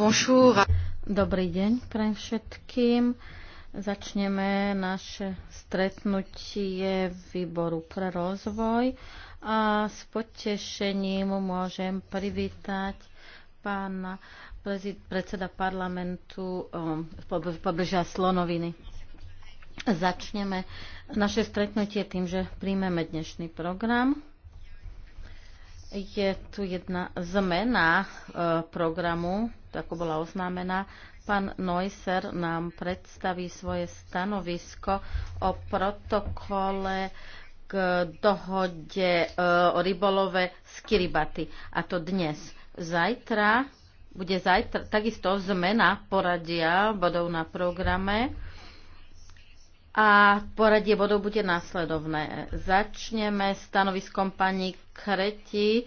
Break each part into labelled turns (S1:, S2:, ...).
S1: Bonjour. Dobrý deň pre všetkým. Začneme naše stretnutie výboru pre rozvoj a s potešením môžem privítať pána predseda parlamentu eh, pobrežia Slonoviny. Začneme naše stretnutie tým, že príjmeme dnešný program. Je tu jedna zmena e, programu, ako bola oznámená. Pán Neusser nám predstaví svoje stanovisko o protokole k dohode e, o rybolove z Kiribati. A to dnes. Zajtra bude zajtra takisto zmena poradia bodov na programe a poradie bodov bude následovné. Začneme stanoviskom pani Kreti e,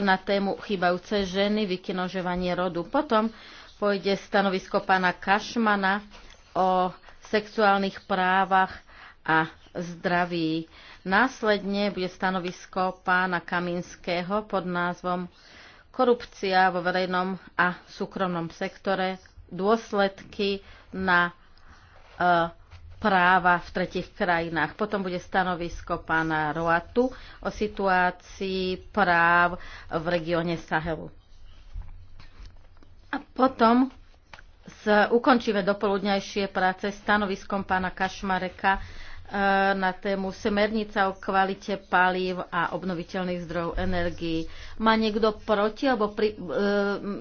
S1: na tému chýbajúce ženy, vykinožovanie rodu. Potom pôjde stanovisko pána Kašmana o sexuálnych právach a zdraví. Následne bude stanovisko pána Kaminského pod názvom Korupcia vo verejnom a súkromnom sektore, dôsledky na e, práva v tretich krajinách. Potom bude stanovisko pána Roatu o situácii práv v regióne Sahelu. A potom s, ukončíme dopoludňajšie práce stanoviskom pána Kašmareka e, na tému Smernica o kvalite palív a obnoviteľných zdrojov energií. Má niekto proti, alebo pri, e,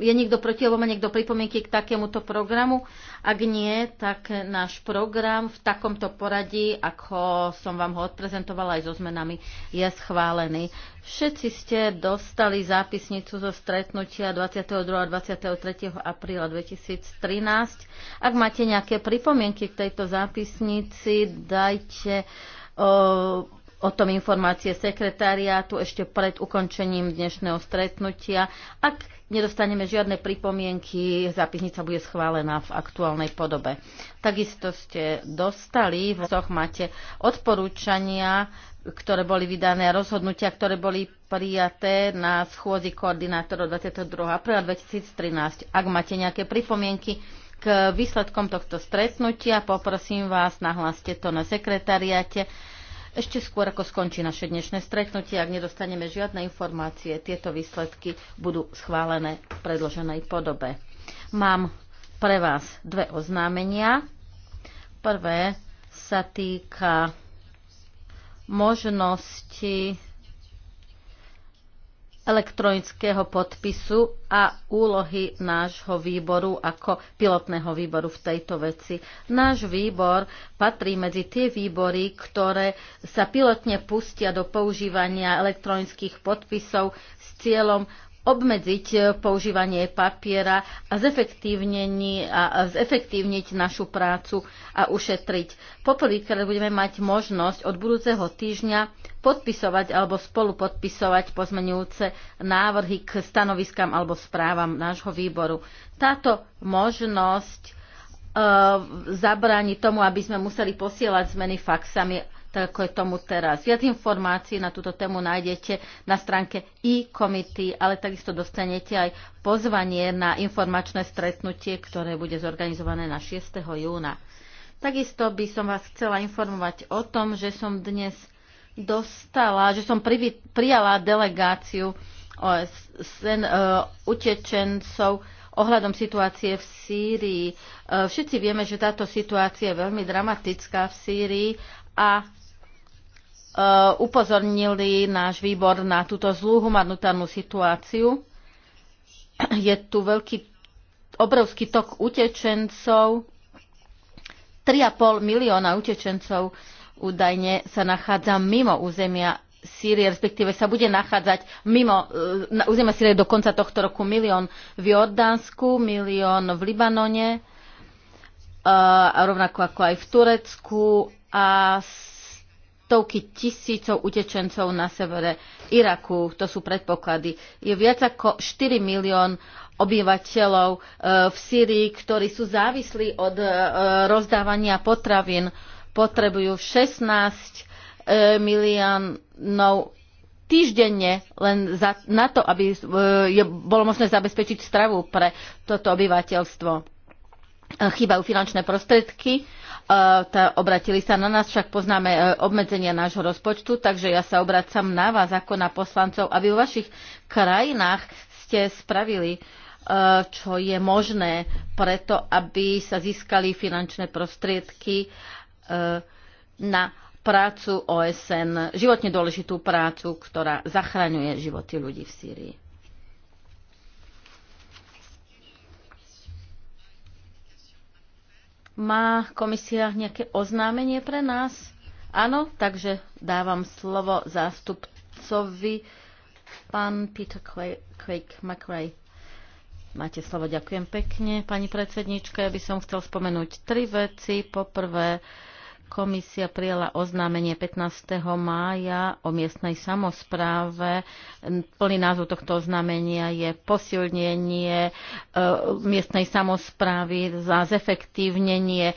S1: je niekto proti, alebo má niekto pripomienky k takémuto programu? Ak nie, tak náš program v takomto poradí, ako som vám ho odprezentovala aj so zmenami, je schválený. Všetci ste dostali zápisnicu zo stretnutia 22. a 23. apríla 2013. Ak máte nejaké pripomienky k tejto zápisnici, dajte o tom informácie sekretariátu ešte pred ukončením dnešného stretnutia. Ak nedostaneme žiadne pripomienky, zápisnica bude schválená v aktuálnej podobe. Takisto ste dostali, v soch máte odporúčania, ktoré boli vydané, a rozhodnutia, ktoré boli prijaté na schôzi koordinátorov 22. apríla 2013. Ak máte nejaké pripomienky, k výsledkom tohto stretnutia. Poprosím vás, nahláste to na sekretariate ešte skôr, ako skončí naše dnešné stretnutie, ak nedostaneme žiadne informácie, tieto výsledky budú schválené v predloženej podobe. Mám pre vás dve oznámenia. Prvé sa týka možnosti elektronického podpisu a úlohy nášho výboru ako pilotného výboru v tejto veci. Náš výbor patrí medzi tie výbory, ktoré sa pilotne pustia do používania elektronických podpisov s cieľom obmedziť e, používanie papiera a zefektívniť, našu prácu a ušetriť. Poprvýkrát budeme mať možnosť od budúceho týždňa podpisovať alebo spolu podpisovať pozmenujúce návrhy k stanoviskám alebo správam nášho výboru. Táto možnosť e, zabráni tomu, aby sme museli posielať zmeny faxami tak ako je tomu teraz. Viac informácií na túto tému nájdete na stránke e-komity, ale takisto dostanete aj pozvanie na informačné stretnutie, ktoré bude zorganizované na 6. júna. Takisto by som vás chcela informovať o tom, že som dnes dostala, že som pri, prijala delegáciu sen, uh, utečencov ohľadom situácie v Sýrii. Uh, všetci vieme, že táto situácia je veľmi dramatická v Sýrii a Uh, upozornili náš výbor na túto zlú humanitárnu situáciu. Je tu veľký, obrovský tok utečencov. 3,5 milióna utečencov údajne sa nachádza mimo územia Sýrie, respektíve sa bude nachádzať mimo uh, na územia Sýrie do konca tohto roku milión v Jordánsku, milión v Libanone, uh, a rovnako ako aj v Turecku a stovky tisícov utečencov na severe Iraku, to sú predpoklady. Je viac ako 4 milión obyvateľov eh, v Sýrii, ktorí sú závislí od eh, rozdávania potravín. Potrebujú 16 eh, miliónov týždenne len za, na to, aby je, bolo možné zabezpečiť stravu pre toto obyvateľstvo. Chýbajú finančné prostriedky E, tá, obratili sa na nás, však poznáme e, obmedzenia nášho rozpočtu, takže ja sa obracam na vás ako na poslancov, aby v vašich krajinách ste spravili e, čo je možné preto, aby sa získali finančné prostriedky na prácu OSN, životne dôležitú prácu, ktorá zachraňuje životy ľudí v Sýrii. Má komisia nejaké oznámenie pre nás? Áno, takže dávam slovo zástupcovi, pán Peter Quake McRae. Máte slovo, ďakujem pekne. Pani predsednička, ja by som chcel spomenúť tri veci. Poprvé, Komisia prijala oznámenie 15. mája o miestnej samozpráve. Plný názov tohto oznámenia je posilnenie e, miestnej samozprávy za zefektívnenie e,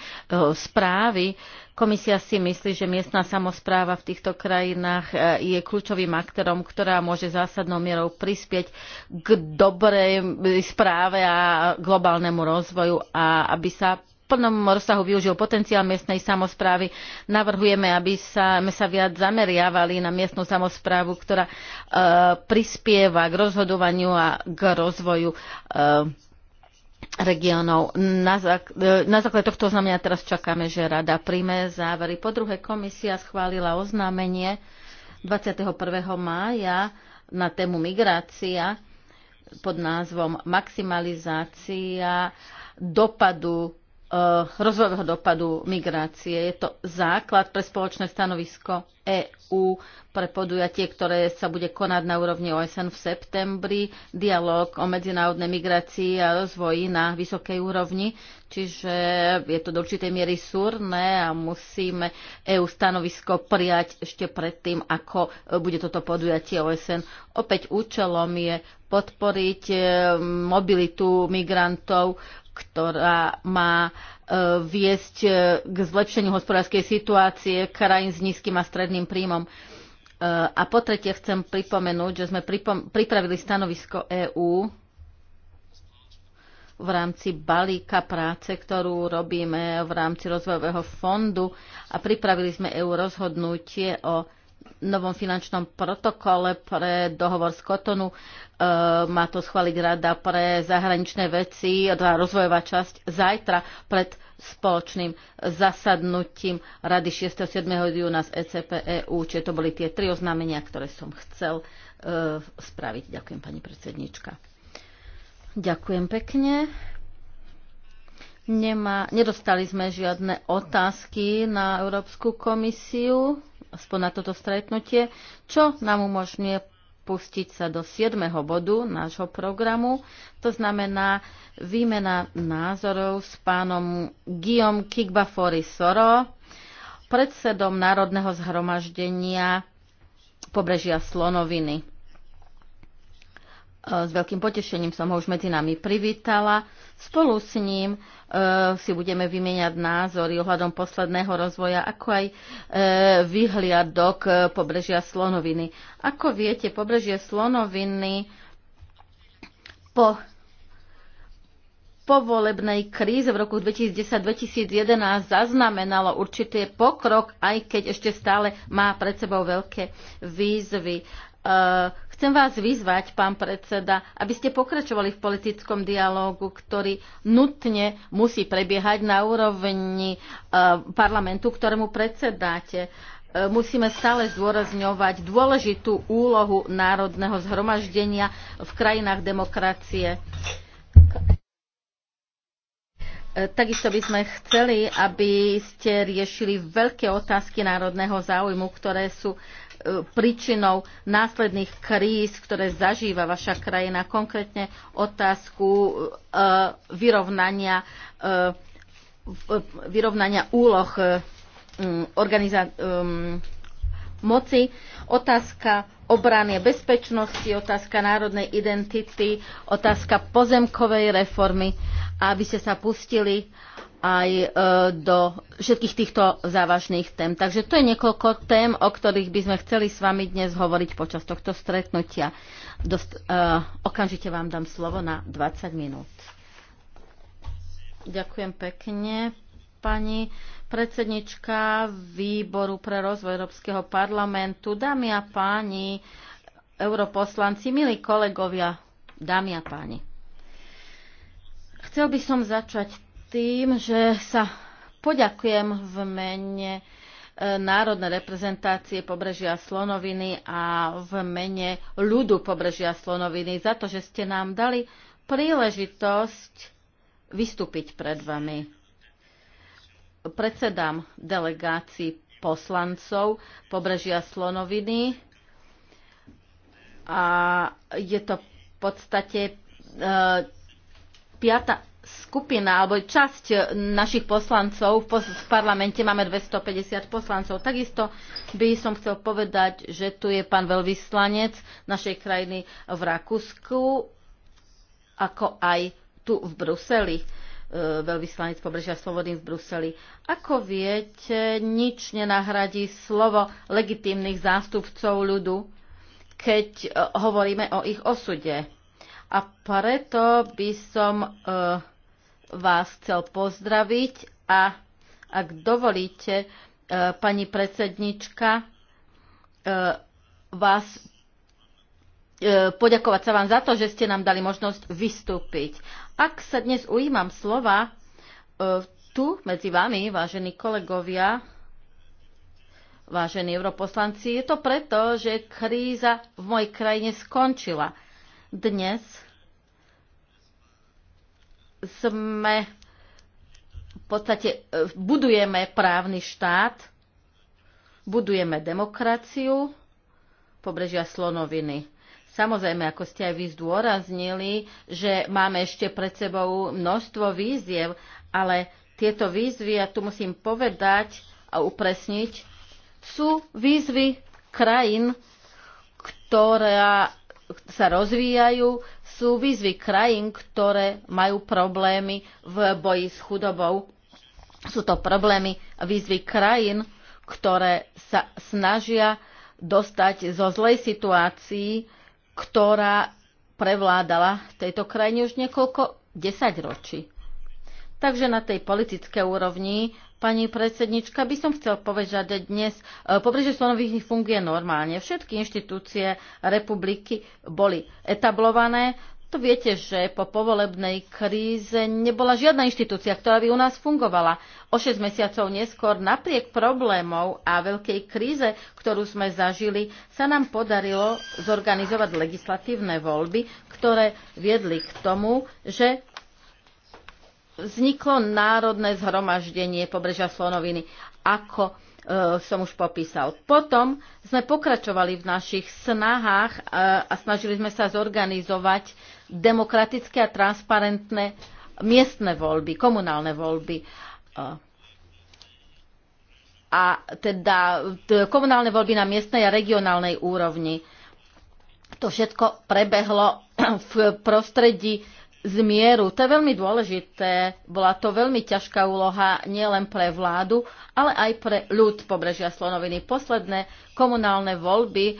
S1: správy. Komisia si myslí, že miestna samozpráva v týchto krajinách e, je kľúčovým aktorom, ktorá môže zásadnou mierou prispieť k dobrej správe a globálnemu rozvoju a aby sa plnom rozsahu využil potenciál miestnej samozprávy. Navrhujeme, aby sa, sme sa viac zameriavali na miestnu samozprávu, ktorá e, prispieva k rozhodovaniu a k rozvoju e, regiónov. Na, zák- e, na základe tohto oznámenia teraz čakáme, že rada príjme závery. Po druhé, komisia schválila oznámenie 21. mája na tému migrácia pod názvom Maximalizácia dopadu Eh, rozvojového dopadu migrácie. Je to základ pre spoločné stanovisko EÚ pre podujatie, ktoré sa bude konať na úrovni OSN v septembri, dialog o medzinárodnej migrácii a rozvoji na vysokej úrovni. Čiže je to do určitej miery súrne a musíme EÚ stanovisko prijať ešte predtým, ako bude toto podujatie OSN. Opäť účelom je podporiť eh, mobilitu migrantov ktorá má e, viesť e, k zlepšeniu hospodárskej situácie krajín s nízkym a stredným príjmom. E, a po tretie chcem pripomenúť, že sme pripom- pripravili stanovisko EÚ v rámci balíka práce, ktorú robíme v rámci rozvojového fondu a pripravili sme EU rozhodnutie o novom finančnom protokole pre dohovor z Kotonu. E, má to schváliť Rada pre zahraničné veci, teda rozvojová časť, zajtra pred spoločným zasadnutím Rady 6. 7. júna z ECP EU. Čiže to boli tie tri oznámenia, ktoré som chcel e, spraviť. Ďakujem, pani predsednička. Ďakujem pekne. Nemá, nedostali sme žiadne otázky na Európsku komisiu aspoň na toto stretnutie, čo nám umožňuje pustiť sa do 7. bodu nášho programu. To znamená výmena názorov s pánom Guillaume Kigbafori Soro, predsedom Národného zhromaždenia pobrežia Slonoviny. S veľkým potešením som ho už medzi nami privítala. Spolu s ním e, si budeme vymieňať názory ohľadom posledného rozvoja, ako aj e, vyhliadok e, pobrežia Slonoviny. Ako viete, pobrežie Slonoviny po povolebnej kríze v roku 2010-2011 zaznamenalo určitý pokrok, aj keď ešte stále má pred sebou veľké výzvy. Eh, chcem vás vyzvať, pán predseda, aby ste pokračovali v politickom dialógu, ktorý nutne musí prebiehať na úrovni eh, parlamentu, ktorému predsedáte eh, musíme stále zdôrazňovať dôležitú úlohu národného zhromaždenia v krajinách demokracie. Takisto by sme chceli, aby ste riešili veľké otázky národného záujmu, ktoré sú príčinou následných kríz, ktoré zažíva vaša krajina, konkrétne otázku e, vyrovnania, e, vyrovnania úloh e, mm, mm, moci, otázka obrany a bezpečnosti, otázka národnej identity, otázka pozemkovej reformy, aby ste sa pustili aj e, do všetkých týchto závažných tém. Takže to je niekoľko tém, o ktorých by sme chceli s vami dnes hovoriť počas tohto stretnutia. Dost, uh, okamžite vám dám slovo na 20 minút. Ďakujem pekne, pani predsednička Výboru pre rozvoj Európskeho parlamentu. Dámy a páni, europoslanci, milí kolegovia, dámy a páni. Chcel by som začať tým, že sa poďakujem v mene e, národnej reprezentácie Pobrežia Slonoviny a v mene ľudu Pobrežia Slonoviny za to, že ste nám dali príležitosť vystúpiť pred vami. Predsedám delegácii poslancov Pobrežia Slonoviny a je to v podstate e, piata skupina alebo časť našich poslancov v parlamente máme 250 poslancov. Takisto by som chcel povedať, že tu je pán veľvyslanec našej krajiny v Rakúsku, ako aj tu v Bruseli e, veľvyslanec pobrežia Slobodným v Bruseli. Ako viete, nič nenahradí slovo legitímnych zástupcov ľudu, keď e, hovoríme o ich osude. A preto by som E, vás chcel pozdraviť a ak dovolíte, e, pani predsednička, e, vás e, poďakovať sa vám za to, že ste nám dali možnosť vystúpiť. Ak sa dnes ujímam slova, tu medzi vami, vážení kolegovia, vážení europoslanci, je to preto, že kríza v mojej krajine skončila. Dnes sme v podstate e, budujeme právny štát, budujeme demokraciu pobrežia Slonoviny. Samozrejme, ako ste aj vy zdôraznili, že máme ešte pred sebou množstvo výziev, ale tieto výzvy, ja tu musím povedať a upresniť, sú výzvy krajín, ktoré sa rozvíjajú, sú výzvy krajín, ktoré majú problémy v boji s chudobou. Sú to problémy výzvy krajín, ktoré sa snažia dostať zo zlej situácii, ktorá prevládala v tejto krajine už niekoľko desaťročí. Takže na tej politické úrovni, pani predsednička, by som chcel povedať, že dnes eh, pobrežie slonových funguje normálne. Všetky inštitúcie republiky boli etablované. To viete, že po povolebnej kríze nebola žiadna inštitúcia, ktorá by u nás fungovala. O 6 mesiacov neskôr, napriek problémov a veľkej kríze, ktorú sme zažili, sa nám podarilo zorganizovať legislatívne voľby, ktoré viedli k tomu, že vzniklo národné zhromaždenie pobrežia Slonoviny, ako e, som už popísal. Potom sme pokračovali v našich snahách e, a snažili sme sa zorganizovať demokratické a transparentné miestne voľby, komunálne voľby. E, a teda komunálne voľby na miestnej a regionálnej úrovni. To všetko prebehlo v prostredí zmieru. To je veľmi dôležité. Bola to veľmi ťažká úloha nielen pre vládu, ale aj pre ľud pobrežia Slonoviny. Posledné komunálne voľby e,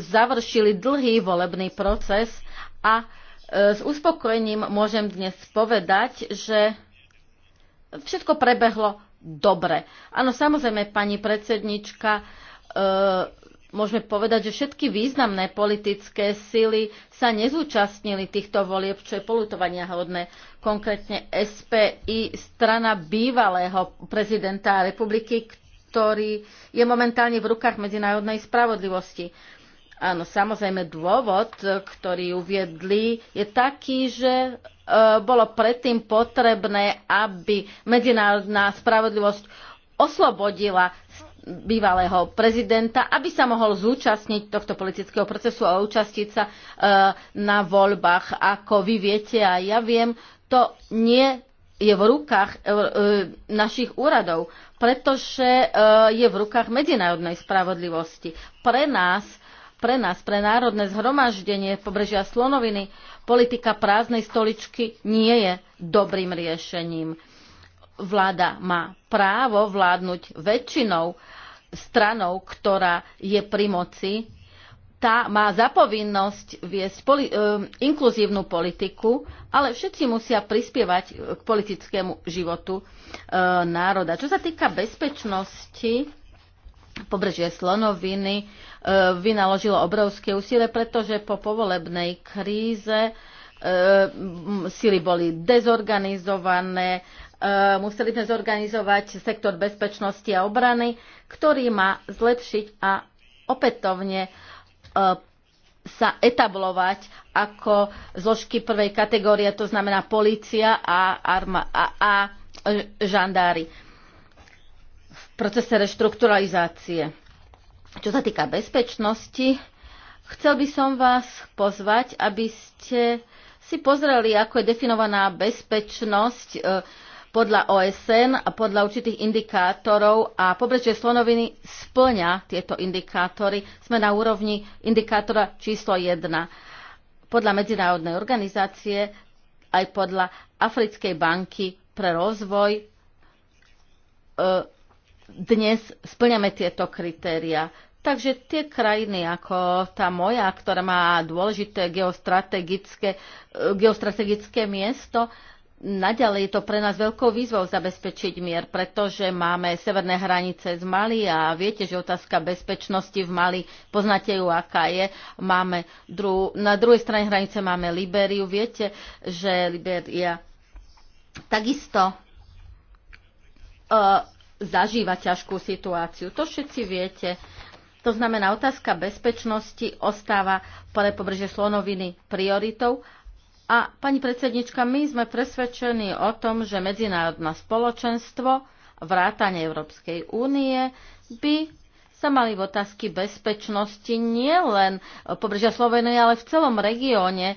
S1: završili dlhý volebný proces a e, s uspokojením môžem dnes povedať, že všetko prebehlo dobre. Áno, samozrejme, pani predsednička, e, môžeme povedať, že všetky významné politické sily sa nezúčastnili týchto volieb, čo je polutovania hodné. Konkrétne SPI, strana bývalého prezidenta republiky, ktorý je momentálne v rukách medzinárodnej spravodlivosti. Áno, samozrejme dôvod, ktorý uviedli, je taký, že e, bolo predtým potrebné, aby medzinárodná spravodlivosť oslobodila z bývalého prezidenta, aby sa mohol zúčastniť tohto politického procesu a účastiť sa eh, na voľbách. Ako vy viete a ja viem, to nie je v rukách eh, našich úradov, pretože eh, je v rukách medzinárodnej spravodlivosti. Pre nás, pre nás, pre národné zhromaždenie pobrežia Slonoviny, politika prázdnej stoličky nie je dobrým riešením vláda má právo vládnuť väčšinou stranou, ktorá je pri moci, tá má zapovinnosť viesť poli- e, inkluzívnu politiku, ale všetci musia prispievať k politickému životu e, národa. Čo sa týka bezpečnosti, pobrežie Slonoviny e, vynaložilo obrovské úsilie, pretože po povolebnej kríze e, sily boli dezorganizované, Ehm, museli sme zorganizovať sektor bezpečnosti a obrany, ktorý má zlepšiť a opätovne ehm, sa etablovať ako zložky prvej kategórie, to znamená polícia a, arma, a, a e, žandári v procese reštrukturalizácie. Čo sa týka bezpečnosti, chcel by som vás pozvať, aby ste si pozreli, ako je definovaná bezpečnosť e, podľa OSN a podľa určitých indikátorov a pobrežie slonoviny splňa tieto indikátory. Sme na úrovni indikátora číslo 1. Podľa medzinárodnej organizácie aj podľa Africkej banky pre rozvoj e, dnes splňame tieto kritéria. Takže tie krajiny ako tá moja, ktorá má dôležité geostrategické, e, geostrategické miesto, Naďalej je to pre nás veľkou výzvou zabezpečiť mier, pretože máme severné hranice z Mali a viete, že otázka bezpečnosti v Mali, poznáte ju, aká je. Máme dru- na druhej strane hranice máme Liberiu. Viete, že Liberia takisto uh, zažíva ťažkú situáciu. To všetci viete. To znamená, otázka bezpečnosti ostáva pre pobrže Slonoviny prioritou a pani predsednička, my sme presvedčení o tom, že medzinárodné spoločenstvo, vrátane Európskej únie, by sa mali v otázky bezpečnosti nielen pobrežia Slovenie, ale v celom regióne e,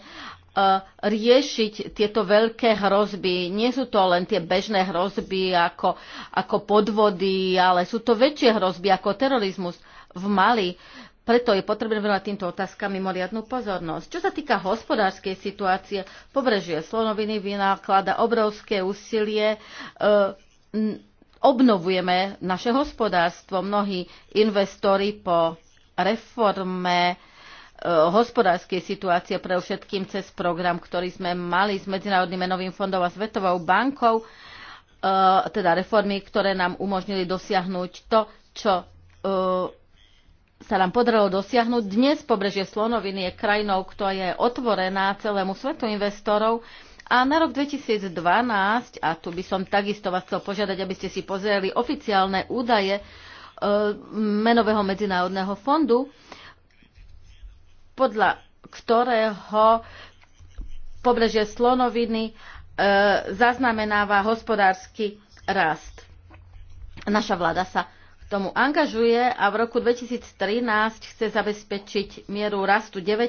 S1: riešiť tieto veľké hrozby. Nie sú to len tie bežné hrozby ako, ako podvody, ale sú to väčšie hrozby ako terorizmus v Mali preto je potrebné venovať týmto otázkam mimoriadnú pozornosť. Čo sa týka hospodárskej situácie, pobrežie Slonoviny vynáklada obrovské úsilie. E, obnovujeme naše hospodárstvo. Mnohí investori po reforme e, hospodárskej situácie pre všetkým cez program, ktorý sme mali s Medzinárodným menovým fondom a Svetovou bankou, e, teda reformy, ktoré nám umožnili dosiahnuť to, čo e, sa nám podarilo dosiahnuť. Dnes pobrežie Slonoviny je krajinou, ktorá je otvorená celému svetu investorov. A na rok 2012, a tu by som takisto vás chcel požiadať, aby ste si pozreli oficiálne údaje e, Menového medzinárodného fondu, podľa ktorého pobrežie Slonoviny e, zaznamenáva hospodársky rast. Naša vláda sa tomu angažuje a v roku 2013 chce zabezpečiť mieru rastu 9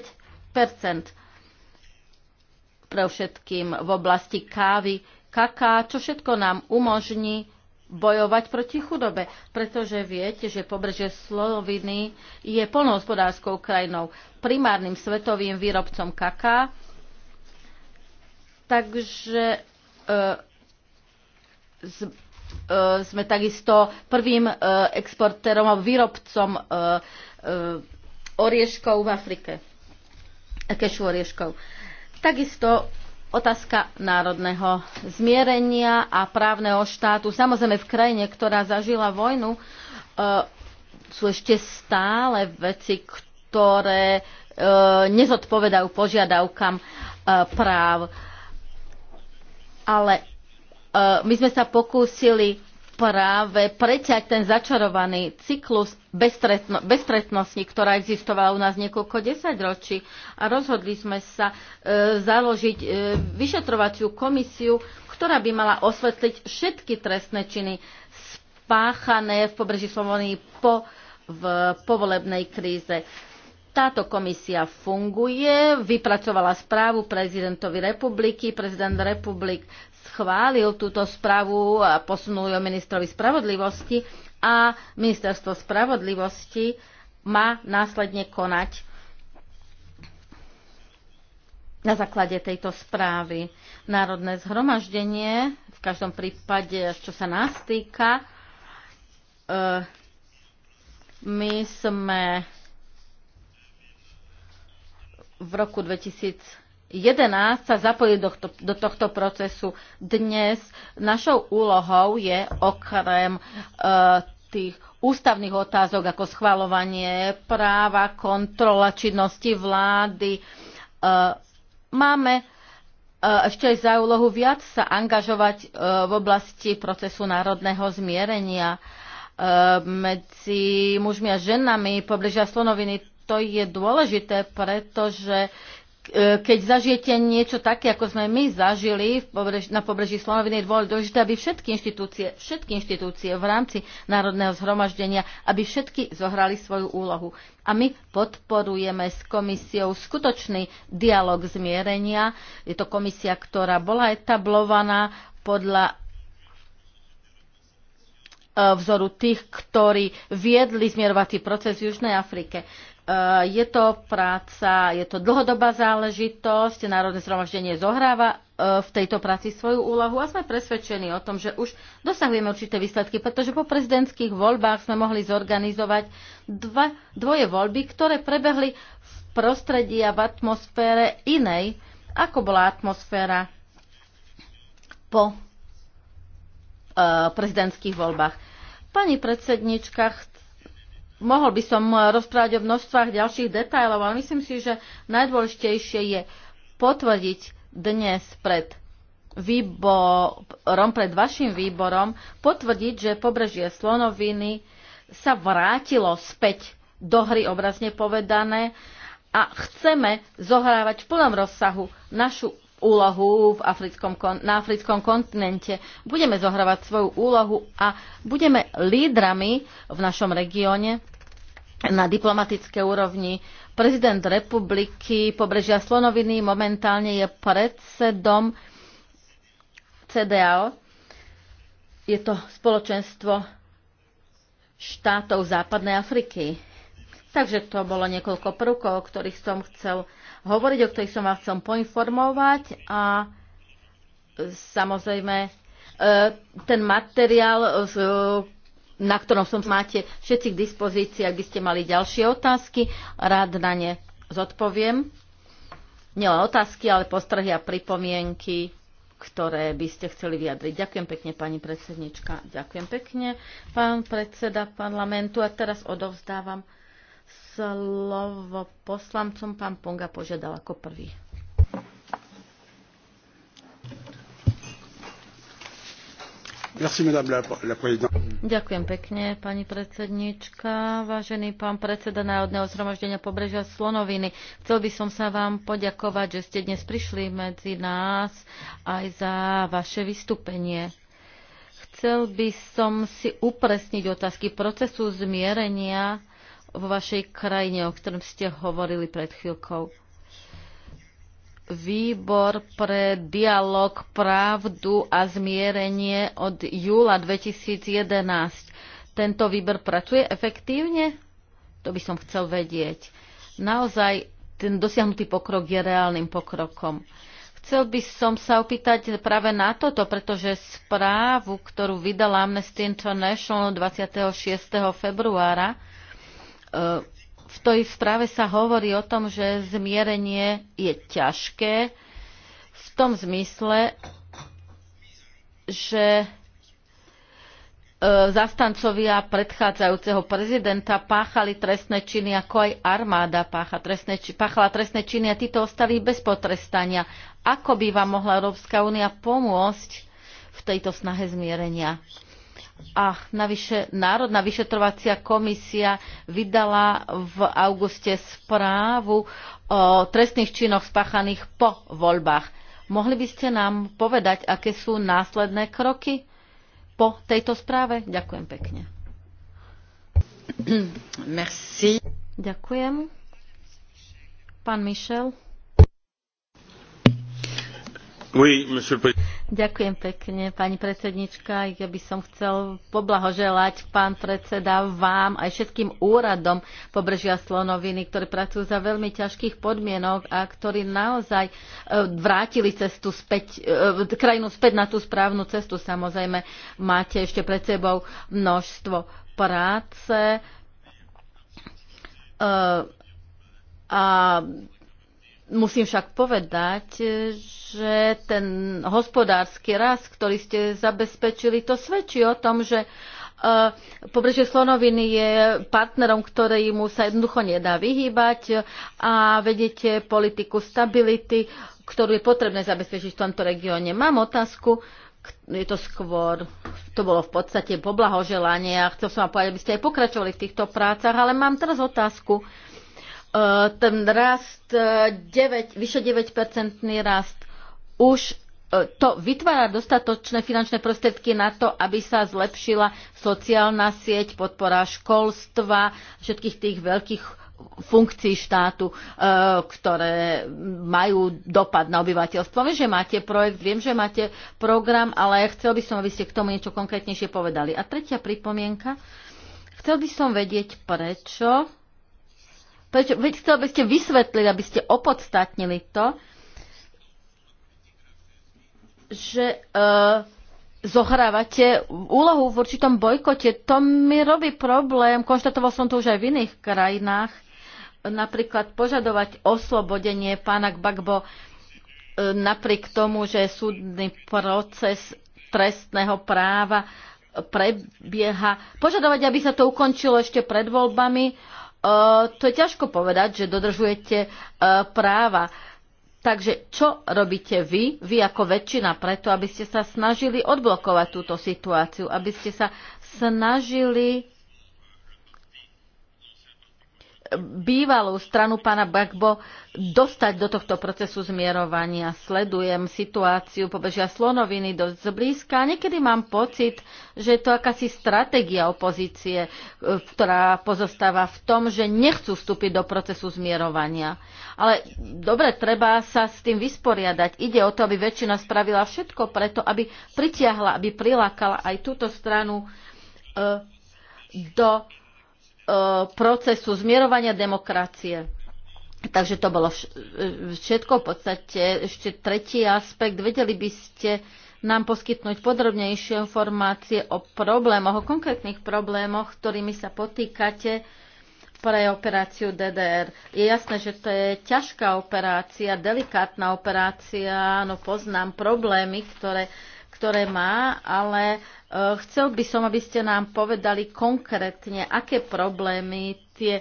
S1: pre všetkým v oblasti kávy, kaká, čo všetko nám umožní bojovať proti chudobe, pretože viete, že pobreže Sloviny je polnohospodárskou krajinou, primárnym svetovým výrobcom kaká. Takže e, z, E, sme takisto prvým e, exportérom a výrobcom e, orieškov v Afrike. Kešu orieškov. Takisto otázka národného zmierenia a právneho štátu. Samozrejme v krajine, ktorá zažila vojnu, sú ešte stále veci, ktoré nezodpovedajú požiadavkám práv. Ale Eh, my sme sa pokúsili práve preťať ten začarovaný cyklus bezstretnosti, ktorá existovala u nás niekoľko desaťročí a rozhodli sme sa e, založiť e, vyšetrovaciu komisiu, ktorá by mala osvetliť všetky trestné činy spáchané v pobreží Slovony po v povolebnej kríze. Táto komisia funguje, vypracovala správu prezidentovi republiky, prezident republik schválil túto správu a posunul ju ministrovi spravodlivosti a ministerstvo spravodlivosti má následne konať na základe tejto správy. Národné zhromaždenie, v každom prípade, čo sa nás týka, e, my sme v roku 2000 11 sa zapojili do, do tohto procesu. Dnes našou úlohou je okrem e, tých ústavných otázok ako schvalovanie práva, kontrola činnosti vlády, e, máme eh, ešte aj za úlohu viac sa angažovať e, v oblasti procesu národného zmierenia e, medzi mužmi a ženami pobližia slonoviny. To je dôležité, pretože Eh, keď zažijete niečo také, ako sme my zažili na pobreží Slonoviny, je dôležité, aby všetky inštitúcie, všetky inštitúcie v rámci Národného zhromaždenia, aby všetky zohrali svoju úlohu. A my podporujeme s komisiou skutočný dialog zmierenia. Je to komisia, ktorá bola etablovaná podľa eh, vzoru tých, ktorí viedli zmierovací proces v Južnej Afrike. Eh, je to práca, je to dlhodobá záležitosť, Národné zhromaždenie zohráva eh, v tejto práci svoju úlohu a sme presvedčení o tom, že už dosahujeme určité výsledky, pretože po prezidentských voľbách sme mohli zorganizovať dva, dvoje voľby, ktoré prebehli v prostredí a v atmosfére inej, ako bola atmosféra po eh, prezidentských voľbách. Pani predsednička, Mohol by som eh, rozprávať o množstvách ďalších detajlov, ale myslím si, že najdôležitejšie je potvrdiť dnes pred výborom, pred vašim výborom, potvrdiť, že pobrežie Slonoviny sa vrátilo späť do hry, obrazne povedané, a chceme zohrávať v plnom rozsahu našu úlohu v africkom, na africkom kontinente. Budeme zohrávať svoju úlohu a budeme lídrami v našom regióne na diplomatické úrovni. Prezident republiky Pobrežia Slonoviny momentálne je predsedom CDAO. Je to spoločenstvo štátov západnej Afriky Takže to bolo niekoľko prvkov, o ktorých som chcel hovoriť, o ktorých som vás chcel poinformovať a samozrejme e, ten materiál, e, e, na ktorom som máte všetci k dispozícii, ak by ste mali ďalšie otázky, rád na ne zodpoviem. Nielen otázky, ale postrhy a pripomienky, ktoré by ste chceli vyjadriť. Ďakujem pekne, pani predsednička. Ďakujem pekne, pán predseda parlamentu. A teraz odovzdávam slovo poslancom. Pán Ponga požiadal ako prvý. Ďakujem pekne, pani predsednička. Vážený pán predseda Národného zhromaždenia pobrežia Slonoviny, chcel by som sa vám poďakovať, že ste dnes prišli medzi nás aj za vaše vystúpenie. Chcel by som si upresniť otázky procesu zmierenia vo vašej krajine, o ktorom ste hovorili pred chvíľkou. Výbor pre dialog, pravdu a zmierenie od júla 2011. Tento výber pracuje efektívne? To by som chcel vedieť. Naozaj ten dosiahnutý pokrok je reálnym pokrokom. Chcel by som sa opýtať práve na toto, pretože správu, ktorú vydala Amnesty International 26. februára, v tej správe sa hovorí o tom, že zmierenie je ťažké v tom zmysle, že e, zastancovia predchádzajúceho prezidenta páchali trestné činy, ako aj armáda pácha trestné, páchala trestné činy a títo ostali bez potrestania. Ako by vám mohla Európska únia pomôcť v tejto snahe zmierenia? a navyše Národná vyšetrovacia komisia vydala v auguste správu o trestných činoch spáchaných po voľbách. Mohli by ste nám povedať, aké sú následné kroky po tejto správe? Ďakujem pekne. Merci. Ďakujem. Pán Michel. Ďakujem pekne, pani predsednička. Ja by som chcel poblahoželať pán predseda vám aj všetkým úradom pobrežia Slonoviny, ktorí pracujú za veľmi ťažkých podmienok a ktorí naozaj e, vrátili cestu späť, e, krajinu späť na tú správnu cestu. Samozrejme, máte ešte pred sebou množstvo práce e, a Musím však povedať, že ten hospodársky rast, ktorý ste zabezpečili, to svedčí o tom, že e, pobrežie Slonoviny je partnerom, ktorý mu sa jednoducho nedá vyhýbať a vedete politiku stability, ktorú je potrebné zabezpečiť v tomto regióne. Mám otázku, je to skôr, to bolo v podstate poblahoželanie a chcel som vám povedať, aby ste aj pokračovali v týchto prácach, ale mám teraz otázku. Eh, ten rast 9, eh, vyše 9-percentný rast už eh, to vytvára dostatočné finančné prostriedky na to, aby sa zlepšila sociálna sieť, podpora školstva, všetkých tých veľkých funkcií štátu, ktoré majú dopad na obyvateľstvo. Viem, že máte projekt, viem, že máte program, ale chcel by som, aby ste k tomu niečo konkrétnejšie povedali. A tretia pripomienka. Chcel by som vedieť, prečo Prečo, veď chcel by ste vysvetliť, aby ste opodstatnili to, že uh, zohrávate úlohu v určitom bojkote. To mi robí problém. Konštatoval som to už aj v iných krajinách. Napríklad požadovať oslobodenie pána Gbagbo e, napriek tomu, že súdny proces trestného práva prebieha. Požadovať, aby sa to ukončilo ešte pred voľbami Eh, to je ťažko povedať, že dodržujete eh, práva. Takže čo robíte vy, vy ako väčšina, preto aby ste sa snažili odblokovať túto situáciu, aby ste sa snažili bývalú stranu pána Bagbo dostať do tohto procesu zmierovania. Sledujem situáciu pobežia Slonoviny dosť zblízka a niekedy mám pocit, že je to akási stratégia opozície, e, ktorá pozostáva v tom, že nechcú vstúpiť do procesu zmierovania. Ale dobre, treba sa s tým vysporiadať. Ide o to, aby väčšina spravila všetko preto, aby pritiahla, aby prilákala aj túto stranu e, do E, procesu zmierovania demokracie. Takže to bolo e, všetko v podstate. Ešte tretí aspekt. Vedeli by ste nám poskytnúť podrobnejšie informácie o problémoch, o konkrétnych problémoch, ktorými sa potýkate pre operáciu DDR. Je jasné, že to je ťažká operácia, delikátna operácia, no poznám problémy, ktoré ktoré má, ale e, chcel by som, aby ste nám povedali konkrétne, aké problémy tie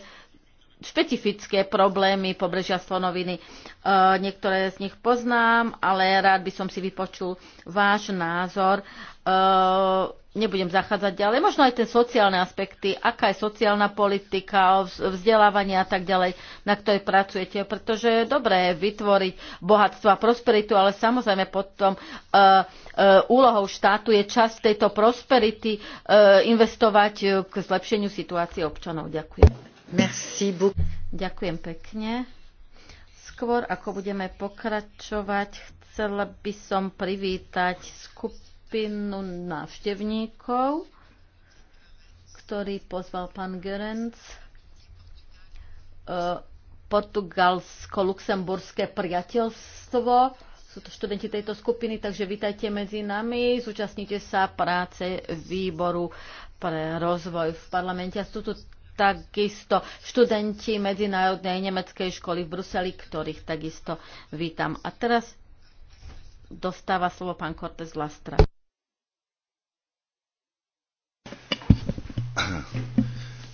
S1: špecifické problémy pobrežia slonoviny. Eh, niektoré z nich poznám, ale rád by som si vypočul váš názor. Eh, nebudem zachádzať ďalej. Možno aj tie sociálne aspekty, aká je sociálna politika, vzdelávanie a tak ďalej, na ktorej pracujete. Pretože je dobré vytvoriť bohatstvo a prosperitu, ale samozrejme potom eh, úlohou štátu je časť tejto prosperity investovať k zlepšeniu situácie občanov. Ďakujem. Merci beaucoup. Ďakujem pekne. Skôr ako budeme pokračovať, chcela by som privítať skupinu návštevníkov, ktorý pozval pán Gerenc. E, Portugalsko-Luxemburské priateľstvo. Sú to študenti tejto skupiny, takže vítajte medzi nami. Zúčastnite sa práce výboru pre rozvoj v parlamente. A sú tu takisto študenti Medzinárodnej nemeckej školy v Bruseli, ktorých takisto vítam. A teraz dostáva slovo pán Cortez Lastra.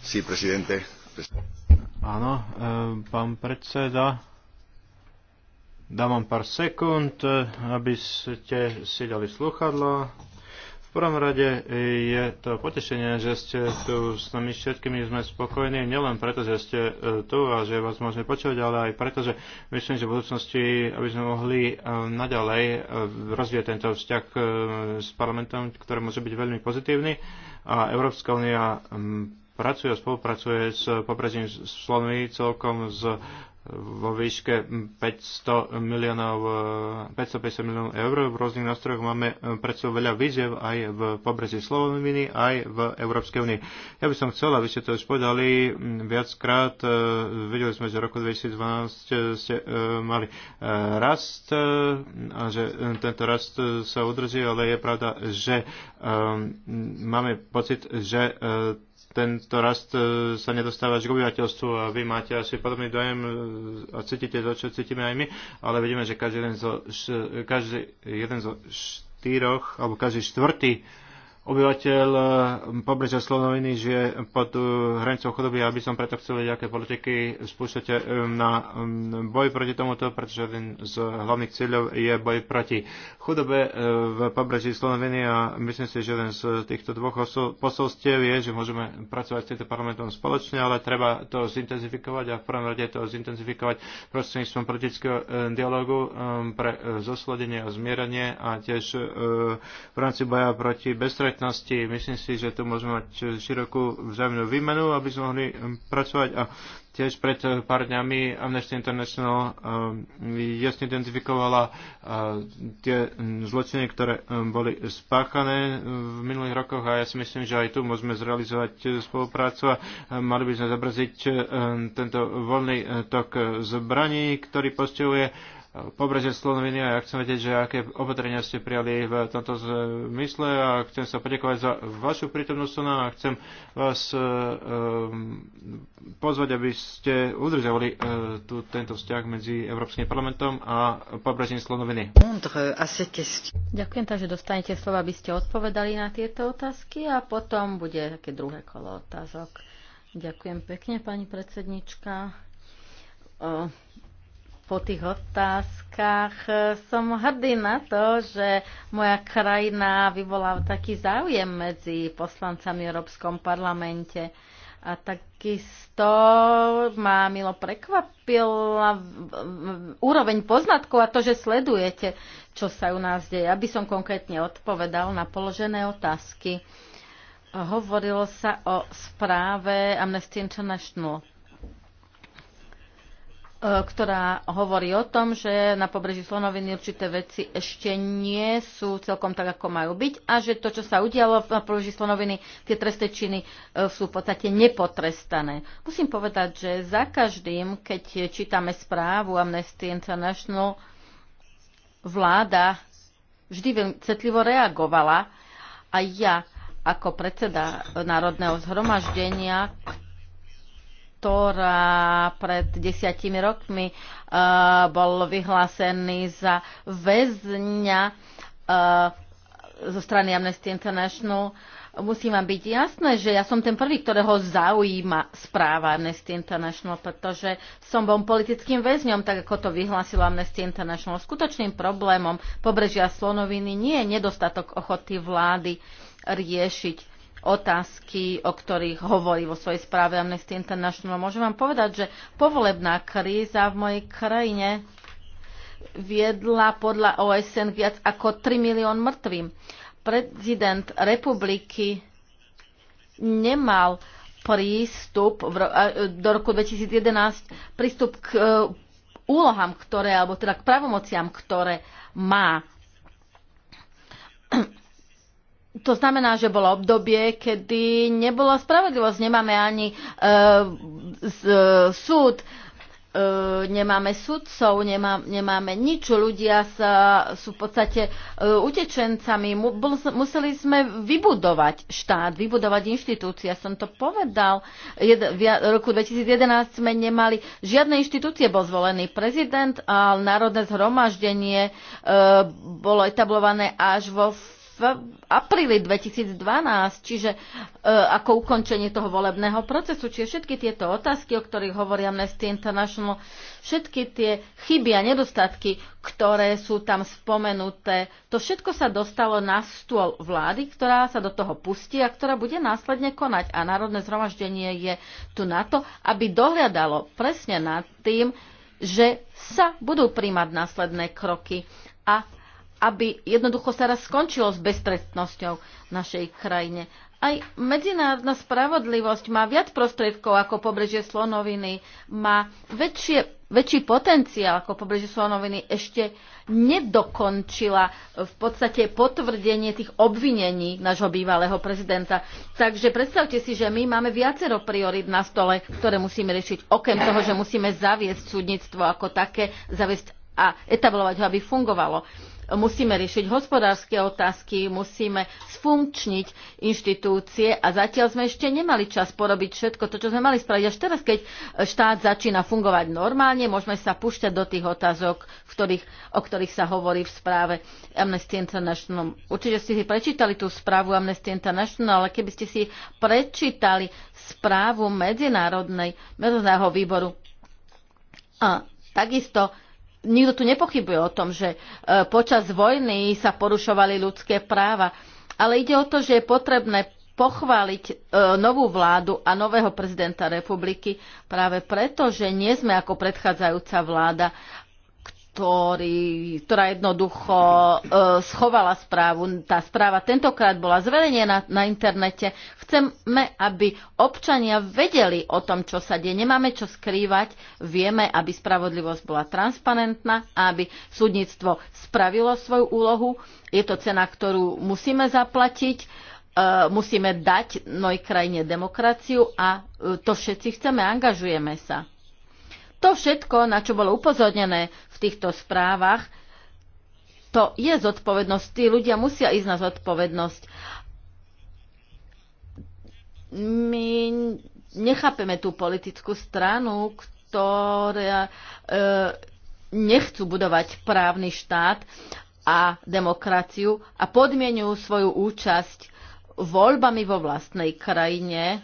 S2: Sí, prezidente.
S3: Áno, eh, pán predseda, dám vám pár sekúnd, eh, aby ste si dali sluchadlo prvom rade je to potešenie, že ste tu s nami všetkými sme spokojní, nielen preto, že ste e, tu a že vás môžeme počuť, ale aj preto, že myslím, že v budúcnosti, aby sme mohli e, naďalej e, rozvieť tento vzťah s parlamentom, ktorý môže byť veľmi pozitívny a Európska únia pracuje a spolupracuje s pobrežím Slovenii celkom s vo výške 500 miliónov, 550 e, miliónov eur. V rôznych nástrojoch máme e, predsa veľa výziev aj v pobrezi Sloveniny, aj v Európskej únii. Ja by som chcel, aby ste to už povedali viackrát. E, videli sme, že v roku 2012 ste mali rast a že tento rast sa udrží, ale je pravda, že máme pocit, že tento rast e, sa nedostáva až k obyvateľstvu a vy máte asi podobný dojem e, a cítite to, čo cítime aj my, ale vidíme, že každý jeden zo, e, každý jeden zo štyroch, alebo každý štvrtý obyvateľ eh, pobrežia Slonoviny žije pod eh, hranicou chudoby, aby som preto chcel vedieť, aké politiky spúšťate eh, na mm, boj proti tomuto, pretože jeden z hlavných cieľov je boj proti chudobe v pobreží Slonoviny a myslím si, že jeden z týchto dvoch posolstiev je, že môžeme pracovať s týmto parlamentom spoločne, ale treba to zintenzifikovať a v prvom rade to zintenzifikovať prostredníctvom politického dialogu pre zosladenie a zmieranie a tiež v rámci boja proti bezstrednosti 2015. Myslím si, že tu môžeme mať širokú vzájomnú výmenu, aby sme mohli um, pracovať a tiež pred pár dňami Amnesty International um, jasne identifikovala uh, tie zločiny, ktoré um, boli spáchané v minulých rokoch a ja si myslím, že aj tu môžeme zrealizovať uh, spoluprácu a uh, mali by sme zabraziť tento voľný tok zbraní, ktorý postihuje Pobrežie Slonoviny a ja chcem vedieť, že aké opatrenia ste prijali v tomto zmysle a chcem sa poďakovať za vašu prítomnosť a chcem vás e, e, pozvať, aby ste udržovali e, tu, tento vzťah medzi Európskym parlamentom a pobrežím
S2: Slonoviny.
S1: Ďakujem, takže dostanete slova, aby ste odpovedali na tieto otázky a potom bude také druhé kolo otázok. Ďakujem pekne, pani predsednička po tých otázkach. E, som hrdý na to, že moja krajina vyvolá taký záujem medzi poslancami v Európskom parlamente. A takisto ma milo prekvapila úroveň poznatkov a to, že sledujete, čo sa u nás deje. Aby som konkrétne odpovedal na položené otázky. Hovorilo sa o správe Amnesty International E, ktorá hovorí o tom, že na pobreží Slonoviny určité veci ešte nie sú celkom tak, ako majú byť a že to, čo sa udialo na pobreží Slonoviny, tie trestné činy e, sú v podstate nepotrestané. Musím povedať, že za každým, keď čítame správu Amnesty International, vláda vždy veľmi citlivo reagovala a ja ako predseda Národného zhromaždenia, ktorá pred desiatimi rokmi uh, bol vyhlásený za väzňa uh, zo strany Amnesty International. Musí vám byť jasné, že ja som ten prvý, ktorého zaujíma správa Amnesty International, pretože som bol politickým väzňom, tak ako to vyhlásilo Amnesty International. Skutočným problémom pobrežia Slonoviny nie je nedostatok ochoty vlády riešiť otázky, o ktorých hovorí vo svojej správe Amnesty International. Môžem vám povedať, že povolebná kríza v mojej krajine viedla podľa OSN viac ako 3 milión mŕtvým. Prezident republiky nemal prístup e, do roku 2011 prístup k e, úlohám, ktoré, alebo teda k pravomociam, ktoré má to znamená, že bolo obdobie, kedy nebola spravodlivosť. Nemáme ani e, z, e, súd, e, nemáme sudcov, nemá, nemáme nič. Ľudia sa, sú v podstate e, utečencami. Mu, bol, museli sme vybudovať štát, vybudovať inštitúcie. Ja som to povedal. Jed, v roku 2011 sme nemali žiadne inštitúcie. Bol zvolený prezident a národné zhromaždenie e, bolo etablované až vo v apríli 2012, čiže e, ako ukončenie toho volebného procesu. Čiže všetky tieto otázky, o ktorých hovorí Amnesty International, všetky tie chyby a nedostatky, ktoré sú tam spomenuté, to všetko sa dostalo na stôl vlády, ktorá sa do toho pustí a ktorá bude následne konať. A Národné zhromaždenie je tu na to, aby dohľadalo presne nad tým, že sa budú príjmať následné kroky a aby jednoducho sa raz skončilo s beztrestnosťou v našej krajine. Aj medzinárodná spravodlivosť má viac prostriedkov ako pobrežie Slonoviny, má väčšie, väčší potenciál ako pobrežie Slonoviny, ešte nedokončila v podstate potvrdenie tých obvinení nášho bývalého prezidenta. Takže predstavte si, že my máme viacero priorit na stole, ktoré musíme riešiť. Okrem toho, že musíme zaviesť súdnictvo ako také, zaviesť a etablovať ho, aby fungovalo. Musíme riešiť hospodárske otázky, musíme sfunkčniť inštitúcie a zatiaľ sme ešte nemali čas porobiť všetko to, čo sme mali spraviť. Až teraz, keď štát začína fungovať normálne, môžeme sa púšťať do tých otázok, v ktorých, o ktorých sa hovorí v správe Amnesty International. Určite ste si prečítali tú správu Amnesty International, ale keby ste si prečítali správu Medzinárodnej, Medzinárodného výboru a takisto nikto tu nepochybuje o tom, že e, počas vojny sa porušovali ľudské práva, ale ide o to, že je potrebné pochváliť e, novú vládu a nového prezidenta republiky práve preto, že nie sme ako predchádzajúca vláda ktorý, ktorá jednoducho e, schovala správu. Tá správa tentokrát bola zverejnená na, na internete. Chceme, aby občania vedeli o tom, čo sa deje. Nemáme čo skrývať. Vieme, aby spravodlivosť bola transparentná a aby súdnictvo spravilo svoju úlohu. Je to cena, ktorú musíme zaplatiť. E, musíme dať noj krajine demokraciu a e, to všetci chceme. Angažujeme sa. To všetko, na čo bolo upozornené v týchto správach, to je zodpovednosť. Tí ľudia musia ísť na zodpovednosť. My nechápeme tú politickú stranu, ktorá e, nechcú budovať právny štát a demokraciu a podmienujú svoju účasť voľbami vo vlastnej krajine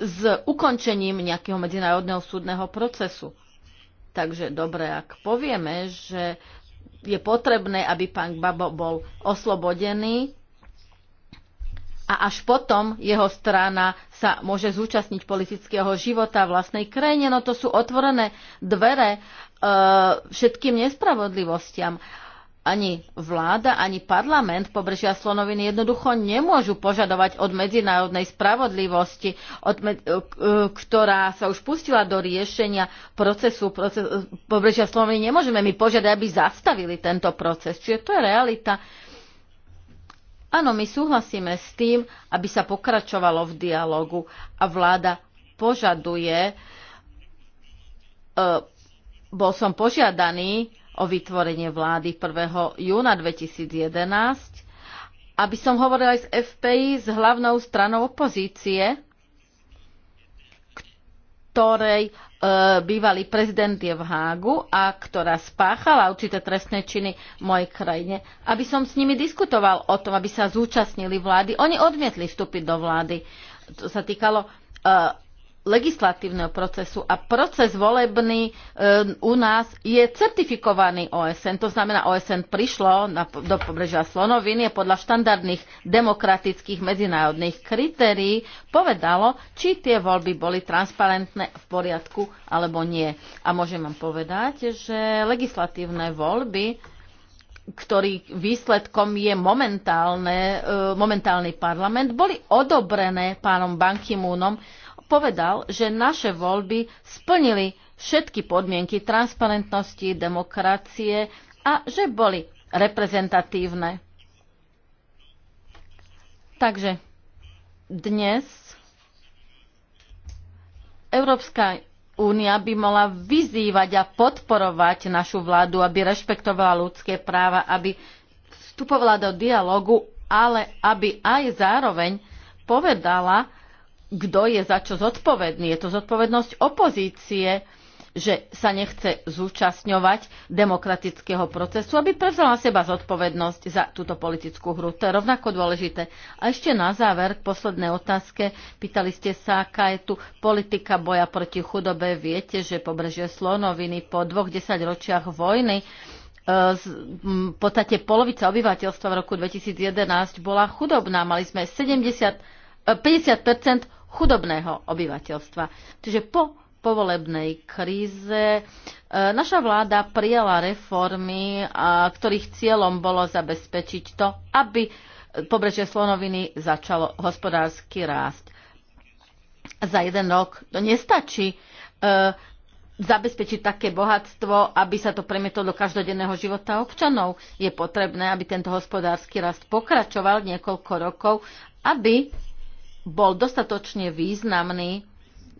S1: s ukončením nejakého medzinárodného súdneho procesu. Takže dobre, ak povieme, že je potrebné, aby pán Babo bol oslobodený a až potom jeho strana sa môže zúčastniť politického života vlastnej krajine, no to sú otvorené dvere e, všetkým nespravodlivostiam ani vláda, ani parlament pobrežia slonoviny jednoducho nemôžu požadovať od medzinárodnej spravodlivosti, od med- e, e, ktorá sa už pustila do riešenia procesu, proces- pobrežia slonoviny. Nemôžeme my požiadať, aby zastavili tento proces. Čiže to je realita. Áno, my súhlasíme s tým, aby sa pokračovalo v dialogu a vláda požaduje, e, bol som požiadaný, o vytvorenie vlády 1. júna 2011, aby som hovorila aj s FPI, s hlavnou stranou opozície, ktorej e, bývalý prezident je v Hágu a ktorá spáchala určité trestné činy v mojej krajine, aby som s nimi diskutoval o tom, aby sa zúčastnili vlády. Oni odmietli vstúpiť do vlády. To sa týkalo e, legislatívneho procesu a proces volebný e, u nás je certifikovaný OSN. To znamená, OSN prišlo na, do pobrežia Slonoviny a podľa štandardných demokratických medzinárodných kritérií povedalo, či tie voľby boli transparentné v poriadku alebo nie. A môžem vám povedať, že legislatívne voľby ktorý výsledkom je momentálne, e, momentálny parlament, boli odobrené pánom Bankimúnom Múnom povedal, že naše voľby splnili všetky podmienky transparentnosti, demokracie a že boli reprezentatívne. Takže dnes Európska únia by mala vyzývať a podporovať našu vládu, aby rešpektovala ľudské práva, aby vstupovala do dialogu, ale aby aj zároveň povedala, kto je za čo zodpovedný. Je to zodpovednosť opozície, že sa nechce zúčastňovať demokratického procesu, aby prevzala na seba zodpovednosť za túto politickú hru. To je rovnako dôležité. A ešte na záver k poslednej otázke. Pýtali ste sa, aká je tu politika boja proti chudobe. Viete, že pobrežie Slonoviny po dvoch desaťročiach vojny e, v podstate polovica obyvateľstva v roku 2011 bola chudobná. Mali sme 70, 50 e, chudobného obyvateľstva. Čiže po povolebnej kríze e, naša vláda prijala reformy, e, ktorých cieľom bolo zabezpečiť to, aby e, pobrežie Slonoviny začalo hospodársky rásť. Za jeden rok to nestačí zabezpečiť také bohatstvo, aby sa to premietlo do každodenného života občanov. Je potrebné, aby tento hospodársky rast pokračoval niekoľko rokov, aby bol dostatočne významný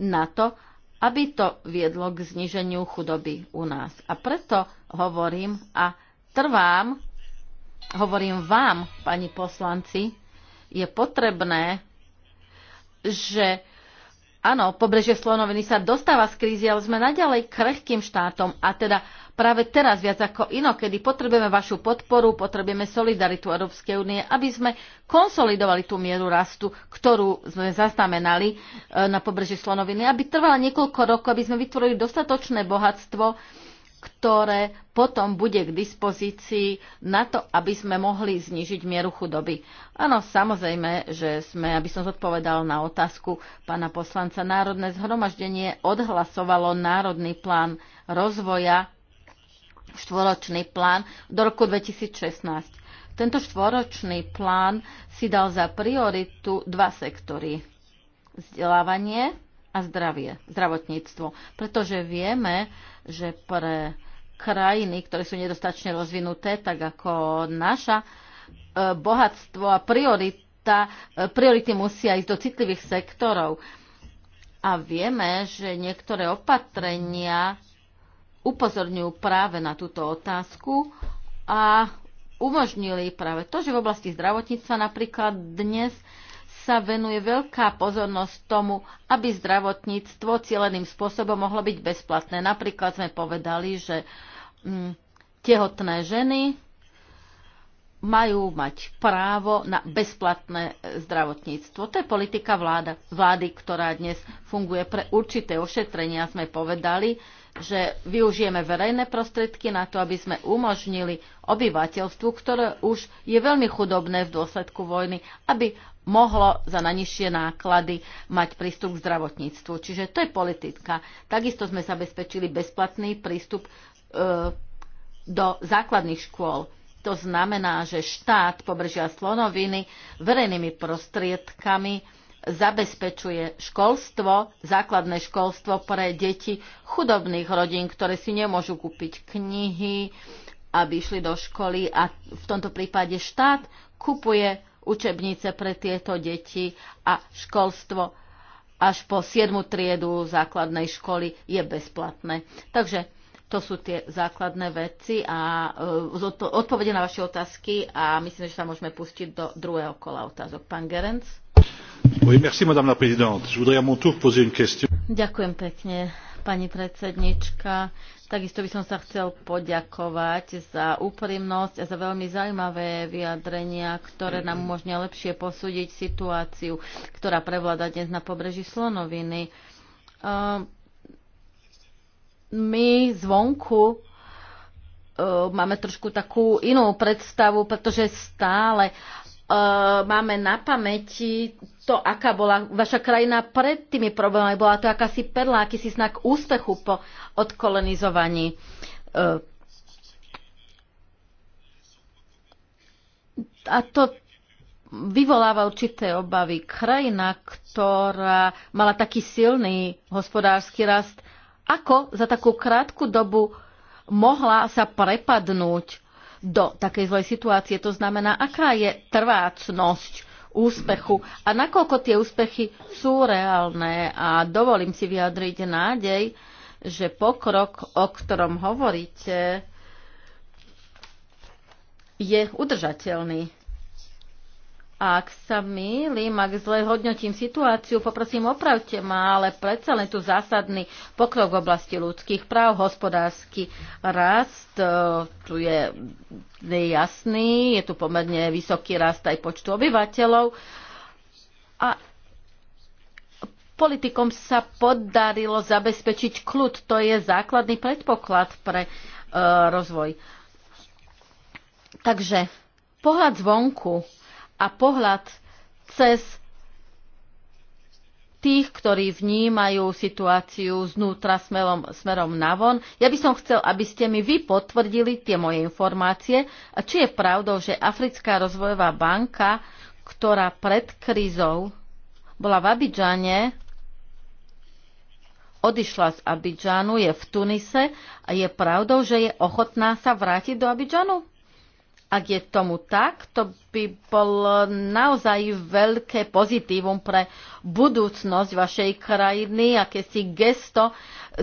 S1: na to, aby to viedlo k zniženiu chudoby u nás. A preto hovorím a trvám, hovorím vám, pani poslanci, je potrebné, že Áno, pobrežie Slonoviny sa dostáva z krízy, ale sme naďalej krehkým štátom a teda práve teraz viac ako inokedy potrebujeme vašu podporu, potrebujeme solidaritu Európskej únie, aby sme konsolidovali tú mieru rastu, ktorú sme zaznamenali e, na pobreží Slonoviny, aby trvala niekoľko rokov, aby sme vytvorili dostatočné bohatstvo, ktoré potom bude k dispozícii na to, aby sme mohli znižiť mieru chudoby. Áno, samozrejme, že sme, aby som zodpovedal na otázku pána poslanca, Národné zhromaždenie odhlasovalo Národný plán rozvoja, štvoročný plán do roku 2016. Tento štvoročný plán si dal za prioritu dva sektory. Vzdelávanie a zdravie, zdravotníctvo. Pretože vieme, že pre krajiny, ktoré sú nedostačne rozvinuté, tak ako naša, e, bohatstvo a priorita, e, priority musia ísť do citlivých sektorov. A vieme, že niektoré opatrenia upozorňujú práve na túto otázku a umožnili práve to, že v oblasti zdravotníctva napríklad dnes sa venuje veľká pozornosť tomu, aby zdravotníctvo cieleným spôsobom mohlo byť bezplatné. Napríklad sme povedali, že mm, tehotné ženy majú mať právo na bezplatné e, zdravotníctvo. To je politika vláda, vlády, ktorá dnes funguje pre určité ošetrenia. Sme povedali, že využijeme verejné prostriedky na to, aby sme umožnili obyvateľstvu, ktoré už je veľmi chudobné v dôsledku vojny, aby mohlo za najnižšie náklady mať prístup k zdravotníctvu. Čiže to je politika. Takisto sme zabezpečili bezplatný prístup e, do základných škôl. To znamená, že štát pobržia slonoviny verejnými prostriedkami zabezpečuje školstvo, základné školstvo pre deti chudobných rodín, ktoré si nemôžu kúpiť knihy, aby išli do školy a v tomto prípade štát kupuje učebnice pre tieto deti a školstvo až po 7. triedu základnej školy je bezplatné. Takže to sú tie základné veci a e, odpovede na vaše otázky a myslím, že sa môžeme pustiť do druhého kola otázok. Pán Gerenc?
S2: Oui, merci, madame la présidente. Je voudrais à mon tour poser une question.
S1: Ďakujem pekne pani predsednička. Takisto by som sa chcel poďakovať za úprimnosť a za veľmi zaujímavé vyjadrenia, ktoré nám umožnia lepšie posúdiť situáciu, ktorá prevláda dnes na pobreží Slonoviny. Ehm, my zvonku ehm, máme trošku takú inú predstavu, pretože stále Eh, máme na pamäti to, aká bola vaša krajina pred tými problémami. Bola to akási perla, akýsi znak úspechu po odkolonizovaní. Eh, a to vyvoláva určité obavy. Krajina, ktorá mala taký silný hospodársky rast, ako za takú krátku dobu mohla sa prepadnúť do takej zlej situácie. To znamená, aká je trvácnosť úspechu a nakoľko tie úspechy sú reálne a dovolím si vyjadriť nádej, že pokrok, o ktorom hovoríte, je udržateľný ak sa mýlim, ak zle hodnotím situáciu, poprosím, opravte ma, ale predsa len tu zásadný pokrok v oblasti ľudských práv, hospodársky rast, e, tu je, je jasný, je tu pomerne vysoký rast aj počtu obyvateľov. A politikom sa podarilo zabezpečiť kľud. To je základný predpoklad pre uh, rozvoj. Takže pohľad zvonku a pohľad cez tých, ktorí vnímajú situáciu znútra smerom, smerom navon. Ja by som chcel, aby ste mi vy potvrdili tie moje informácie či je pravdou, že Africká rozvojová banka, ktorá pred krízou bola v Abidžane, odišla z Abidžanu, je v Tunise a je pravdou, že je ochotná sa vrátiť do Abidžanu? Ak je tomu tak, to by bolo naozaj veľké pozitívum pre budúcnosť vašej krajiny, si gesto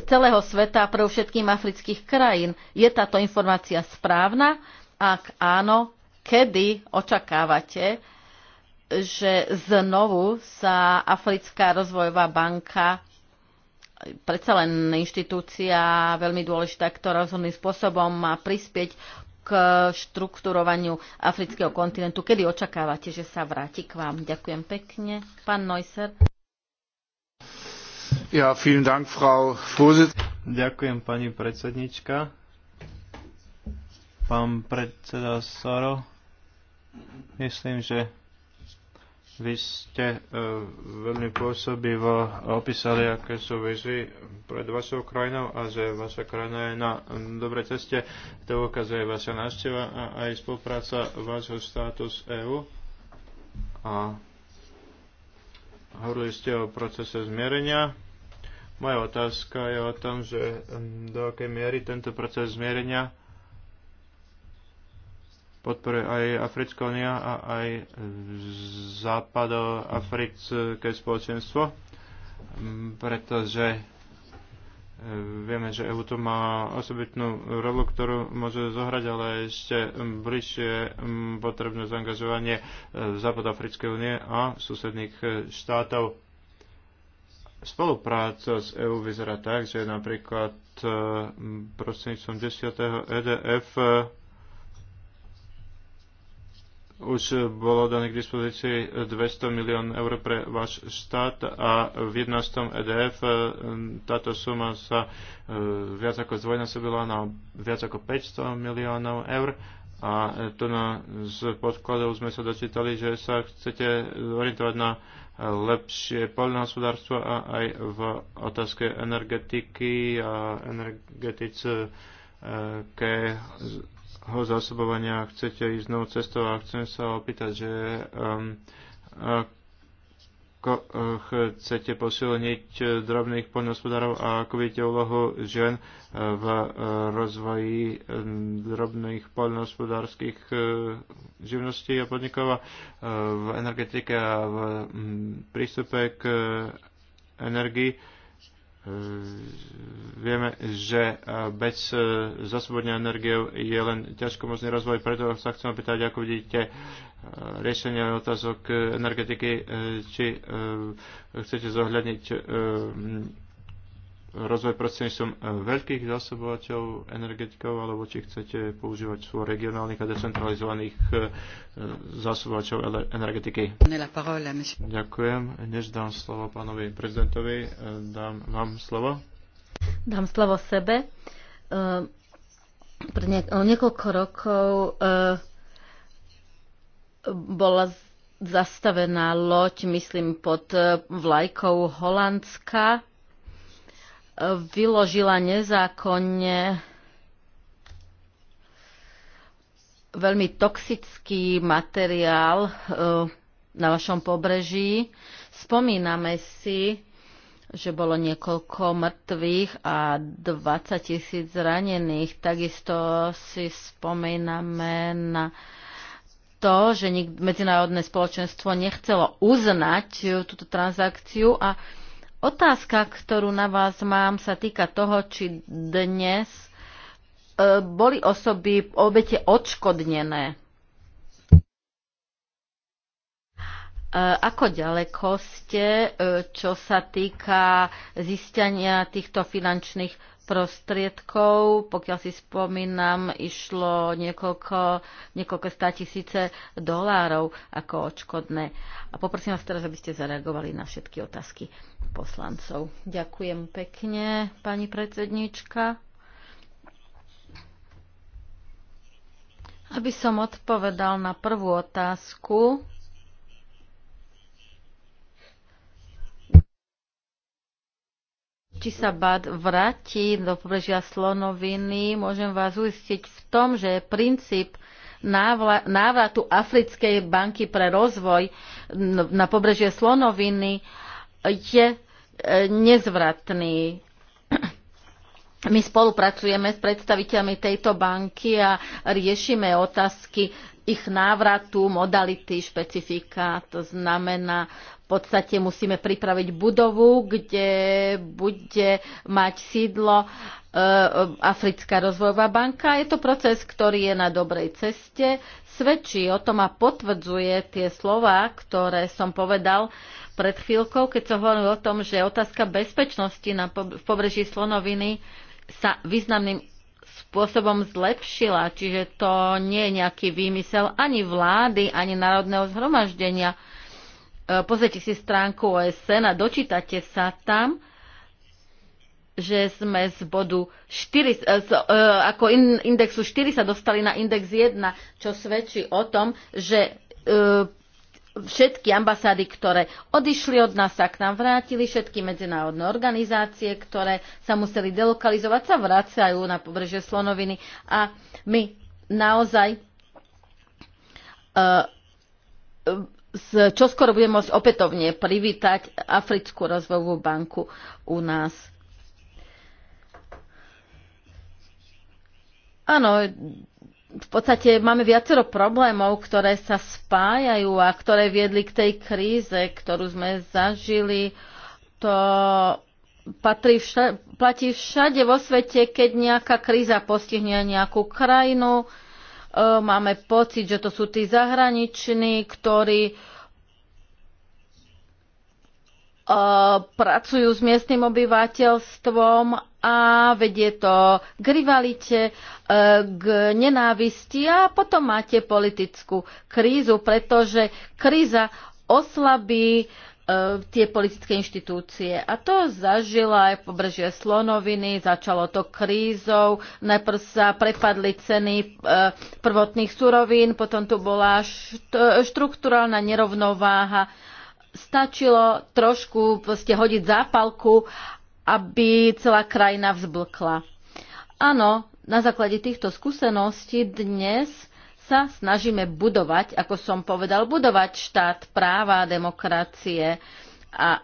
S1: celého sveta a pre všetkým afrických krajín. Je táto informácia správna? Ak áno, kedy očakávate, že znovu sa Africká rozvojová banka predsa len inštitúcia veľmi dôležitá, ktorá rozhodným spôsobom má prispieť k štrukturovaniu afrického kontinentu. Kedy očakávate, že sa vráti k vám? Ďakujem pekne. Pán Neusser.
S3: Ja, vielen Dank, Frau Vorsitz. Ďakujem, pani predsednička. Pán predseda Soro, myslím, že vy ste e, veľmi pôsobivo opísali, aké sú výzvy pred vašou krajinou a že vaša krajina je na dobrej ceste. To ukazuje vaša návšteva a aj spolupráca vášho štátu s EÚ. A hovorili ste o procese zmierenia. Moja otázka je o tom, že do akej miery tento proces zmierenia podporuje aj Africká unia a aj západoafrické spoločenstvo, pretože e, vieme, že EU to má osobitnú rolu, ktorú môže zohrať, ale ešte bližšie potrebné zaangažovanie e, Západoafrickej únie a susedných e, štátov. Spolupráca s EU vyzerá tak, že napríklad prostredníctvom 10. EDF už bolo dané k dispozícii 200 milión eur pre váš štát a v 11. EDF e, táto suma sa e, viac ako zdvojnásobila na viac ako 500 miliónov eur a to na, z podkladov sme sa dočítali, že sa chcete orientovať na lepšie poľnohospodárstvo a aj v otázke energetiky a ke ho zásobovania chcete ísť novou cestou a chcem sa opýtať, že um, ako uh, chcete posilniť uh, drobných poľnohospodárov a ako vidíte úlohu žien uh, v rozvoji um, drobných poľnohospodárskych živností a podnikov a v energetike a v um, prístupe k energii vieme, že e, bez e, zasobodňa energie je len ťažko možný rozvoj, preto sa chcem opýtať, ako vidíte e, riešenie otázok energetiky, či chcete zohľadniť rozvoj prostredníctvom e, veľkých zásobovateľov energetikov, alebo či chcete používať svoj regionálnych a decentralizovaných e, zásobovateľov energetiky. Ďakujem. Než dám slovo pánovi prezidentovi, e, dám vám slovo.
S1: Dám slovo sebe. Pre niekoľko rokov bola zastavená loď, myslím, pod vlajkou Holandska vyložila nezákonne veľmi toxický materiál e, na vašom pobreží. Spomíname si, že bolo niekoľko mŕtvych a 20 tisíc zranených. Takisto si spomíname na to, že medzinárodné spoločenstvo nechcelo uznať e, túto transakciu a Otázka, ktorú na vás mám, sa týka toho, či dnes e, boli osoby obete odškodnené. Eh, ako ďaleko ste, eh, čo sa týka zistenia týchto finančných prostriedkov, pokiaľ si spomínam, išlo niekoľko, niekoľko stá tisíce dolárov ako odškodné. A poprosím vás teraz, aby ste zareagovali na všetky otázky poslancov. Ďakujem pekne, pani predsednička. Aby som odpovedal na prvú otázku, či sa BAD vráti do pobrežia Slonoviny, môžem vás uistiť v tom, že princíp návratu Africkej banky pre rozvoj na pobrežie Slonoviny je e, nezvratný my spolupracujeme s predstaviteľmi tejto banky a riešime otázky ich návratu, modality, špecifika. To znamená, v podstate musíme pripraviť budovu, kde bude mať sídlo e, Africká rozvojová banka. Je to proces, ktorý je na dobrej ceste, svedčí o tom a potvrdzuje tie slova, ktoré som povedal pred chvíľkou, keď som hovoril o tom, že otázka bezpečnosti na, v pobreží Slonoviny sa významným spôsobom zlepšila, čiže to nie je nejaký výmysel ani vlády, ani národného zhromaždenia. E, pozrite si stránku OSN a dočítate sa tam, že sme z bodu 4, e, e, ako indexu 4 sa dostali na index 1, čo svedčí o tom, že všetky ambasády, ktoré odišli od nás, sa k nám vrátili, všetky medzinárodné organizácie, ktoré sa museli delokalizovať, sa vracajú na pobrežie Slonoviny a my naozaj uh, e, e, čo skoro budeme môcť opätovne privítať Africkú rozvojovú banku u nás. Áno, v podstate máme viacero problémov, ktoré sa spájajú a ktoré viedli k tej kríze, ktorú sme zažili. To patrí vša- platí všade vo svete, keď nejaká kríza postihne nejakú krajinu. E, máme pocit, že to sú tí zahraniční, ktorí e, pracujú s miestnym obyvateľstvom a vedie to k rivalite, e, k nenávisti a potom máte politickú krízu, pretože kríza oslabí e, tie politické inštitúcie. A to zažila aj pobrežie Slonoviny, začalo to krízou, najprv sa prepadli ceny e, prvotných surovín, potom tu bola štruktúralna nerovnováha. Stačilo trošku hodiť zápalku aby celá krajina vzblkla. Áno, na základe týchto skúseností dnes sa snažíme budovať, ako som povedal, budovať štát práva, demokracie a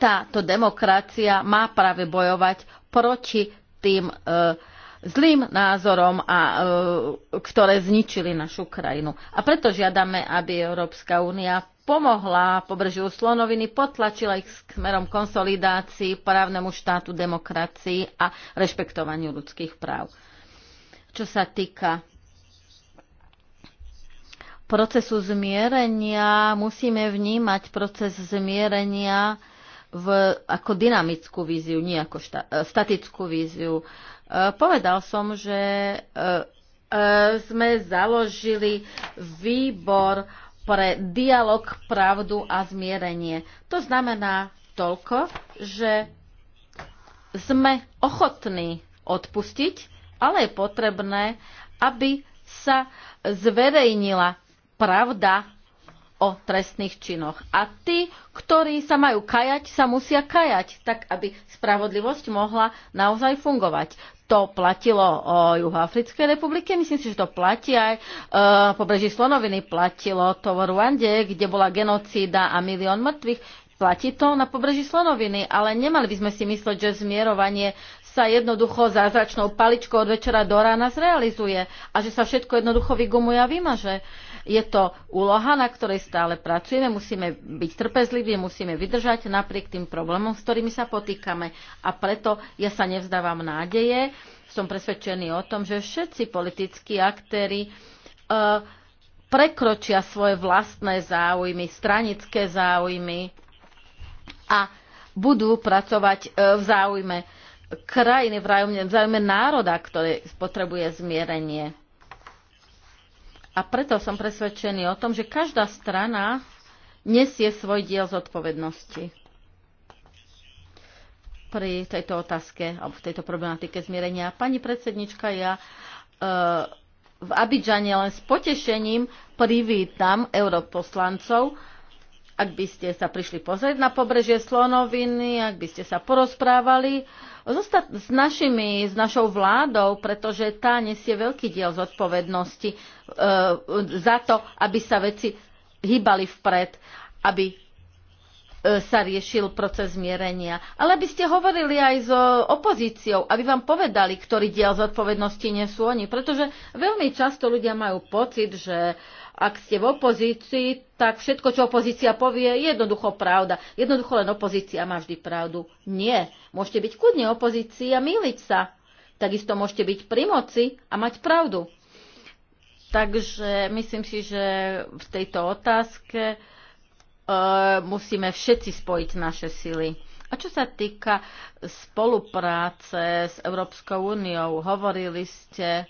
S1: táto demokracia má práve bojovať proti tým e, zlým názorom, a, e, ktoré zničili našu krajinu. A preto žiadame, aby Európska únia pomohla pobrežiu Slonoviny, potlačila ich smerom konsolidácii, právnemu štátu, demokracii a rešpektovaniu ľudských práv. Čo sa týka procesu zmierenia, musíme vnímať proces zmierenia v, ako dynamickú víziu, nie ako šta, e, statickú víziu. E, Eh, povedal som, že eh, eh, sme založili výbor pre dialog, pravdu a zmierenie. To znamená toľko, že sme ochotní odpustiť, ale je potrebné, aby sa zverejnila pravda o trestných činoch. A tí, ktorí sa majú kajať, sa musia kajať, tak aby spravodlivosť mohla naozaj fungovať to platilo o Juhoafrickej republike, myslím si, že to platí aj e, pobreží Slonoviny platilo to v Ruande, kde bola genocída a milión mŕtvych. Platí to na pobreží Slonoviny, ale nemali by sme si mysleť, že zmierovanie sa jednoducho zázračnou paličkou od večera do rána zrealizuje a že sa všetko jednoducho vygumuje a vymaže. Je to úloha, na ktorej stále pracujeme, musíme byť trpezliví, musíme vydržať napriek tým problémom, s ktorými sa potýkame. A preto ja sa nevzdávam nádeje, som presvedčený o tom, že všetci politickí aktéry e, prekročia svoje vlastné záujmy, stranické záujmy a budú pracovať e, v záujme krajiny, v záujme národa, ktoré potrebuje zmierenie. A preto som presvedčený o tom, že každá strana nesie svoj diel zodpovednosti pri tejto otázke alebo v tejto problematike zmierenia. Pani predsednička, ja e, v Abidžane len s potešením privítam europoslancov, ak by ste sa prišli pozrieť na pobrežie Slonoviny, ak by ste sa porozprávali. E, zostať s, našimi, s našou vládou, pretože tá nesie veľký diel zodpovednosti e, za to, aby sa veci hýbali vpred, aby E, sa riešil proces zmierenia. Ale by ste hovorili aj s opozíciou, aby vám povedali, ktorý diel zodpovednosti nesú oni. Pretože veľmi často ľudia majú pocit, že ak ste v opozícii, tak všetko, čo opozícia povie, je jednoducho pravda. Jednoducho len opozícia má vždy pravdu. Nie. Môžete byť kudne opozícii a míliť sa. Takisto môžete byť pri moci a mať pravdu. Takže myslím si, že v tejto otázke E, musíme všetci spojiť naše sily. A čo sa týka spolupráce s Európskou úniou, hovorili ste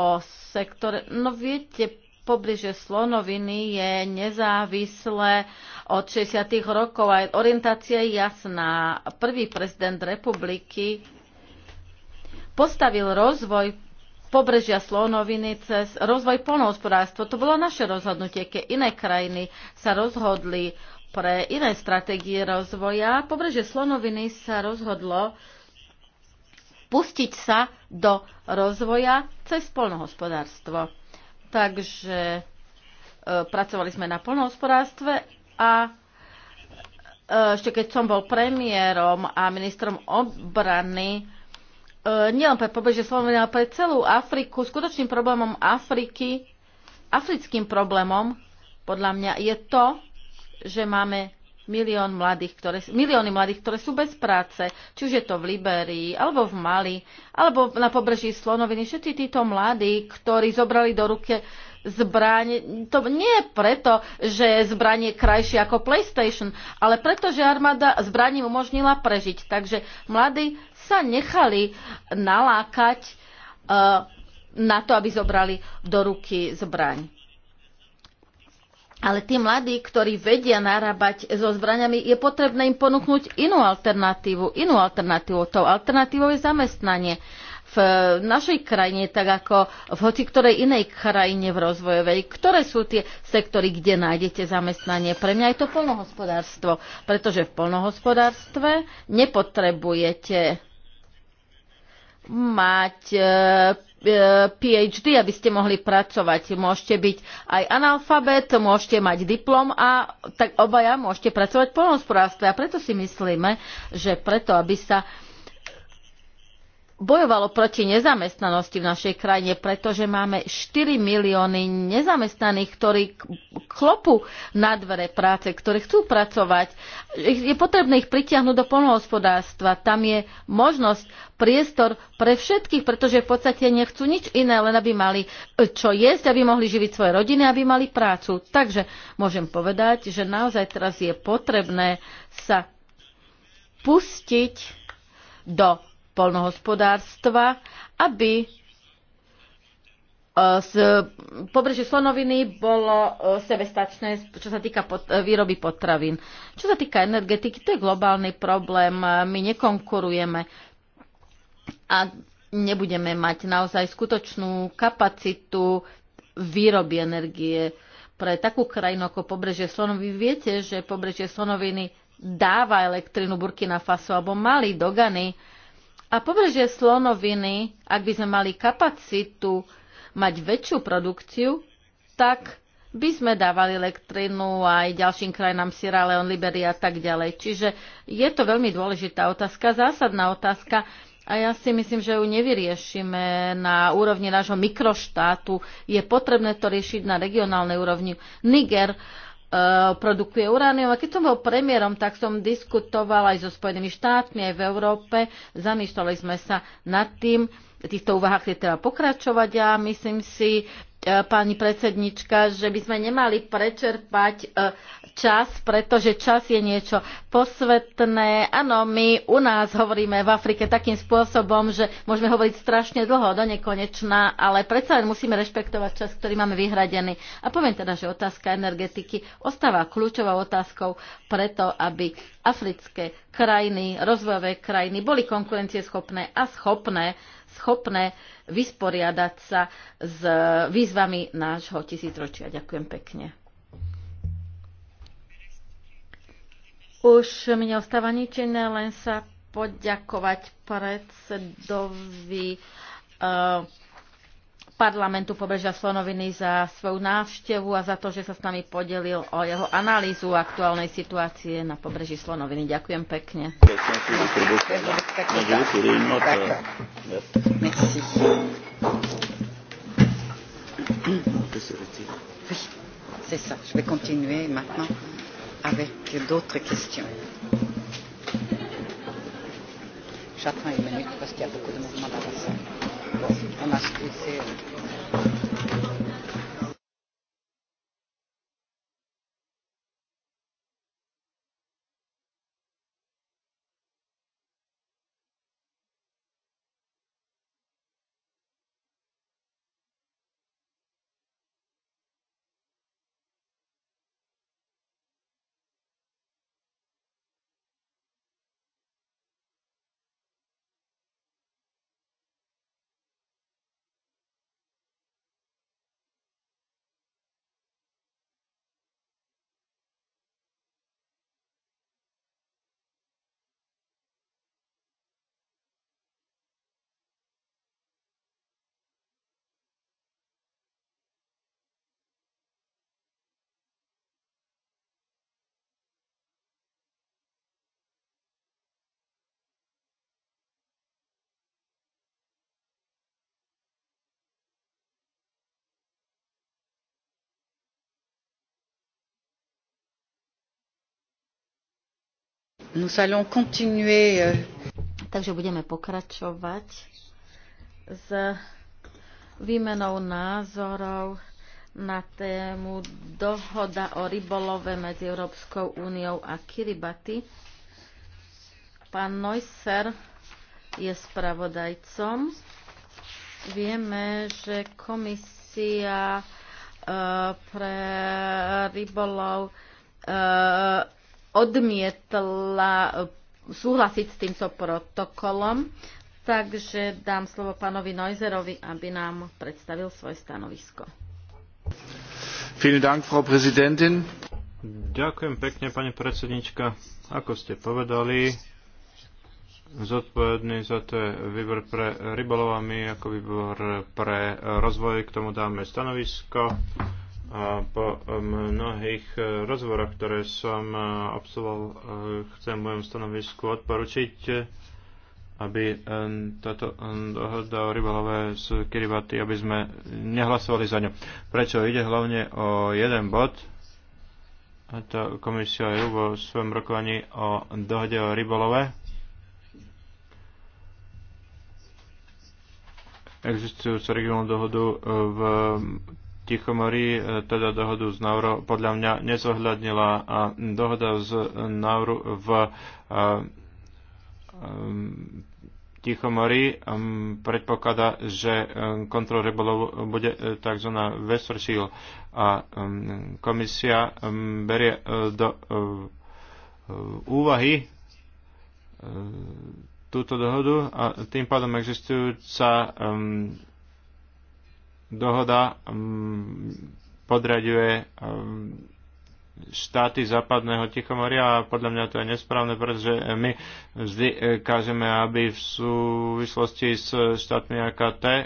S1: o sektore, no viete, pobliže Slonoviny je nezávislé od 60. rokov a orientácia je jasná. Prvý prezident republiky postavil rozvoj pobrežia Slonoviny cez rozvoj polnohospodárstva. To bolo naše rozhodnutie, keď iné krajiny sa rozhodli pre iné stratégie rozvoja. Pobrežie Slonoviny sa rozhodlo pustiť sa do rozvoja cez polnohospodárstvo. Takže e, pracovali sme na polnohospodárstve a e, ešte keď som bol premiérom a ministrom obrany, E, nielen pre pobeže Slovenia, ale pre celú Afriku. Skutočným problémom Afriky, africkým problémom, podľa mňa, je to, že máme milión mladých, ktoré, milióny mladých, ktoré sú bez práce. Či už je to v Liberii, alebo v Mali, alebo na pobreží Slonoviny. Všetci títo mladí, ktorí zobrali do ruke zbraň, to nie preto, že zbraň je krajšie ako PlayStation, ale preto, že armáda im umožnila prežiť. Takže mladí sa nechali nalákať uh, na to, aby zobrali do ruky zbraň. Ale tí mladí, ktorí vedia narábať so zbraniami, je potrebné im ponúknuť inú alternatívu. Inú alternatívu. Tou alternatívou je zamestnanie. Uh, v našej krajine, tak ako v hoci ktorej inej krajine v rozvojovej. Ktoré sú tie sektory, kde nájdete zamestnanie? Pre mňa je to polnohospodárstvo, pretože v polnohospodárstve nepotrebujete mať e, e, PhD, aby ste mohli pracovať. Môžete byť aj analfabet, môžete mať diplom a tak obaja môžete pracovať v polnohospodárstve. A preto si myslíme, že preto, aby sa bojovalo proti nezamestnanosti v našej krajine, pretože máme 4 milióny nezamestnaných, ktorí klopu na dvere práce, ktorí chcú pracovať. Je potrebné ich pritiahnuť do polnohospodárstva. Tam je možnosť, priestor pre všetkých, pretože v podstate nechcú nič iné, len aby mali e, čo jesť, aby mohli živiť svoje rodiny, aby mali prácu. Takže môžem povedať, že naozaj teraz je potrebné sa pustiť do polnohospodárstva, aby z e, pobreží Slonoviny bolo e, sebestačné, čo sa týka pot, e, výroby potravín. Čo sa týka energetiky, to je globálny problém. My nekonkurujeme a nebudeme mať naozaj skutočnú kapacitu výroby energie. Pre takú krajinu ako pobrežie Slonoviny viete, že pobrežie Slonoviny dáva elektrínu Burkina Faso alebo Mali, Dogany, a pobrežie slonoviny, ak by sme mali kapacitu mať väčšiu produkciu, tak by sme dávali elektrinu aj ďalším krajinám Sierra Leone, Liberia a tak ďalej. Čiže je to veľmi dôležitá otázka, zásadná otázka a ja si myslím, že ju nevyriešime na úrovni nášho mikroštátu. Je potrebné to riešiť na regionálnej úrovni. Niger, uh, Eh, produkuje uránium. A keď som bol premiérom, tak som diskutoval aj so Spojenými štátmi, aj v Európe. Zamýšľali sme sa nad tým, v týchto úvahách je treba pokračovať a myslím si, E, pani predsednička, že by sme nemali prečerpať e, čas, pretože čas je niečo posvetné. Áno, my u nás hovoríme v Afrike takým spôsobom, že môžeme hovoriť strašne dlho, do nekonečna, ale predsa len musíme rešpektovať čas, ktorý máme vyhradený. A poviem teda, že otázka energetiky ostáva kľúčovou otázkou preto, aby africké krajiny, rozvojové krajiny boli konkurencieschopné a schopné schopné vysporiadať sa s e, výzvami nášho tisícročia. Ďakujem pekne. Už mi neostáva nič iné, len sa poďakovať predsedovi uh, parlamentu Pobrežia Slonoviny za svoju návštevu a za to, že sa s nami podelil o jeho analýzu aktuálnej situácie na Pobreží Slonoviny. Ďakujem pekne. Ďakujem.
S2: J'attends une minute parce qu'il y a beaucoup de mouvements dans la salle. I must be
S1: Nous allons continuer. Euh, Takže budeme pokračovať s výmenou názorov na tému dohoda o rybolove medzi Európskou úniou a Kiribati. Pán Neusser je spravodajcom. Vieme, že komisia eh, pre rybolov eh, odmietla e, súhlasiť s týmto protokolom, takže dám slovo pánovi Neuserovi, aby nám predstavil svoje stanovisko.
S3: Ďakujem pekne, pani predsednička. Ako ste povedali, zodpovedný za to je výbor pre rybolov a my ako výbor pre rozvoj k tomu dáme stanovisko po mnohých e, rozhovoroch, ktoré som e, absolvoval, e, chcem v mojom stanovisku odporučiť, aby táto dohoda o rybalové z Kiribati, aby sme nehlasovali za ňu. Prečo? Ide hlavne o jeden bod. A to komisia EU vo svojom rokovaní o dohode o rybalove. Existujúcu regionálnu dohodu v Tichomorí e, teda dohodu z Nauru podľa mňa nezohľadnila a dohoda z Nauru v e, e, Tichomorí predpokladá, že kontrol rybolov bude tzv. Western a komisia berie do úvahy túto dohodu a tým pádom existujúca dohoda mm, podraďuje mm, štáty západného Tichomoria a podľa mňa to je nesprávne, pretože my vždy e, kážeme, aby v súvislosti s štátmi AKT e,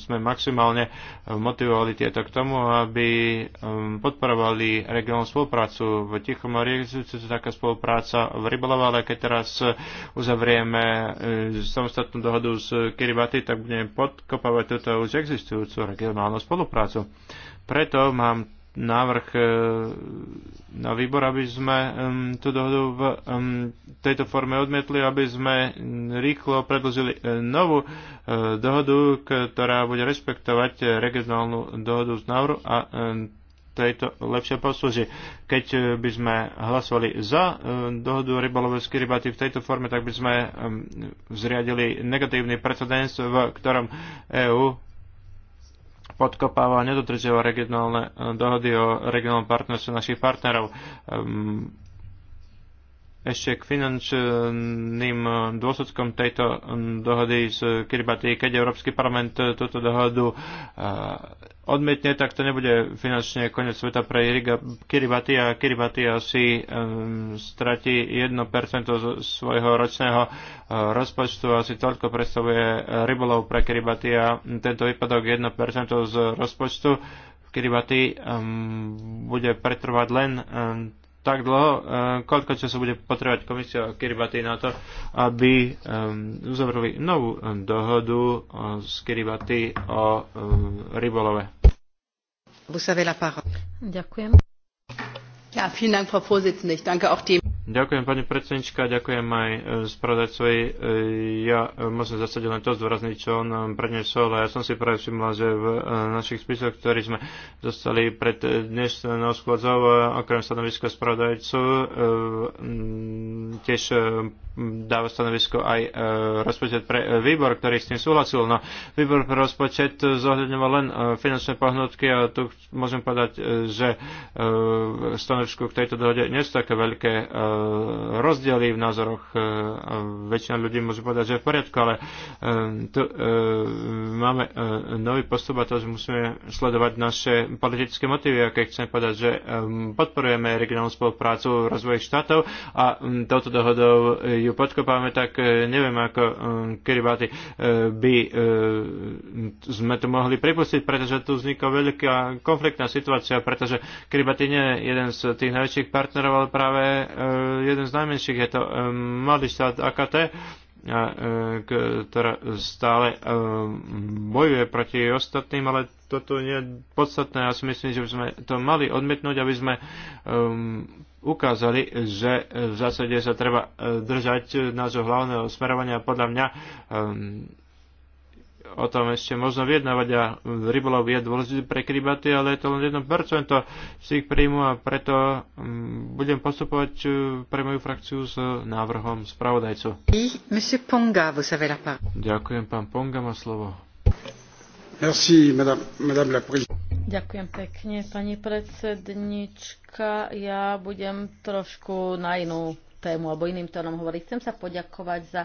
S3: sme maximálne motivovali tieto k tomu, aby e, podporovali regionálnu spoluprácu v Tichomorí. Existuje taká spolupráca v rybolove, ale keď teraz uzavrieme samostatnú dohodu s Kiribati, tak budeme podkopávať túto už existujúcu regionálnu spoluprácu. Preto mám návrh e, na výbor, aby sme tú dohodu v tejto forme odmietli, aby sme rýchlo predložili e, novú e, dohodu, ktorá bude rešpektovať regionálnu dohodu z návru a tejto lepšie poslúži. Keď by sme hlasovali za dohodu o rybolovskej rybaty v tejto forme, tak by sme zriadili negatívny precedens, v ktorom EÚ podkopáva a nedodržiava regionálne e, dohody o regionálnom partnerstve našich partnerov. Ehm, ešte k finančným e, dôsledkom tejto dohody z Kiribati, keď Európsky parlament e, túto dohodu odmietne, tak to nebude finančne koniec sveta pre Kiribati a Kiribati asi um, stratí 1% svojho ročného eh, rozpočtu, asi toľko predstavuje eh, rybolov pre Kiribati a tento výpadok 1% z rozpočtu v Kiribati um, bude pretrvať len um, tak dlho, um, koľko času bude potrebovať komisia Kiribati na to, aby um, uzavreli novú dohodu s Kiribati o um, rybolove. Frau
S1: Präsidentin, Ich danke auch dem
S3: Ďakujem pani predsednička, ďakujem aj e, spravodajcovi. E, ja e, musím zasadiť len to zdôrazniť, čo on prednesol. Ja som si práve všimla, že v našich spisoch, ktorí sme dostali pred dnešnou schôdzou, okrem stanoviska spravodajcu, tiež dáva stanovisko aj rozpočet pre výbor, ktorý s tým súhlasil. No, výbor pre rozpočet zohľadňoval len finančné pohnutky a tu môžem povedať, že stanovisko k tejto dohode nie sú také veľké rozdiely v názoroch. E, väčšina ľudí môže povedať, že je v poriadku, ale e, tu e, máme nový postup a to, že musíme sledovať naše politické motívy, aké chceme povedať, že podporujeme regionálnu spoluprácu v rozvoji štátov a touto dohodou ju podkopáme, tak neviem, ako Kiribati by sme to mohli pripustiť, pretože tu vznikla veľká konfliktná situácia, pretože Kiribati nie je jeden z tých najväčších partnerov, ale práve jeden z najmenších, je to e, malý štát AKT, e, ktorá stále e, bojuje proti ostatným, ale toto nie je podstatné. Ja si myslím, že by sme to mali odmietnúť, aby sme ukázali, že v zásade sa treba držať nášho hlavného smerovania. Podľa mňa o tom ešte možno vyjednávať a rybolov je dôležitý pre Kiribati, ale je to len 1% z ich príjmu a preto mm, budem postupovať e, pre moju frakciu s návrhom spravodajcu. Ďakujem, pán Ponga má slovo. Merci, madame, madame
S1: la Ďakujem pekne, pani predsednička. Ja budem trošku na inú tému alebo iným tónom hovorí. Chcem sa poďakovať za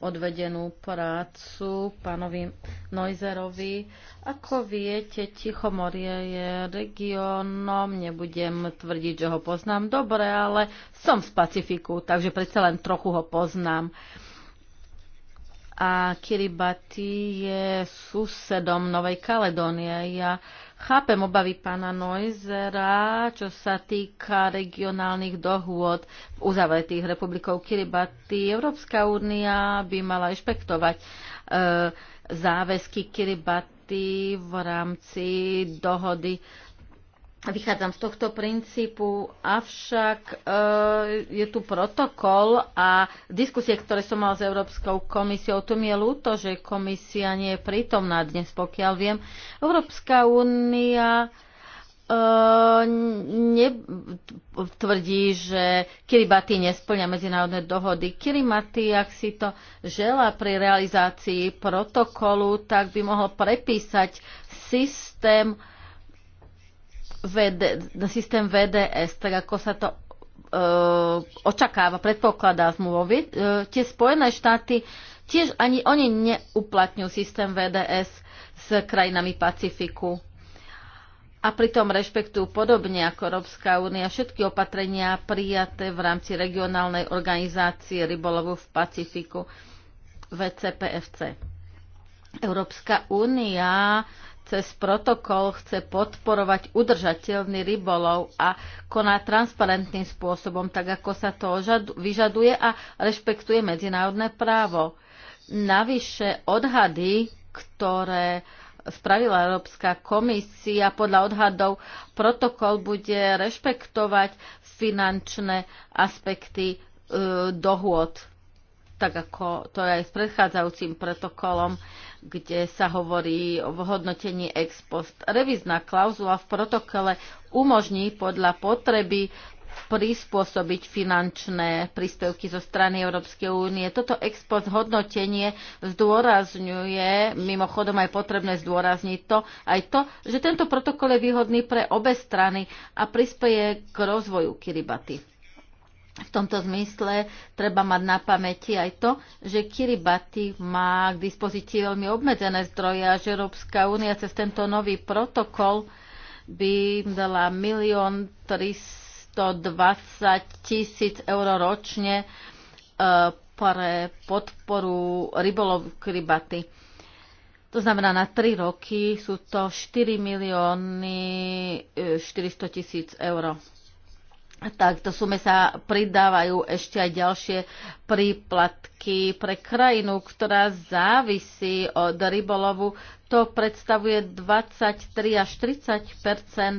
S1: odvedenú prácu pánovi Noizerovi. Ako viete, Tichomorie je regiónom, nebudem tvrdiť, že ho poznám dobre, ale som z Pacifiku, takže predsa len trochu ho poznám a Kiribati je susedom Novej Kaledónie. Ja Chápem obavy pána Noizera, čo sa týka regionálnych dohôd uzavretých republikou Kiribati. Európska únia by mala rešpektovať e, záväzky Kiribati v rámci dohody Vychádzam z tohto princípu, avšak e, je tu protokol a diskusie, ktoré som mal s Európskou komisiou, tu mi je ľúto, že komisia nie je prítomná dnes, pokiaľ viem. Európska únia eh, ne, tvrdí, že Kiribati nesplňa medzinárodné dohody. Kiribati, ak si to žela pri realizácii protokolu, tak by mohol prepísať systém VD, systém VDS, tak ako sa to e, očakáva, predpokladá zmluvy. E, tie Spojené štáty tiež ani oni neuplatňujú systém VDS s krajinami Pacifiku. A pritom rešpektujú podobne ako Európska únia všetky opatrenia prijaté v rámci regionálnej organizácie rybolovu v Pacifiku VCPFC. Európska únia cez protokol chce podporovať udržateľný rybolov a koná transparentným spôsobom, tak ako sa to vyžaduje a rešpektuje medzinárodné právo. Navyše odhady, ktoré spravila Európska komisia, podľa odhadov protokol bude rešpektovať finančné aspekty e, dohôd tak ako to je aj s predchádzajúcim protokolom, kde sa hovorí o hodnotení ex post. Revizná klauzula v protokole umožní podľa potreby prispôsobiť finančné príspevky zo strany Európskej únie. Toto ex post hodnotenie zdôrazňuje, mimochodom aj potrebné zdôrazniť to, aj to, že tento protokol je výhodný pre obe strany a prispieje k rozvoju Kiribati. V tomto zmysle treba mať na pamäti aj to, že Kiribati má k dispozícii veľmi obmedzené zdroje a že Európska únia cez tento nový protokol by dala 1 320 tisíc eur ročne e, pre podporu rybolov Kiribati. To znamená, na 3 roky sú to 4 milióny 400 e, tisíc eur tak to sume sa pridávajú ešte aj ďalšie príplatky pre krajinu, ktorá závisí od rybolovu. To predstavuje 23 až 30 e,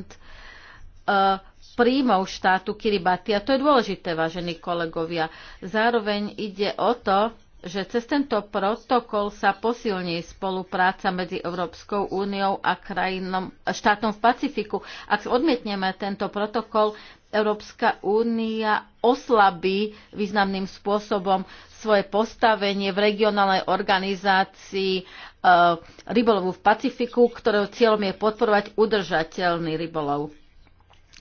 S1: príjmov štátu Kiribati. A to je dôležité, vážení kolegovia. Zároveň ide o to, že cez tento protokol sa posilní spolupráca medzi Európskou úniou a krajinom, štátom v Pacifiku. Ak odmietneme tento protokol, Európska únia oslabí významným spôsobom svoje postavenie v regionálnej organizácii e, rybolovu v Pacifiku, ktorého cieľom je podporovať udržateľný rybolov.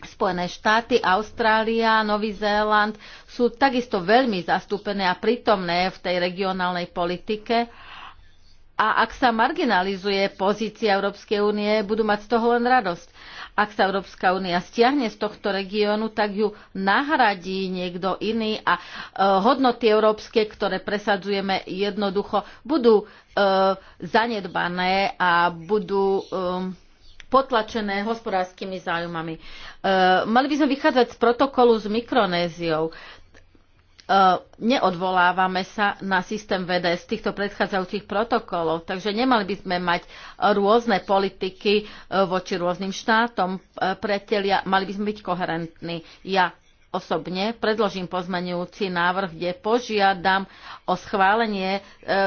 S1: Spojené štáty, Austrália, Nový Zéland sú takisto veľmi zastúpené a prítomné v tej regionálnej politike a ak sa marginalizuje pozícia Európskej únie, budú mať z toho len radosť. Ak sa Európska únia stiahne z tohto regiónu, tak ju nahradí niekto iný a e, hodnoty európske, ktoré presadzujeme jednoducho, budú e, zanedbané a budú. E, potlačené hospodárskymi záujmami. E, mali by sme vychádzať z protokolu s Mikronéziou. E, neodvolávame sa na systém VDS z týchto predchádzajúcich protokolov, takže nemali by sme mať rôzne politiky e, voči rôznym štátom, e, pretelia, mali by sme byť koherentní. Ja osobne predložím pozmenujúci návrh, kde požiadam o schválenie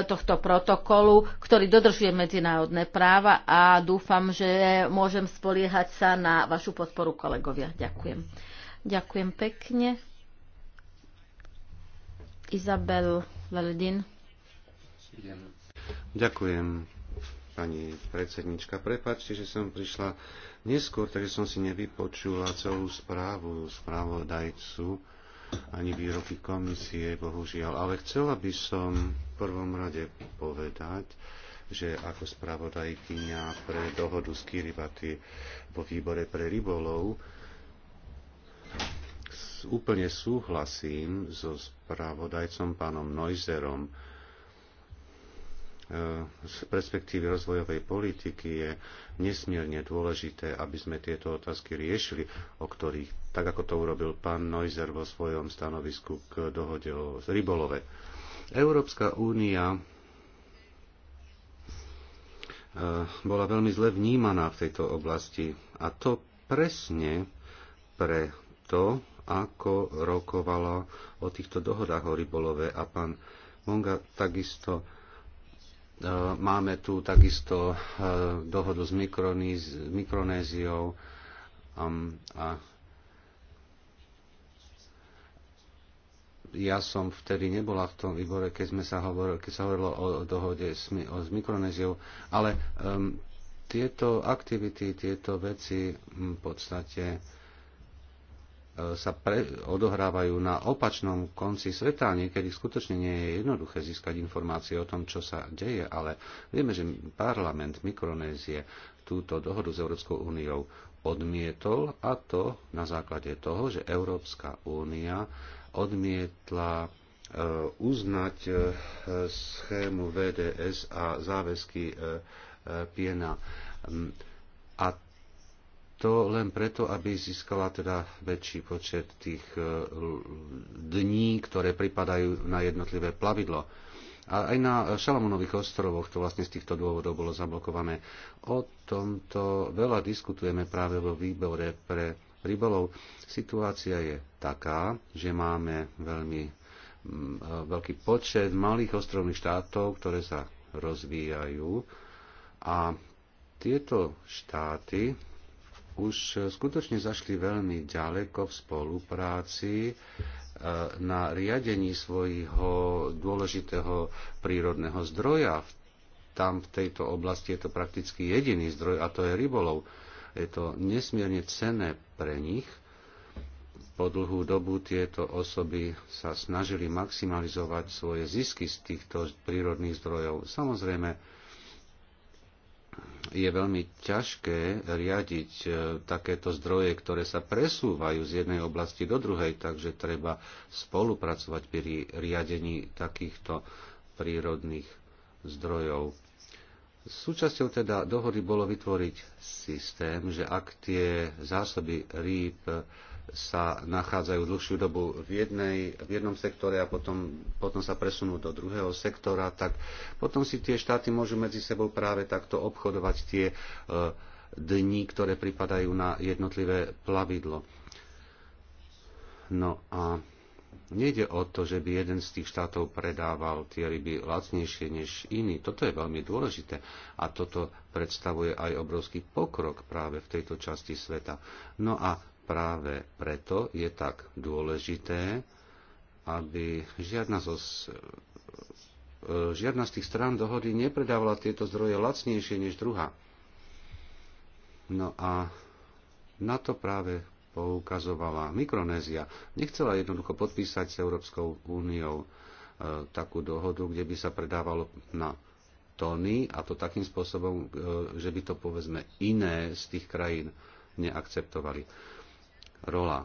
S1: tohto protokolu, ktorý dodržuje medzinárodné práva a dúfam, že môžem spoliehať sa na vašu podporu kolegovia. Ďakujem. Ďakujem pekne. Izabel Veledin.
S2: Ďakujem, pani predsednička. Prepačte, že som prišla neskôr, takže som si nevypočula celú správu správodajcu ani výroky komisie, bohužiaľ. Ale chcela by som v prvom rade povedať, že ako spravodajkyňa pre dohodu s Kiribati vo výbore pre rybolov, úplne súhlasím so spravodajcom pánom Neuserom. E, z perspektívy rozvojovej politiky je nesmierne dôležité, aby sme tieto otázky riešili, o ktorých, tak ako to urobil pán Neuser vo svojom stanovisku k dohode o rybolove. Európska únia e, bola veľmi zle vnímaná v tejto oblasti. A to presne preto, ako rokovalo o týchto dohodách o rybolove a pán Monga takisto e, Máme tu takisto e, dohodu s Mikronéziou a ja som vtedy nebola v tom výbore, keď, sme sa, hovorili, keď sa hovorilo o dohode s, o, s Mikronéziou, ale um, tieto aktivity, tieto veci v podstate sa pre, odohrávajú na opačnom konci sveta. Niekedy skutočne nie je jednoduché získať informácie o tom, čo sa deje, ale vieme, že parlament Mikronézie túto dohodu s Európskou úniou odmietol a to na základe toho, že Európska únia odmietla e, uznať e, schému VDS a záväzky e, Piena. A to len preto, aby získala teda väčší počet tých e, dní, ktoré pripadajú na jednotlivé plavidlo. A aj na Šalamunových ostrovoch to vlastne z týchto dôvodov bolo zablokované. O tomto veľa diskutujeme práve vo výbore pre rybolov. Situácia je taká, že máme veľmi e, veľký počet malých ostrovných štátov, ktoré sa rozvíjajú a tieto štáty už skutočne zašli veľmi ďaleko v spolupráci e, na riadení svojho dôležitého prírodného zdroja. Tam v tejto oblasti je to prakticky jediný zdroj a to je rybolov. Je to nesmierne cené pre nich. Po dlhú dobu tieto osoby sa snažili maximalizovať svoje zisky z týchto prírodných zdrojov. Samozrejme, je veľmi ťažké riadiť e, takéto zdroje, ktoré sa presúvajú z jednej oblasti do druhej, takže treba spolupracovať pri riadení takýchto prírodných zdrojov. Súčasťou teda dohody bolo vytvoriť systém, že ak tie zásoby rýb sa nachádzajú dlhšiu dobu v, jednej, v jednom sektore a potom, potom sa presunú do druhého sektora, tak potom si tie štáty môžu medzi sebou práve takto obchodovať tie e, dni, ktoré pripadajú na jednotlivé plavidlo. No a nejde o to, že by jeden z tých štátov predával tie ryby lacnejšie než iný. Toto je veľmi dôležité a toto predstavuje aj obrovský pokrok práve v tejto časti sveta. No a Práve preto je tak dôležité, aby žiadna, zo, žiadna z tých strán dohody nepredávala tieto zdroje lacnejšie než druhá. No a na to práve poukazovala Mikronézia. Nechcela jednoducho podpísať s Európskou úniou e, takú dohodu, kde by sa predávalo na tony a to takým spôsobom, e, že by to povedzme iné z tých krajín neakceptovali rola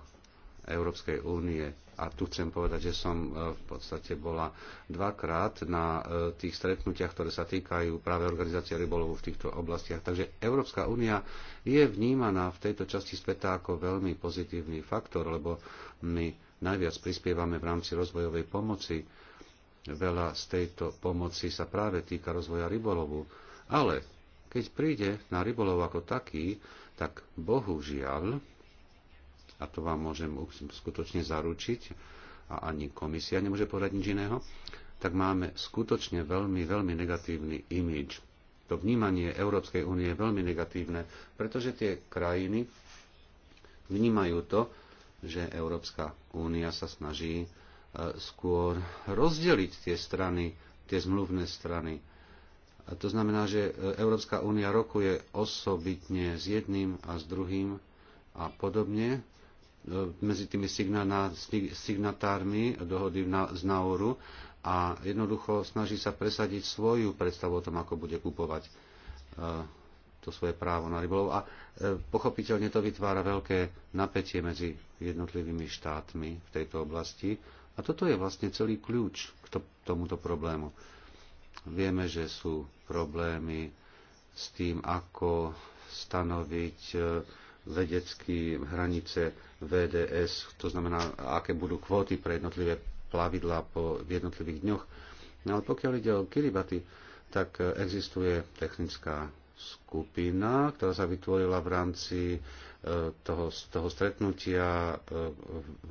S2: Európskej únie. A tu chcem povedať, že som e, v podstate bola dvakrát na e, tých stretnutiach, ktoré sa týkajú práve organizácie rybolovu v týchto oblastiach. Takže Európska únia je vnímaná v tejto časti sveta ako veľmi pozitívny faktor, lebo my najviac prispievame v rámci rozvojovej pomoci. Veľa z tejto pomoci sa práve týka rozvoja rybolovu. Ale keď príde na rybolov ako taký, tak bohužiaľ a to vám môžem skutočne zaručiť, a ani komisia nemôže povedať nič iného, tak máme skutočne veľmi, veľmi negatívny imidž. To vnímanie Európskej únie je veľmi negatívne, pretože tie krajiny vnímajú to, že Európska únia sa snaží e, skôr rozdeliť tie strany, tie zmluvné strany. A to znamená, že e, Európska únia rokuje osobitne s jedným a s druhým a podobne E, medzi tými signatármi dohody z Nauru a jednoducho snaží sa presadiť svoju predstavu o tom, ako bude kupovať e, to svoje právo na rybolov. A e, pochopiteľne to vytvára veľké napätie medzi jednotlivými štátmi v tejto oblasti. A toto je vlastne celý kľúč k tomuto problému. Vieme, že sú problémy s tým, ako stanoviť vedecky hranice VDS, to znamená, aké budú kvóty pre jednotlivé plavidla po, v jednotlivých dňoch. No ale pokiaľ ide o Kiribati, tak e, existuje technická skupina, ktorá sa vytvorila v rámci e, toho, toho stretnutia e,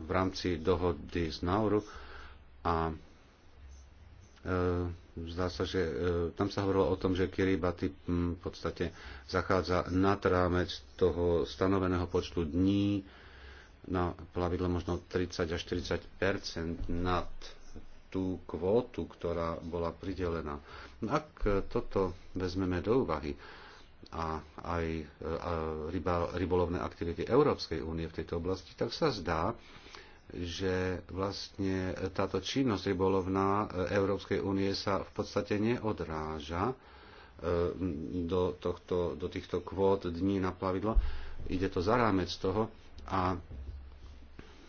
S2: v rámci dohody z Nauru a zdá sa, že e, tam sa hovorilo o tom, že Kiribati v podstate zachádza nad rámec toho stanoveného počtu dní na plavidle možno 30 až 40 nad tú kvótu, ktorá bola pridelená. Ak toto vezmeme do úvahy a aj e, rybolovné aktivity Európskej únie v tejto oblasti, tak sa zdá, že vlastne táto činnosť rybolovná e, Európskej únie sa v podstate neodráža e, do, tohto, do týchto kvót dní na plavidlo. Ide to za rámec toho a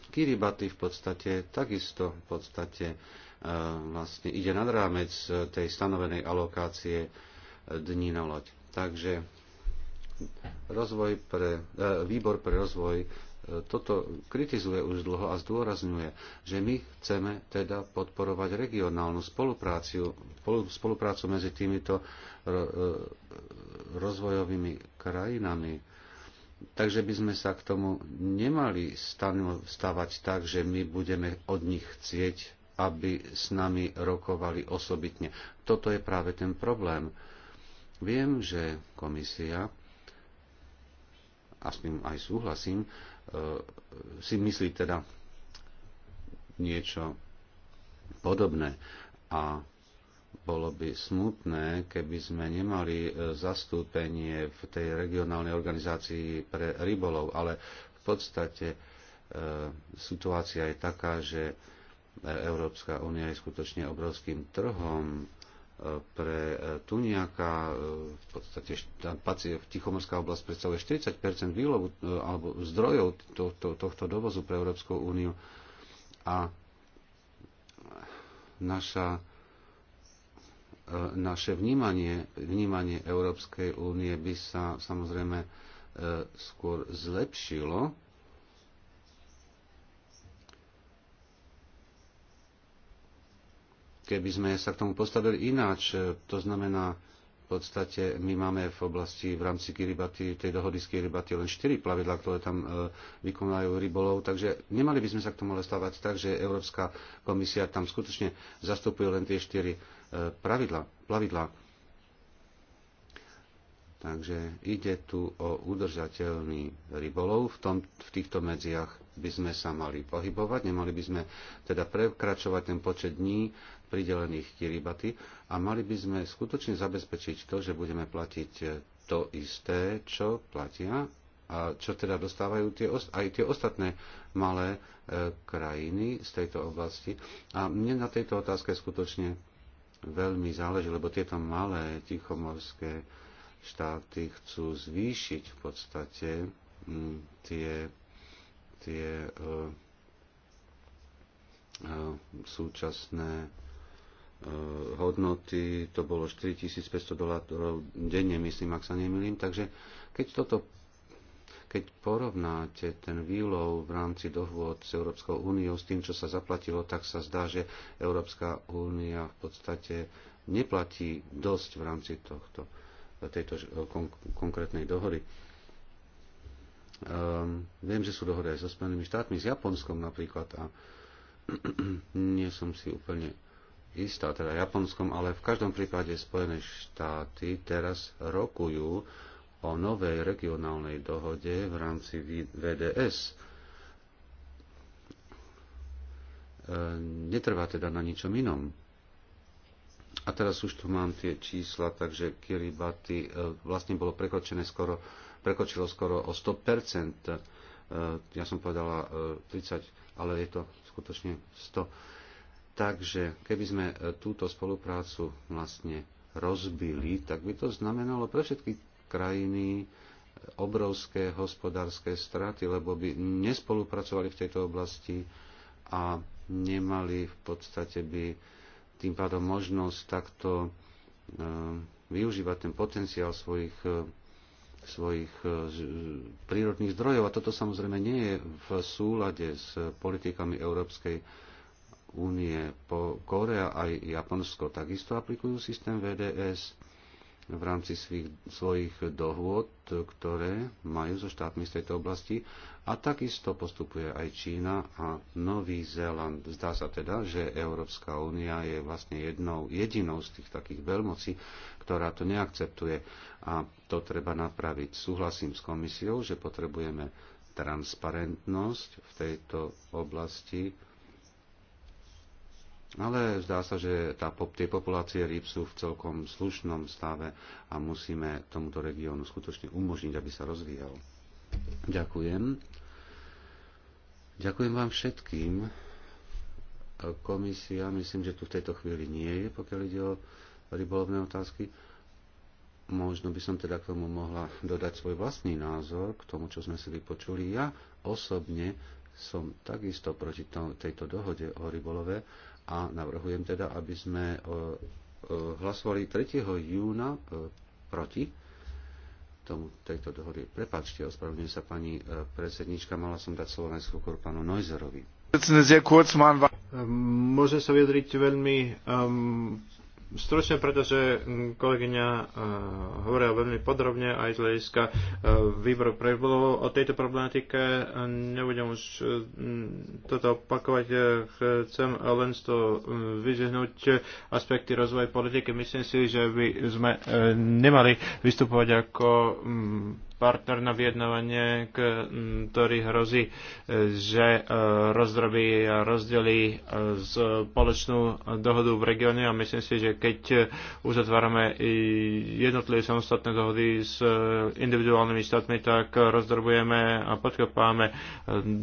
S2: Kiribati v podstate takisto v podstate e, vlastne ide nad rámec tej stanovenej alokácie dní na loď. Takže rozvoj pre, výbor pre rozvoj toto kritizuje už dlho a zdôrazňuje, že my chceme teda podporovať regionálnu spoluprácu, spoluprácu medzi týmito e, rozvojovými krajinami. Takže by sme sa k tomu nemali stavať tak, že my budeme od nich chcieť, aby s nami rokovali osobitne. Toto je práve ten problém. Viem, že komisia, aspoň aj súhlasím, E, si myslí teda niečo podobné. A bolo by smutné, keby sme nemali e, zastúpenie v tej regionálnej organizácii pre rybolov, ale v podstate e, situácia je taká, že Európska únia je skutočne obrovským trhom pre e, Tuniaka e, v podstate v Tichomorská oblasť predstavuje 40 výlovu e, alebo zdrojov to, to, tohto dovozu pre Európsku úniu a naša, naše vnímanie, vnímanie Európskej únie by sa samozrejme skôr zlepšilo, keby sme sa k tomu postavili ináč. E, to znamená, v podstate my máme v oblasti v rámci Kiribati, tej dohody z Kiribati len 4 plavidla, ktoré tam e, vykonajú rybolov, takže nemali by sme sa k tomu ale stávať tak, že Európska komisia tam skutočne zastupuje len tie 4 e, pravidla, plavidla. Takže ide tu o udržateľný rybolov. V, tom, v týchto medziach by sme sa mali pohybovať, nemali by sme teda prekračovať ten počet dní, pridelených Kiribati a mali by sme skutočne zabezpečiť to, že budeme platiť e, to isté, čo platia a čo teda dostávajú tie, aj tie ostatné malé e, krajiny z tejto oblasti. A mne na tejto otázke skutočne veľmi záleží, lebo tieto malé tichomorské štáty chcú zvýšiť v podstate m, mm, tie, tie e, e, súčasné Eh, hodnoty, to bolo 4500 dolárov denne, myslím, ak sa nemýlim. Takže keď toto keď porovnáte ten výlov v rámci dohôd s Európskou úniou s tým, čo sa zaplatilo, tak sa zdá, že Európska únia v podstate neplatí dosť v rámci tohto, tejto kon- konkrétnej dohody. Um, viem, že sú dohody aj so Spojenými štátmi, s Japonskom napríklad a nie som si úplne istá, teda Japonskom, ale v každom prípade Spojené štáty teraz rokujú o novej regionálnej dohode v rámci VDS. E, netrvá teda na ničom inom. A teraz už tu mám tie čísla, takže Kiribati e, vlastne bolo prekočené skoro, prekočilo skoro o 100%. E, ja som povedala 30, ale je to skutočne 100 Takže keby sme e, túto spoluprácu vlastne rozbili, tak by to znamenalo pre všetky krajiny e, obrovské hospodárske straty, lebo by nespolupracovali v tejto oblasti a nemali v podstate by tým pádom možnosť takto e, využívať ten potenciál svojich, svojich prírodných zdrojov. A toto samozrejme nie je v súlade s politikami Európskej únie, po Korea aj Japonsko takisto aplikujú systém VDS v rámci svých, svojich dohôd, ktoré majú so štátmi z tejto oblasti. A takisto postupuje aj Čína a Nový Zéland. Zdá sa teda, že Európska únia je vlastne jednou, jedinou z tých takých veľmocí, ktorá to neakceptuje. A to treba napraviť. Súhlasím s komisiou, že potrebujeme transparentnosť v tejto oblasti ale zdá sa, že tá, tie populácie rýb sú v celkom slušnom stave a musíme tomuto regiónu skutočne umožniť, aby sa rozvíjal. Ďakujem. Ďakujem vám všetkým. Komisia, myslím, že tu v tejto chvíli nie je, pokiaľ ide o rybolovné otázky. Možno by som teda k tomu mohla dodať svoj vlastný názor k tomu, čo sme si vypočuli. Ja osobne som takisto proti tejto dohode o rybolove a navrhujem teda, aby sme e, e, hlasovali 3. júna e, proti tomu, tejto dohody. Prepačte, ospravedlňujem sa pani predsednička, mala som dať slovo najskôr pánu Neuserovi.
S3: Môže sa vyjadriť veľmi um, Stručne, pretože mm, kolegyňa e, hovorila veľmi podrobne aj z hľadiska e, výboru pre o tejto problematike. E, nebudem už mm, toto opakovať. Chcem len z toho vyžihnúť aspekty rozvoja politiky. Myslím si, že by sme nemali vystupovať ako mm, partner na vyjednávanie, mm, ktorý hrozí, e, že e, rozdrobí a rozdelí e, spoločnú dohodu v regióne a myslím si, že keď uzatvárame jednotlivé samostatné dohody s individuálnymi štátmi, tak rozdrobujeme a podkopáme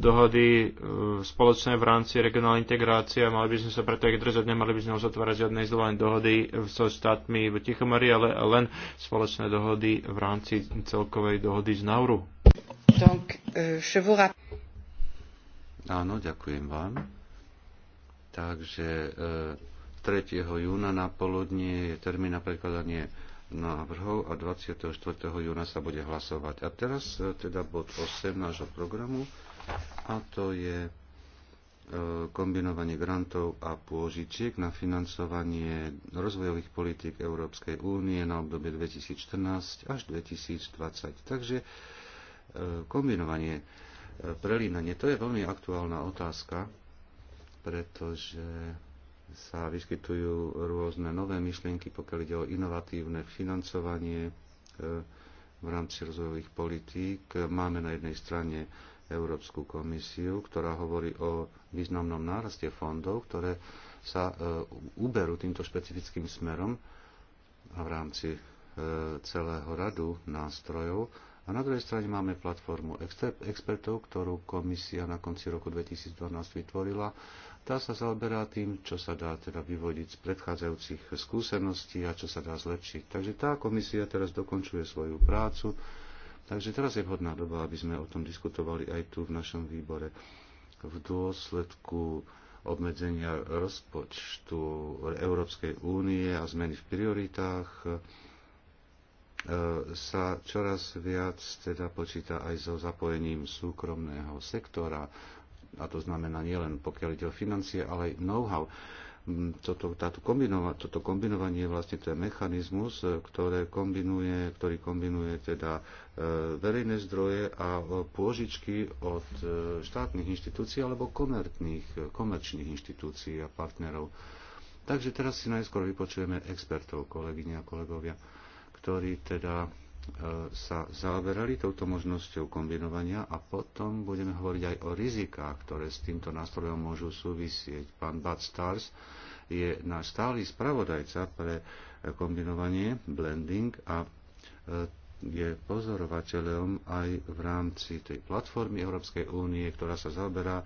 S3: dohody spoločné v rámci regionálnej integrácie a mali by sme sa preto ich držať, nemali by sme uzatvárať žiadne izolované dohody so štátmi v Tichomori, ale len spoločné dohody v rámci celkovej dohody z Nauru.
S1: Donc, euh, je vous
S2: Áno, ďakujem vám. Takže e, 3. júna na poludnie je termín na prekladanie návrhov a 24. júna sa bude hlasovať. A teraz e, teda bod 8 nášho programu a to je E, kombinovanie grantov a pôžičiek na financovanie rozvojových politík Európskej únie na obdobie 2014 až 2020. Takže e, kombinovanie, e, prelínanie, to je veľmi aktuálna otázka, pretože sa vyskytujú rôzne nové myšlienky, pokiaľ ide o inovatívne financovanie v rámci rozvojových politík. Máme na jednej strane Európsku komisiu, ktorá hovorí o významnom náraste fondov, ktoré sa e, uberú týmto špecifickým smerom a v rámci e, celého radu nástrojov. A na druhej strane máme platformu expertov, ktorú komisia na konci roku 2012 vytvorila. Tá sa zaoberá tým, čo sa dá teda vyvodiť z predchádzajúcich skúseností a čo sa dá zlepšiť. Takže tá komisia teraz dokončuje svoju prácu Takže teraz je vhodná doba, aby sme o tom diskutovali aj tu v našom výbore. V dôsledku obmedzenia rozpočtu Európskej únie a zmeny v prioritách e, sa čoraz viac teda počíta aj so zapojením súkromného sektora, a to znamená nielen pokiaľ ide o financie, ale aj know-how. Mm, toto, táto kombinova, toto kombinovanie je vlastne ten mechanizmus, e, ktoré kombinuje, ktorý kombinuje teda e, verejné zdroje a e, pôžičky od štátnych inštitúcií alebo komerčných, komerčných inštitúcií a partnerov. Takže teraz si najskôr vypočujeme expertov, kolegyne a kolegovia, ktorí teda E, sa zaoberali touto možnosťou kombinovania a potom budeme hovoriť aj o rizikách, ktoré s týmto nástrojom môžu súvisieť. Pán Bud Stars je náš stály spravodajca pre e, kombinovanie, blending a e, je pozorovateľom aj v rámci tej platformy Európskej únie, ktorá sa zaoberá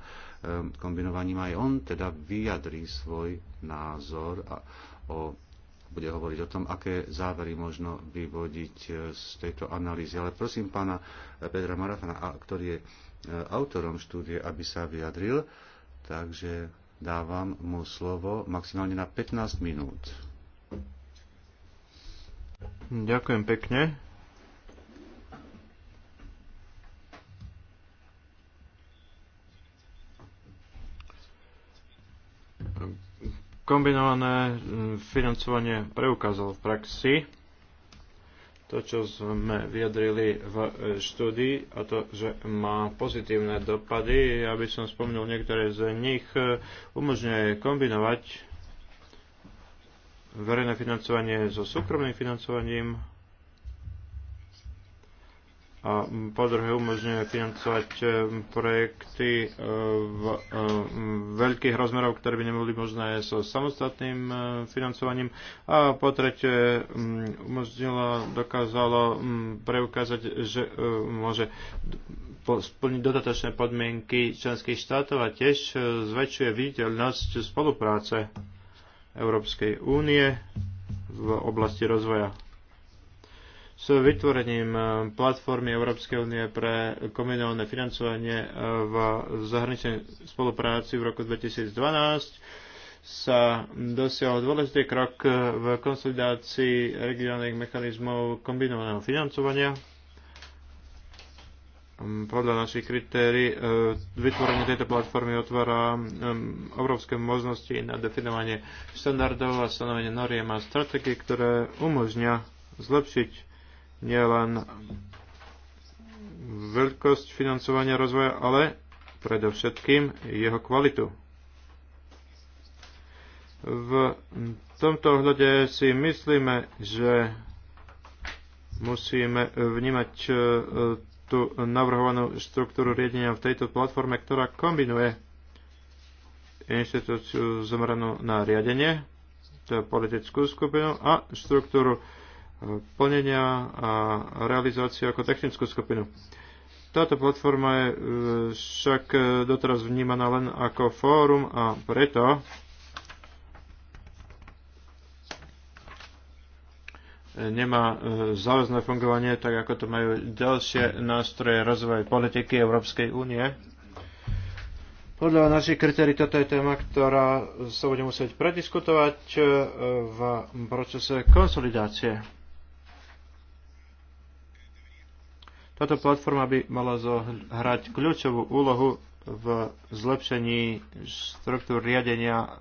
S2: kombinovaním. Aj on teda vyjadrí svoj názor a o bude hovoriť o tom, aké závery možno vyvodiť e, z tejto analýzy. Ale prosím pána e, Pedra Marafana, ktorý je e, autorom štúdie, aby sa vyjadril. Takže dávam mu slovo maximálne na 15 minút. Ďakujem pekne.
S3: kombinované mm, financovanie preukázalo v praxi to, čo sme vyjadrili v e, štúdii, a to, že má pozitívne dopady, aby som spomnul niektoré z nich, e, umožňuje kombinovať verejné financovanie so súkromným financovaním a po druhé umožňuje financovať e, projekty e, v e, veľkých rozmerov, ktoré by neboli možné so samostatným financovaním a po tretie umožnilo, dokázalo preukázať, že môže splniť dodatočné podmienky členských štátov a tiež zväčšuje viditeľnosť spolupráce Európskej únie v oblasti rozvoja s vytvorením eh, platformy Európskej únie pre kombinované financovanie eh, v zahraničnej spolupráci v roku 2012 sa dosiahol dôležitý krok eh, v konsolidácii regionálnych mechanizmov kombinovaného financovania mm, podľa našich kritérií vytvorenie tejto platformy otvára mm, obrovské možnosti na definovanie štandardov a stanovenie noriem a strategie, ktoré umožňa zlepšiť nielen veľkosť financovania rozvoja, ale predovšetkým jeho kvalitu. V tomto ohľade si myslíme, že musíme vnímať e, tú navrhovanú štruktúru riadenia v tejto platforme, ktorá kombinuje inštitúciu zameranú na riadenie, to je politickú skupinu a štruktúru plnenia a realizáciu ako technickú skupinu. Táto platforma je e, však e, doteraz vnímaná len ako fórum a preto nemá e, záväzné fungovanie, tak ako to majú ďalšie nástroje rozvoja politiky Európskej únie. Podľa našich kritérií toto je téma, ktorá sa bude musieť prediskutovať v procese konsolidácie. Táto platforma by mala zohrať kľúčovú úlohu v zlepšení štruktúr riadenia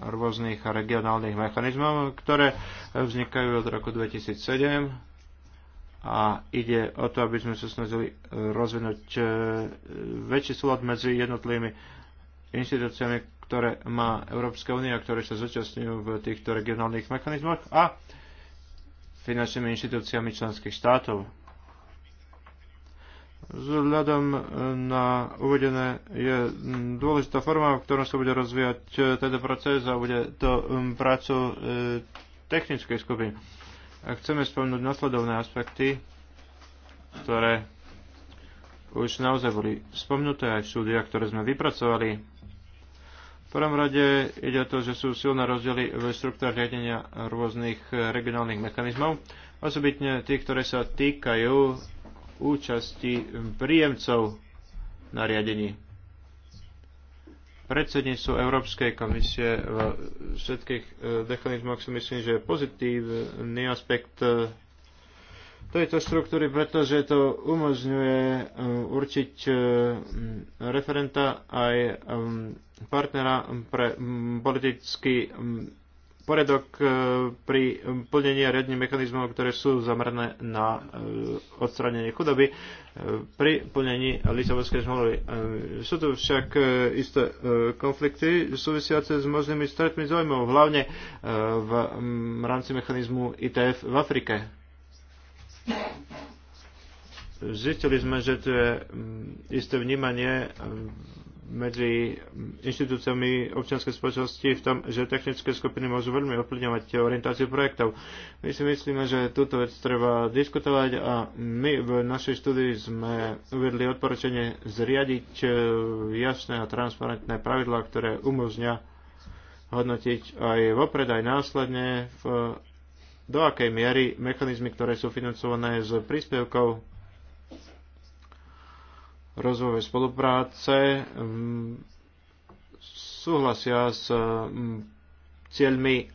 S3: rôznych regionálnych mechanizmov, ktoré vznikajú od roku 2007 a ide o to, aby sme sa snažili rozvinúť e, väčší súlad medzi jednotlivými inštitúciami, ktoré má Európska únia, ktoré sa zúčastňujú v týchto regionálnych mechanizmoch a finančnými inštitúciami členských štátov Vzhľadom eh, na uvedené je mm, dôležitá forma, v ktorom sa bude rozvíjať eh, tento proces a bude to mm, prácu eh, technickej skupiny. A chceme spomenúť nasledovné aspekty, ktoré už naozaj boli spomnuté, aj v súdia, ktoré sme vypracovali. V prvom rade ide o to, že sú silné rozdiely v štruktúrach riadenia rôznych regionálnych mechanizmov, osobitne tých, ktoré sa týkajú účasti príjemcov nariadení. Predsedníctvo Európskej komisie v všetkých e, mechanizmoch si myslím, že je pozitívny aspekt e, tejto štruktúry, pretože to umožňuje e, určiť referenta aj partnera pre politický poriadok e, pri plnení a mechanizmov, ktoré sú zamerané na e, odstránenie chudoby e, pri plnení Lisabonskej zmluvy. Sú tu však isté konflikty súvisiace s možnými stretmi zaujímav, hlavne v rámci mechanizmu ITF v Afrike. Zistili sme, že tu je isté vnímanie medzi inštitúciami občianskej spoločnosti v tom, že technické skupiny môžu veľmi ovplyvňovať orientáciu projektov. My si myslíme, že túto vec treba diskutovať a my v našej štúdii sme uvedli odporúčanie zriadiť e, jasné a transparentné pravidlá, ktoré umožňa hodnotiť aj vopred, aj následne v do akej miery mechanizmy, ktoré sú financované z príspevkov rozvojové spolupráce mm, súhlasia s mm, cieľmi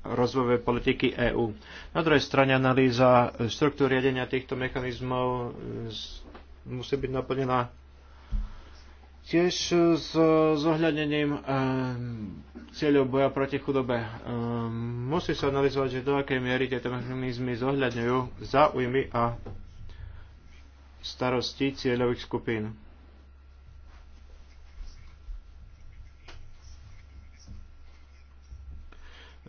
S3: rozvojovej politiky EÚ. Na druhej strane analýza štruktúr riadenia týchto mechanizmov mm, musí byť naplnená tiež s zohľadnením cieľov boja proti chudobe. Musí sa analyzovať, že do akej miery tieto mechanizmy zohľadňujú záujmy a starosti cieľových skupín.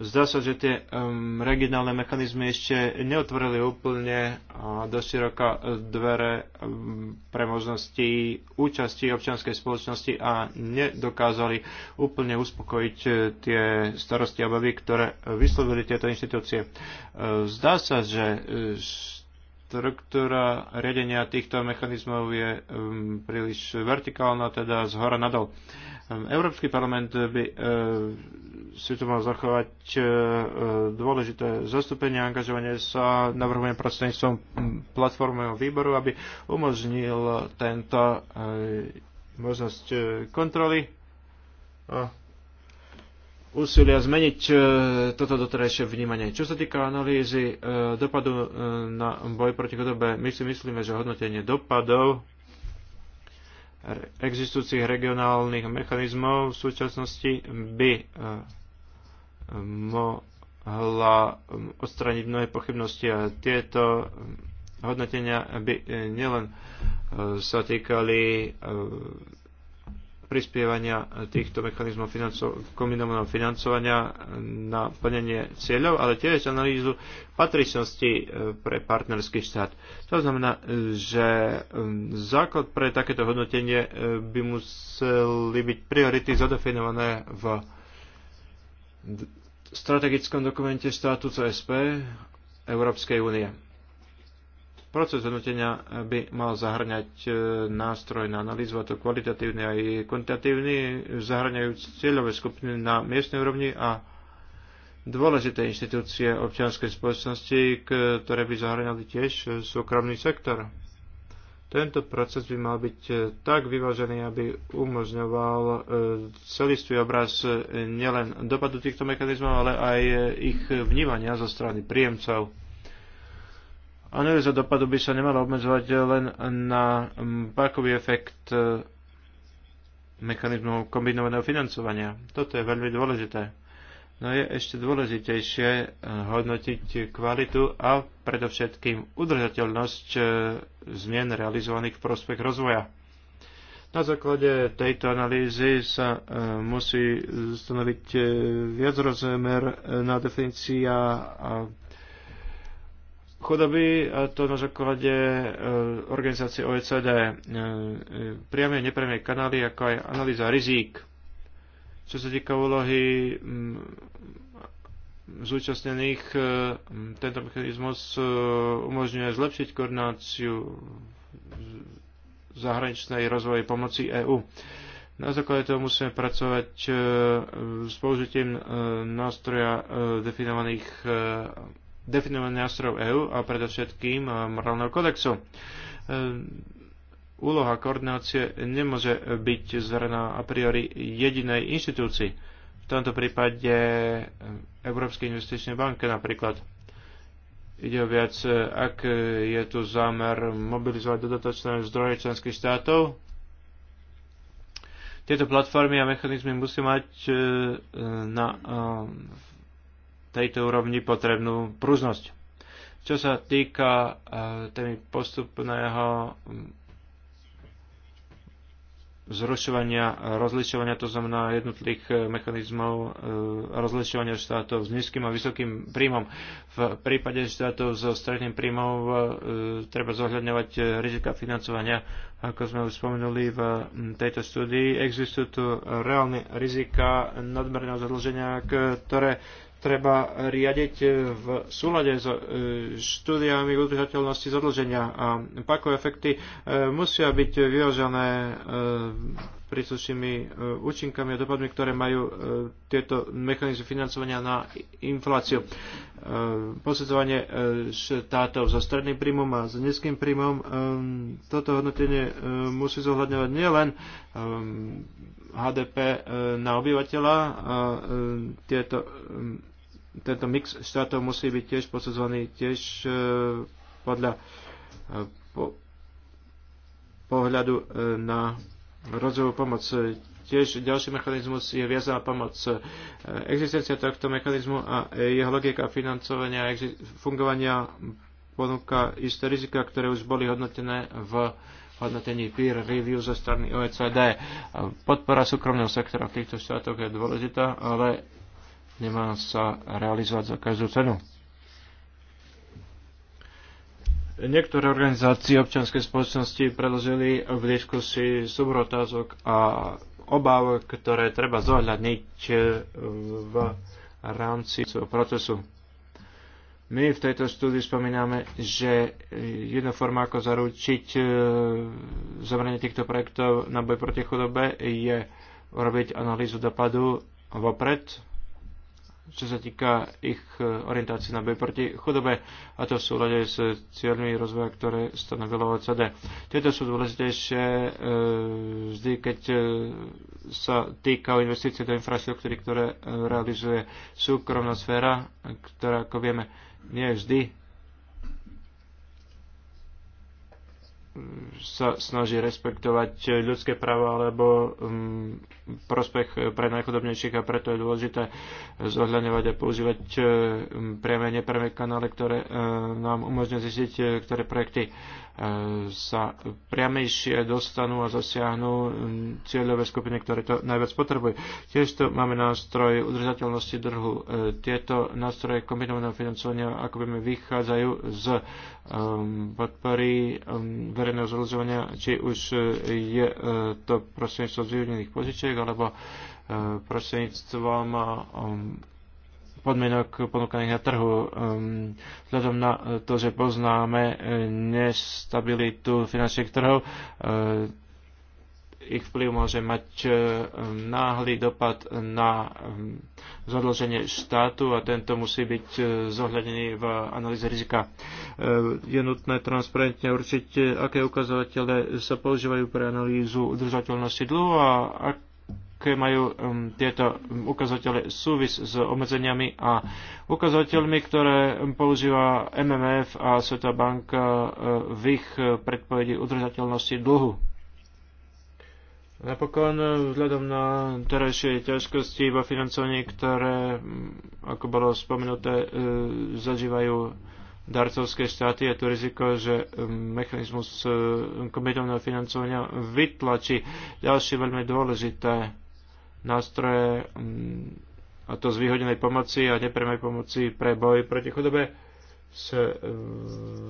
S3: Zdá sa, že tie um, regionálne mechanizmy ešte neotvorili úplne uh, doširoka e, dvere um, pre možnosti účasti občianskej spoločnosti a nedokázali úplne uspokojiť uh, tie starosti a bavy, ktoré e, vyslovili tieto inštitúcie. Uh, zdá sa, že uh, štruktúra riadenia týchto mechanizmov je príliš vertikálna, teda z hora nadol. Európsky parlament by si to mal zachovať e, dôležité zastúpenie a angažovanie sa navrhujem prostredníctvom platformného výboru, aby umožnil tento e, možnosť e, kontroly a úsilia zmeniť e, toto doterajšie vnímanie. Čo sa týka analýzy e, dopadu e, na boj proti chudobe, my si myslíme, že hodnotenie dopadov existujúcich regionálnych mechanizmov v súčasnosti by mohla odstraniť mnohé pochybnosti a tieto hodnotenia by nielen sa týkali prispievania týchto mechanizmov financo- kombinovaného financovania na plnenie cieľov, ale tiež analýzu patričnosti e, pre partnerský štát. To znamená, e, že základ pre takéto hodnotenie e, by museli byť priority zadefinované v strategickom dokumente štátu CSP Európskej únie. Proces hodnotenia by mal zahrňať e, nástroj na analýzu, a to kvalitatívny aj kvantitatívny, zahrňajúc cieľové skupiny na miestnej úrovni a dôležité inštitúcie občianskej spoločnosti, ktoré by zahrňali tiež e, súkromný sektor. Tento proces by mal byť e, tak vyvážený, aby umožňoval celistvý obraz nielen dopadu týchto mechanizmov, ale aj ich vnímania zo strany príjemcov. Analýza dopadu by sa nemala obmedzovať len na parkový efekt e, mechanizmu kombinovaného financovania. Toto je veľmi dôležité. No je ešte dôležitejšie e, hodnotiť kvalitu a predovšetkým udržateľnosť e, zmien realizovaných v prospech rozvoja. Na základe tejto analýzy sa musí stanoviť viac rozmer na definícia a chudoby, to na základe e, organizácie OECD, e, e, priame a nepriame kanály, ako aj analýza rizík. Čo sa týka úlohy zúčastnených, tento mechanizmus umožňuje zlepšiť koordináciu zahraničnej rozvojej pomoci EÚ. Na základe toho musíme pracovať s použitím nástroja definovaných definovaný nástrojov EÚ a predovšetkým eh, morálneho kodexu. Eh, úloha koordinácie nemôže byť zverená a priori jedinej inštitúcii. V tomto prípade eh, Európskej investičnej banke napríklad. Ide o viac, ak je tu zámer mobilizovať dodatočné zdroje členských štátov, tieto platformy a mechanizmy musí mať na tejto úrovni potrebnú prúznosť. Čo sa týka e, témy postupného mm, zrušovania rozlišovania, to znamená jednotlivých e, mechanizmov e, rozlišovania štátov s nízkym a vysokým príjmom. V prípade štátov so stredným príjmom treba zohľadňovať rizika financovania. Ako sme už spomenuli v mm, tejto štúdii, existujú tu reálne rizika nadmerného zadlženia, ktoré treba riadiť e, v súlade s e, štúdiami udržateľnosti zadlženia a pakové efekty e, musia byť vyvážené príslušnými účinkami a dopadmi, ktoré majú tieto mechanizmy financovania na infláciu. Posledzovanie štátov so stredným príjmom a s nízkym príjmom, toto hodnotenie musí zohľadňovať nielen HDP na obyvateľa a tieto tento mix štátov musí byť tiež posudzovaný tiež e, podľa e, po, pohľadu e, na rozvojovú pomoc. Tiež ďalší mechanizmus je viazaná pomoc. Existencia tohto mechanizmu a jeho logika financovania a fungovania ponúka isté rizika, ktoré už boli hodnotené v hodnotení peer review zo strany OECD. Podpora súkromného sektora v týchto štátoch je dôležitá, ale nemá sa realizovať za každú cenu. Niektoré organizácie občianskej spoločnosti predložili v diskusii súbor otázok a obáv, ktoré treba zohľadniť v rámci procesu. My v tejto štúdii spomíname, že jedna forma, ako zaručiť e, zabranie týchto projektov na boj proti chudobe, je urobiť analýzu dopadu vopred čo sa týka ich e, orientácie na boj proti chudobe, a to v súlade s cieľmi rozvoja, ktoré stanovilo OCD. Tieto sú dôležitejšie e, vždy, keď e, sa týka investície do infraštruktúry, ktoré realizuje súkromná sféra, ktorá, ako vieme, nie vždy sa snaží respektovať ľudské práva alebo mm, prospech pre najchudobnejších a preto je dôležité zohľadňovať a používať e, priame a nepriame kanály, ktoré e, nám umožňujú zistiť, e, ktoré projekty sa priamejšie dostanú a zasiahnu cieľové skupiny, ktoré to najviac potrebujú. Tiež tu máme nástroj udržateľnosti trhu. Tieto nástroje kombinovaného financovania ako vieme vychádzajú z podpory verejného zrozumenia, či už je to prostredníctvom zvýhodnených požičiek alebo e, prostredníctvom e, e, podmienok ponúkaných na trhu. Vzhľadom na to, že poznáme nestabilitu finančných trhov, ich vplyv môže mať náhly dopad na zadlženie štátu a tento musí byť zohľadený v analýze rizika. Je nutné transparentne určiť, aké ukazovatele sa používajú pre analýzu udržateľnosti dlhu a ak majú um, tieto um, ukazovatele súvis s obmedzeniami a ukazateľmi, ktoré um, používa MMF a Svetová banka uh, v ich uh, predpovedi udržateľnosti dlhu. Napokon, uh, vzhľadom na terajšie ťažkosti vo financovaní, ktoré, ako bolo spomenuté, zažívajú darcovské štáty, je tu riziko, že mechanizmus komitovného financovania vytlačí ďalšie veľmi dôležité nástroje mm, a to z výhodenej pomoci a nepremej pomoci pre boj proti chudobe s e,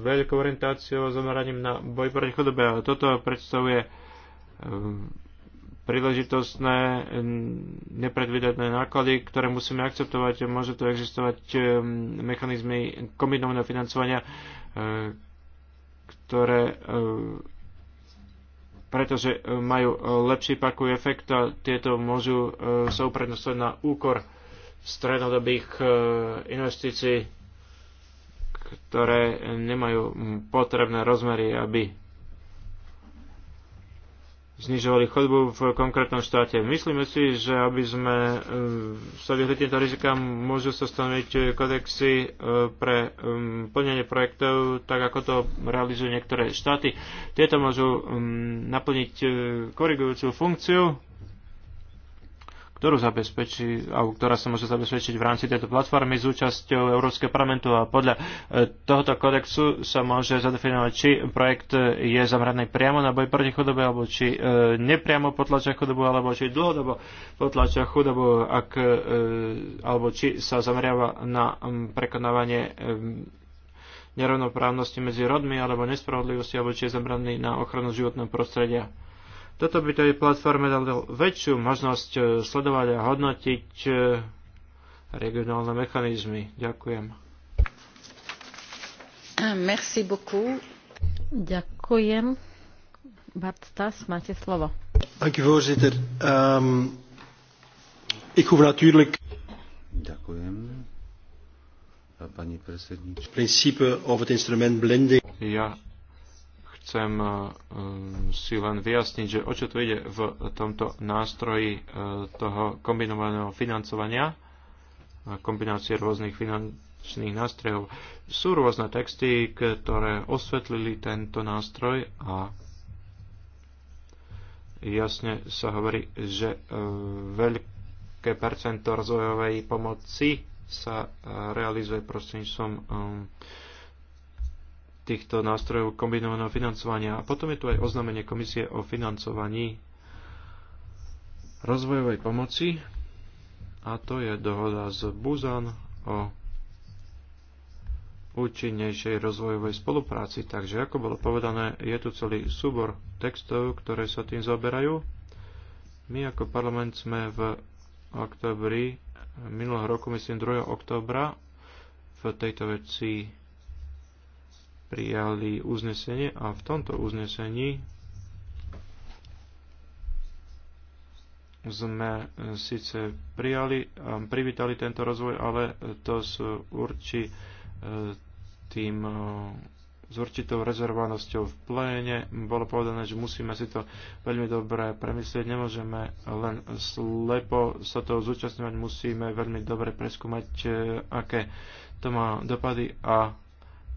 S3: veľkou orientáciou a zameraním na boj proti chudobe. A toto predstavuje e, príležitostné, nepredvídané náklady, ktoré musíme akceptovať. Môže tu existovať e, mechanizmy kombinovaného financovania, ktoré pretože e, majú e, lepší pakový efekt a tieto môžu e, sa uprednostňovať na úkor strednodobých investícií, ktoré nemajú potrebné rozmery, aby znižovali chodbu v konkrétnom štáte. Myslíme si, že aby sme e, sa vyhli týmto rizikám, môžu sa stanoviť kodexy e, pre plnenie projektov, tak ako to realizujú niektoré štáty. Tieto môžu naplniť e, korigujúcu funkciu ktorú zabezpečí, alebo ktorá sa môže zabezpečiť v rámci tejto platformy s účasťou Európskeho parlamentu a podľa e, tohoto kodexu sa môže zadefinovať, či projekt je zameraný priamo na boj proti chudobe, alebo či e, nepriamo potlačia chudobu, alebo či dlhodobo potlačia chudobu, ak, e, alebo či sa zameriava na prekonávanie nerovnoprávnosti medzi rodmi alebo nespravodlivosti, alebo či je zamraný na ochranu životného prostredia. Toto by tej platforme dalo väčšiu možnosť e, sledovať a hodnotiť e, regionálne mechanizmy. Ďakujem.
S1: Merci beaucoup. Ďakujem. Bart Stas, máte slovo.
S2: Dank voorzitter. Ehm, ik hoef natuurlijk... Ďakujem. Pani predsednička. Principe
S3: of het instrument blending. Ja Chcem e, e, si len vyjasniť, že o čo tu ide v tomto nástroji e, toho kombinovaného financovania, kombinácie rôznych finančných nástrojov. Sú rôzne texty, ktoré osvetlili tento nástroj a jasne sa hovorí, že veľké percento rozvojovej pomoci sa realizuje prostredníctvom týchto nástrojov kombinovaného financovania. A potom je tu aj oznámenie komisie o financovaní rozvojovej pomoci a to je dohoda z Buzan o účinnejšej rozvojovej spolupráci. Takže ako bolo povedané, je tu celý súbor textov, ktoré sa tým zaoberajú. My ako parlament sme v oktobri minulého roku, myslím 2. oktobra, v tejto veci prijali uznesenie a v tomto uznesení sme síce prijali, ehm, privítali tento rozvoj, ale to s, urči, tým, ehm, s určitou rezervovanosťou v pléne. Bolo povedané, že musíme si to veľmi dobre premyslieť, nemôžeme len slepo sa toho zúčastňovať, musíme veľmi dobre preskúmať, ehm, aké to má dopady a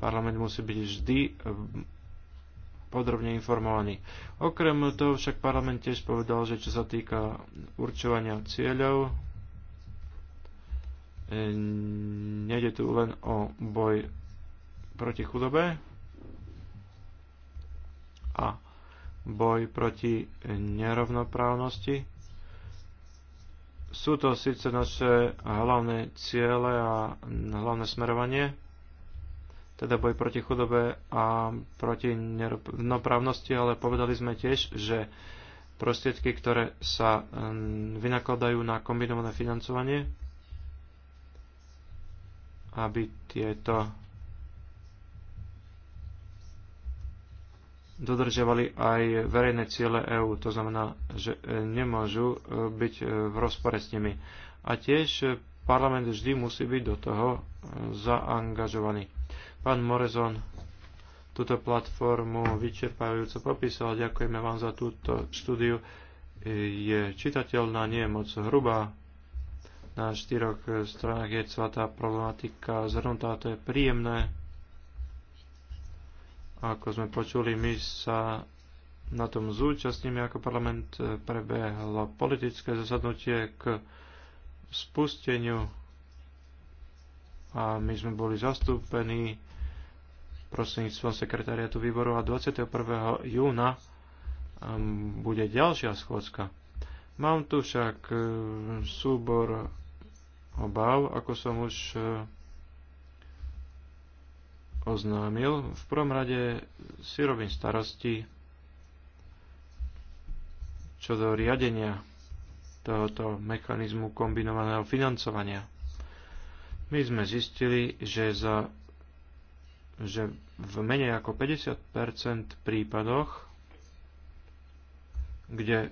S3: Parlament musí byť vždy eh, podrobne informovaný. Okrem toho však parlament tiež povedal, že čo sa týka určovania cieľov, eh, nejde tu len o boj proti chudobe a boj proti eh, nerovnoprávnosti. Sú to síce naše hlavné ciele a hlavné smerovanie, teda boj proti chudobe a proti nerovnoprávnosti, ale povedali sme tiež, že prostriedky, ktoré sa vynakladajú na kombinované financovanie, aby tieto dodržiavali aj verejné ciele EÚ. To znamená, že e, nemôžu e, byť e, v rozpore s nimi. A tiež parlament vždy musí byť do toho zaangažovaný. Pán Morezon túto platformu vyčerpajúco popísal. Ďakujeme vám za túto štúdiu. Je čitateľná, nie je moc hrubá. Na štyroch stranách je celá tá problematika zhrnutá, to je príjemné. Ako sme počuli, my sa na tom zúčastníme ako parlament prebehlo politické zasadnutie k spusteniu a my sme boli zastúpení prostredníctvom sekretariatu výboru a 21. júna um, bude ďalšia schôdzka. Mám tu však uh, súbor obav, ako som už uh, oznámil. V prvom rade si robím starosti čo do riadenia tohoto mechanizmu kombinovaného financovania. My sme zistili, že, za, že v menej ako 50% prípadoch, kde e,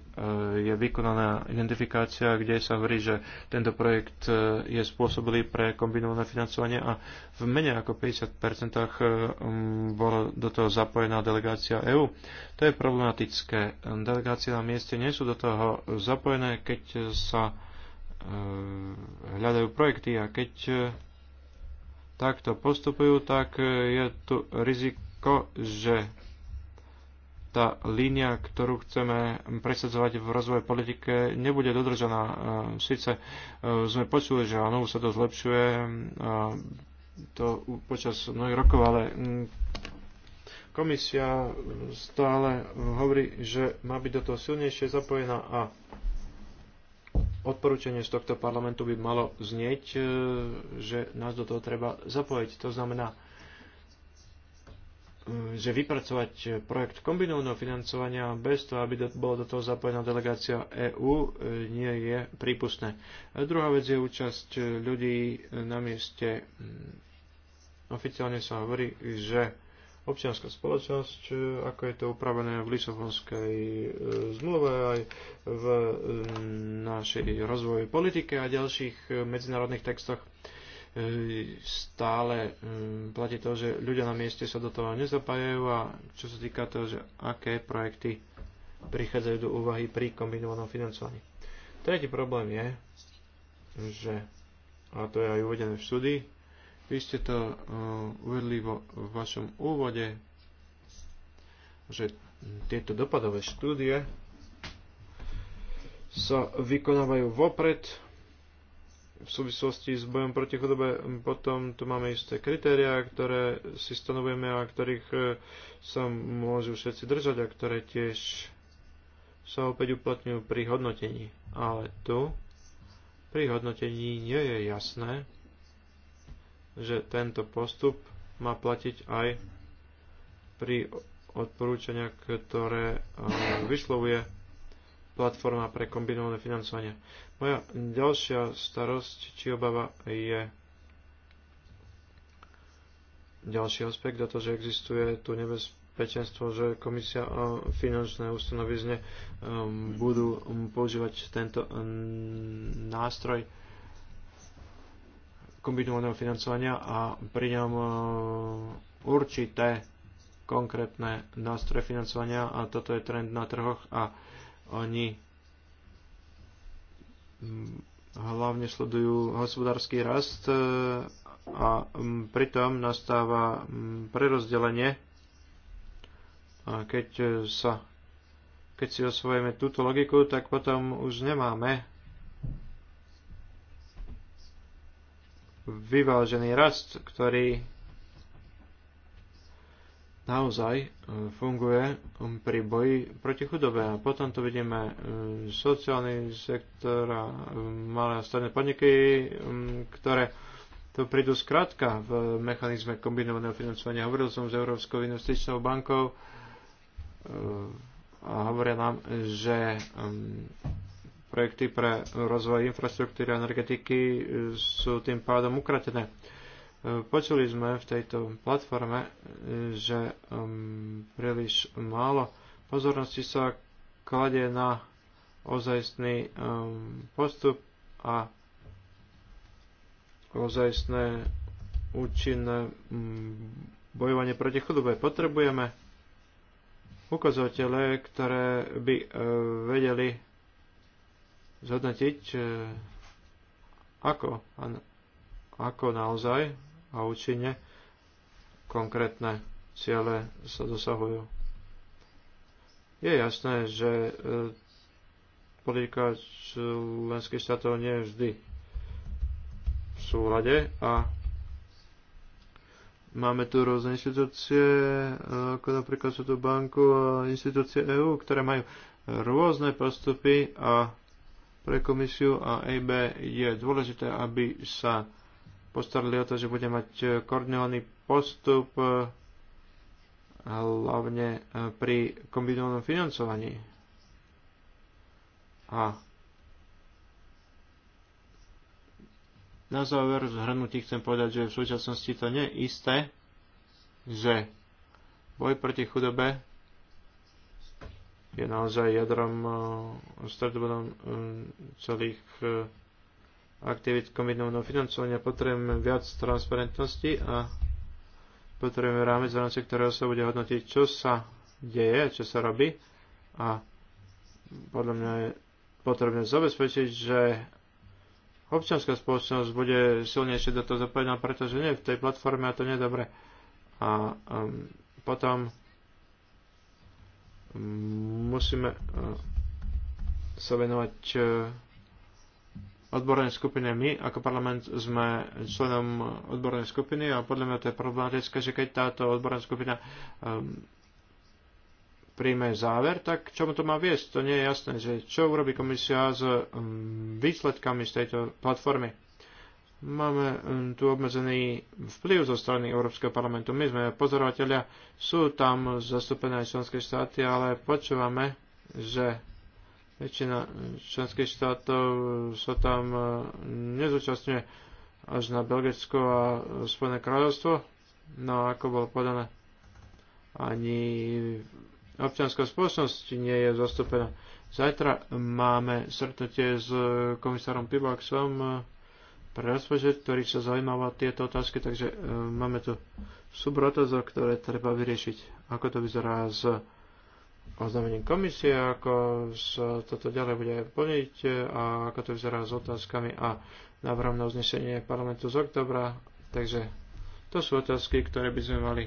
S3: je vykonaná identifikácia, kde sa hovorí, že tento projekt e, je spôsobilý pre kombinované financovanie a v menej ako 50% e, bola do toho zapojená delegácia EÚ. To je problematické. Delegácie na mieste nie sú do toho zapojené, keď sa hľadajú projekty a keď takto postupujú, tak e, je tu riziko, že tá línia, ktorú chceme presadzovať v rozvoje politike, nebude dodržaná. E, Sice e, sme počuli, že áno, sa to zlepšuje to počas mnohých rokov, ale komisia stále hovorí, že má byť do toho silnejšie zapojená a odporúčanie z tohto parlamentu by malo znieť, e, že nás do toho treba zapojiť. To znamená, e, že vypracovať projekt kombinovaného financovania bez toho, aby bola do toho zapojená delegácia EÚ, e, nie je prípustné. A druhá vec je účasť ľudí na mieste. Mm, oficiálne sa hovorí, že občianská spoločnosť, e, ako je to upravené v Lisabonskej e, zmluve, aj v e, našej rozvojovej politike a ďalších medzinárodných textoch stále platí to, že ľudia na mieste sa do toho nezapájajú a čo sa týka toho, že aké projekty prichádzajú do úvahy pri kombinovanom financovaní. Tretí problém je, že, a to je aj uvedené v štúdii, vy ste to uh, uvedli vo vašom úvode, že tieto dopadové štúdie sa vykonávajú vopred v súvislosti s bojom proti chudobe. Potom tu máme isté kritériá, ktoré si stanovujeme a ktorých uh, sa môžu všetci držať a ktoré tiež sa opäť uplatňujú pri hodnotení. Ale tu pri hodnotení nie je jasné, že tento postup má platiť aj pri odporúčania, ktoré eh, vyslovuje platforma pre kombinované financovanie. Moja ďalšia starosť či obava je ďalší aspekt a to, že existuje tu nebezpečenstvo, že komisia a eh, finančné ustanovizne eh, budú mm, používať tento mm, nástroj kombinovaného financovania a pri ňom e, určité konkrétne nástroje financovania a toto je trend na trhoch a oni mm, hlavne sledujú hospodársky rast e, a mm, pritom nastáva mm, prerozdelenie a keď sa keď si osvojíme túto logiku, tak potom už nemáme vyvážený rast, ktorý naozaj e, funguje um, pri boji proti chudobe. A potom tu vidíme e, sociálny sektor a um, malé a stredné podniky, um, ktoré to prídu zkrátka v mechanizme kombinovaného financovania. Hovoril som s Európskou investičnou bankou e, a hovoria nám, že projekty pre rozvoj infraštruktúry a energetiky sú tým pádom ukratené. Počuli sme v tejto platforme, že um, príliš málo pozornosti sa kladie na ozajstný um, postup a ozajstné účinné um, bojovanie proti chudobe. Potrebujeme ukazovatele, ktoré by uh, vedeli zhodnotiť, e, ako, ako naozaj a účinne konkrétne ciele sa dosahujú. Je jasné, že e, politika členských štátov nie je vždy v súlade a máme tu rôzne inštitúcie, e, ako napríklad sú tu banku a inštitúcie EÚ, ktoré majú rôzne postupy a pre komisiu a EIB je dôležité, aby sa postarali o to, že bude mať e, koordinovaný postup e, hlavne e, pri kombinovanom financovaní. A na záver zhrnutí chcem povedať, že v súčasnosti to nie je isté, že boj proti chudobe je naozaj jadrom, e, stredobodom e, celých e, aktivít kombinovaného financovania. Potrebujeme viac transparentnosti a potrebujeme rámec, v rámci ktorého sa bude hodnotiť, čo sa deje, čo sa robí a podľa mňa je potrebné zabezpečiť, že občianská spoločnosť bude silnejšie do toho zapojená, pretože nie v tej platforme a to nie je dobre. A um, potom musíme e, sa venovať e, odbornej skupine. My ako parlament sme členom odbornej skupiny a podľa mňa to je problematické, že keď táto odborná skupina um, príjme záver, tak čomu to má viesť? To nie je jasné, že čo urobí komisia s um, výsledkami z tejto platformy máme hm, tu obmedzený vplyv zo strany Európskeho parlamentu. My sme pozorovateľia, sú tam zastúpené aj členské štáty, ale počúvame, že väčšina členských štátov sa tam hm, nezúčastňuje až na Belgicko a Spojené kráľovstvo. No ako bolo podané, ani občianská spoločnosť nie je zastúpená. Zajtra máme srdnutie s komisárom Pibaxom, pre rozpočet, ktorý sa zaujímava tieto otázky, takže e, máme tu subrotazok, ktoré treba vyriešiť. Ako to vyzerá s oznámením komisie, ako sa toto ďalej bude plniť e, a ako to vyzerá s otázkami a návrhom na uznesenie parlamentu z oktobra. Takže to sú otázky, ktoré by sme mali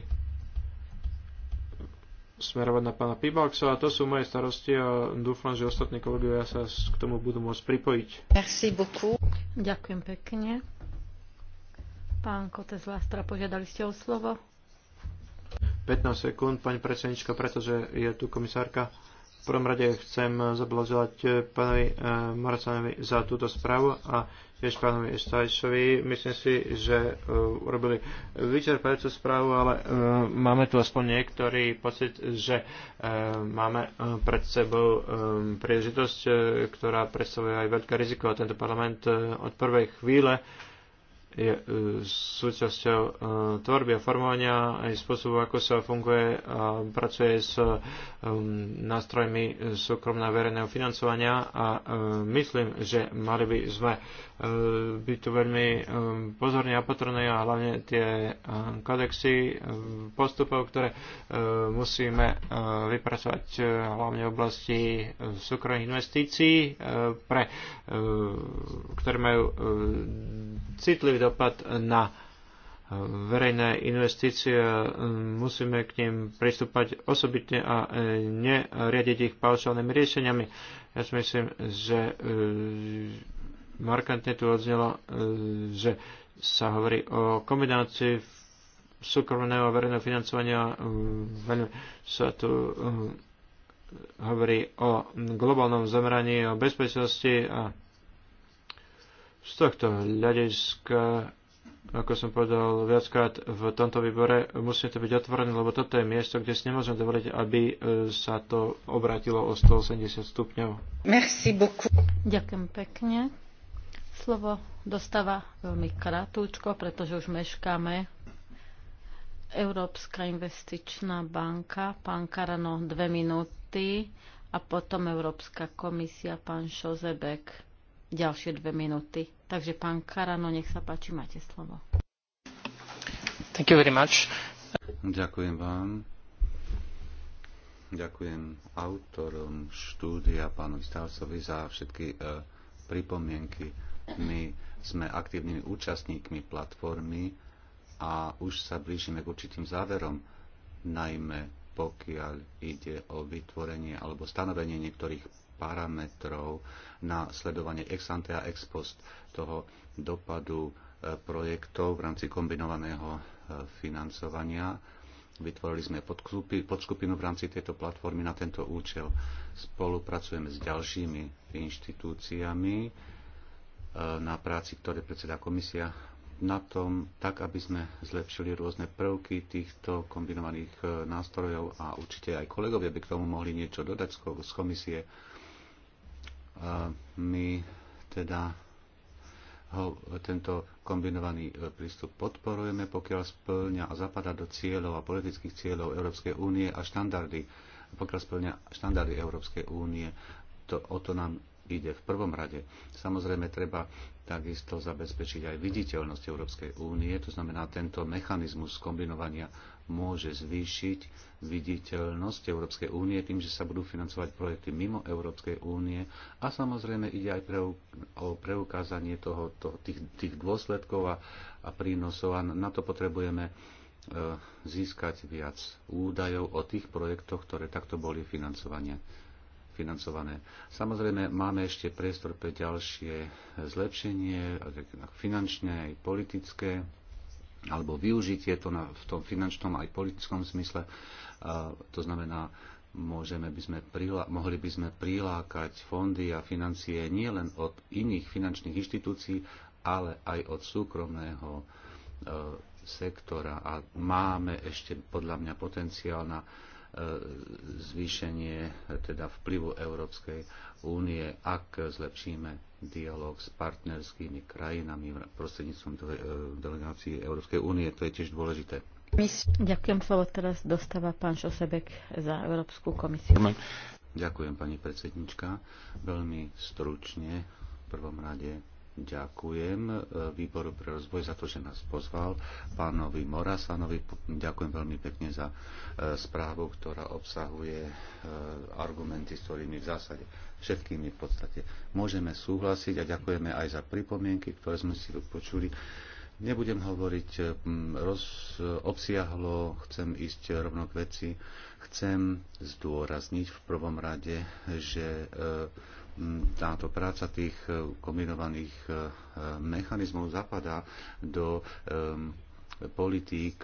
S3: smerovať na pána Pibalksa a to sú moje starosti a dúfam, že ostatní kolegovia sa k tomu budú môcť pripojiť.
S1: Merci beaucoup. Ďakujem pekne. Pán Kotec Lastra, požiadali ste o slovo.
S3: 15 sekúnd, pani predsednička, pretože je tu komisárka prvom rade chcem zablazovať eh, pánovi eh, Moracanovi za túto správu a tiež pánovi Stajšovi. Myslím si, že eh, urobili vyčerpajúcu správu, ale máme tu aspoň niektorý pocit, že máme pred sebou príležitosť, ktorá predstavuje aj veľké riziko a tento parlament od prvej chvíle je e, súčasťou e, tvorby a formovania aj spôsobu, ako sa funguje a pracuje s e, nástrojmi súkromného verejného financovania a myslím, že mali by sme Eh, byť tu veľmi eh, pozorní a opatrní a hlavne tie eh, kodexy postupov, ktoré musíme vypracovať hlavne v oblasti súkromných investícií, pre, ktoré majú citlivý dopad na verejné investície, musíme k ním pristúpať osobitne a neriadiť ich paušálnymi riešeniami. Ja si myslím, že markantne tu odznelo, e, že sa hovorí o kombinácii súkromného a verejného financovania. E, veľmi sa tu e, hovorí o globálnom zameraní, o bezpečnosti a z tohto hľadiska, ako som povedal viackrát v tomto výbore, musíme to byť otvorené, lebo toto je miesto, kde si nemôžem dovoliť, aby sa to obratilo o 180 stupňov.
S1: Merci beaucoup. Ďakujem pekne. Slovo dostáva veľmi krátko, pretože už meškáme. Európska investičná banka, pán Karano, dve minúty a potom Európska komisia, pán Šozebek, ďalšie dve minúty. Takže pán Karano, nech sa páči, máte slovo.
S2: Thank you very much. Ďakujem vám. Ďakujem autorom štúdia, pánu Stavcovi, za všetky uh, pripomienky my sme aktívnymi účastníkmi platformy a už sa blížime k určitým záverom, najmä pokiaľ ide o vytvorenie alebo stanovenie niektorých parametrov na sledovanie ex ante a ex post toho dopadu e, projektov v rámci kombinovaného e, financovania. Vytvorili sme podskupinu v rámci tejto platformy na tento účel. Spolupracujeme s ďalšími inštitúciami, na práci, ktoré predseda komisia na tom, tak aby sme zlepšili rôzne prvky týchto kombinovaných e, nástrojov a určite aj kolegovia by k tomu mohli niečo dodať z komisie. E, my teda ho, tento kombinovaný e, prístup podporujeme, pokiaľ splňa a zapadá do cieľov a politických cieľov Európskej únie a štandardy, pokiaľ splňa štandardy Európskej únie. To, o to nám ide v prvom rade. Samozrejme, treba takisto zabezpečiť aj viditeľnosť Európskej únie, to znamená, tento mechanizmus kombinovania môže zvýšiť viditeľnosť Európskej únie tým, že sa budú financovať projekty mimo Európskej únie a samozrejme ide aj pre, o preukázanie toho, to, tých, tých dôsledkov a, a prínosov a na to potrebujeme e, získať viac údajov o tých projektoch, ktoré takto boli financované financované. Samozrejme, máme ešte priestor pre ďalšie e, zlepšenie, finančné aj politické, alebo využitie to na, v tom finančnom aj politickom zmysle. A, to znamená, môžeme by sme prilá- mohli by sme prilákať fondy a financie nielen od iných finančných inštitúcií, ale aj od súkromného e, sektora. A máme ešte podľa mňa potenciál na E, zvýšenie teda vplyvu Európskej únie, ak zlepšíme dialog s partnerskými krajinami prostredníctvom e, delegácií Európskej únie. To je tiež dôležité.
S1: Ďakujem slovo teraz dostáva pán Šosebek za Európsku komisiu.
S2: Ďakujem pani predsednička. Veľmi stručne v prvom rade ďakujem e, Výboru pre rozvoj za to, že nás pozval, pánovi Morasanovi. Ďakujem veľmi pekne za e, správu, ktorá obsahuje e, argumenty, s ktorými v zásade všetkými v podstate môžeme súhlasiť a ďakujeme aj za pripomienky, ktoré sme si počuli. Nebudem hovoriť roz, obsiahlo, chcem ísť rovno k veci. Chcem zdôrazniť v prvom rade, že e, táto práca tých e, kombinovaných e, mechanizmov zapadá do e, politík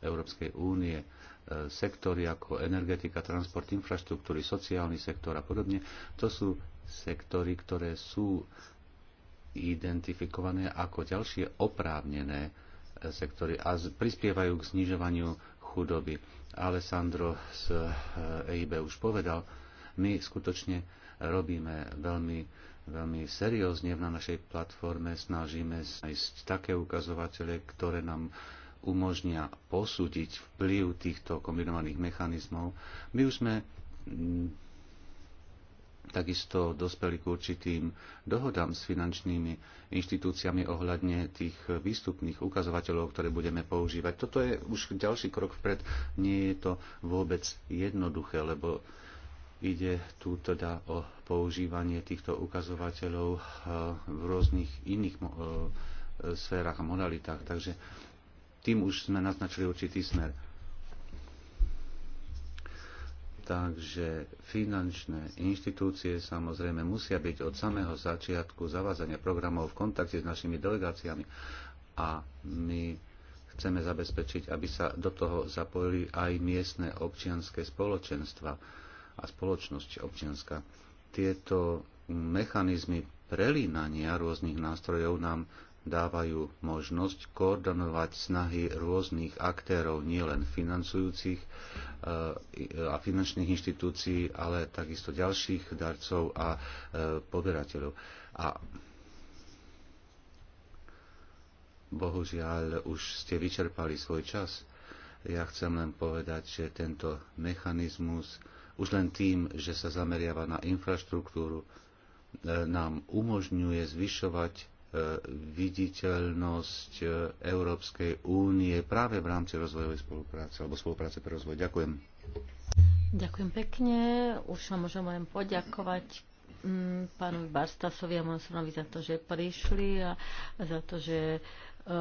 S2: Európskej únie sektory ako energetika, transport, infraštruktúry, sociálny sektor a podobne. To sú sektory, ktoré sú identifikované ako ďalšie oprávnené sektory a prispievajú k znižovaniu chudoby. Alessandro z EIB už povedal, my skutočne robíme veľmi, veľmi seriózne na našej platforme, snažíme sa ísť také ukazovatele, ktoré nám umožnia posúdiť vplyv týchto kombinovaných mechanizmov. My už sme mm, takisto dospeli k určitým dohodám s finančnými inštitúciami ohľadne tých výstupných ukazovateľov, ktoré budeme používať. Toto je už ďalší krok vpred. Nie je to vôbec jednoduché, lebo Ide tu teda o používanie týchto ukazovateľov eh, v rôznych iných eh, sférach a modalitách. Takže tým už sme naznačili určitý smer. Takže finančné inštitúcie samozrejme musia byť od samého začiatku zavázania programov v kontakte s našimi delegáciami a my chceme zabezpečiť, aby sa do toho zapojili aj miestne občianské spoločenstva a spoločnosť občianská. Tieto mechanizmy prelínania rôznych nástrojov nám dávajú možnosť koordinovať snahy rôznych aktérov, nielen financujúcich e, a finančných inštitúcií, ale takisto ďalších darcov a e, poberateľov. A bohužiaľ už ste vyčerpali svoj čas. Ja chcem len povedať, že tento mechanizmus už len tým, že sa zameriava na infraštruktúru, e, nám umožňuje zvyšovať e, viditeľnosť e, Európskej únie práve v rámci rozvojovej spolupráce alebo spolupráce pre rozvoj. Ďakujem.
S1: Ďakujem pekne. Už vám môžem len poďakovať mm, pánovi Barstasovi a Monsonovi za to, že prišli a za to, že Eh,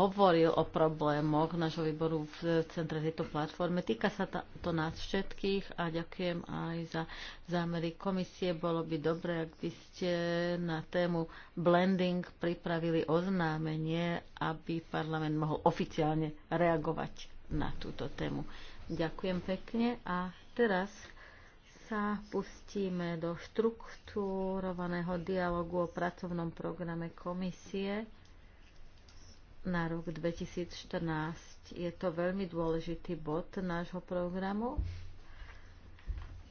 S1: hovoril o problémoch nášho výboru v centre tejto platforme. Týka sa to nás všetkých a ďakujem aj za zámery komisie. Bolo by dobré, ak by ste na tému blending pripravili oznámenie, aby parlament mohol oficiálne reagovať na túto tému. Ďakujem pekne a teraz sa pustíme do štruktúrovaného dialogu o pracovnom programe komisie na rok 2014. Je to veľmi dôležitý bod nášho programu.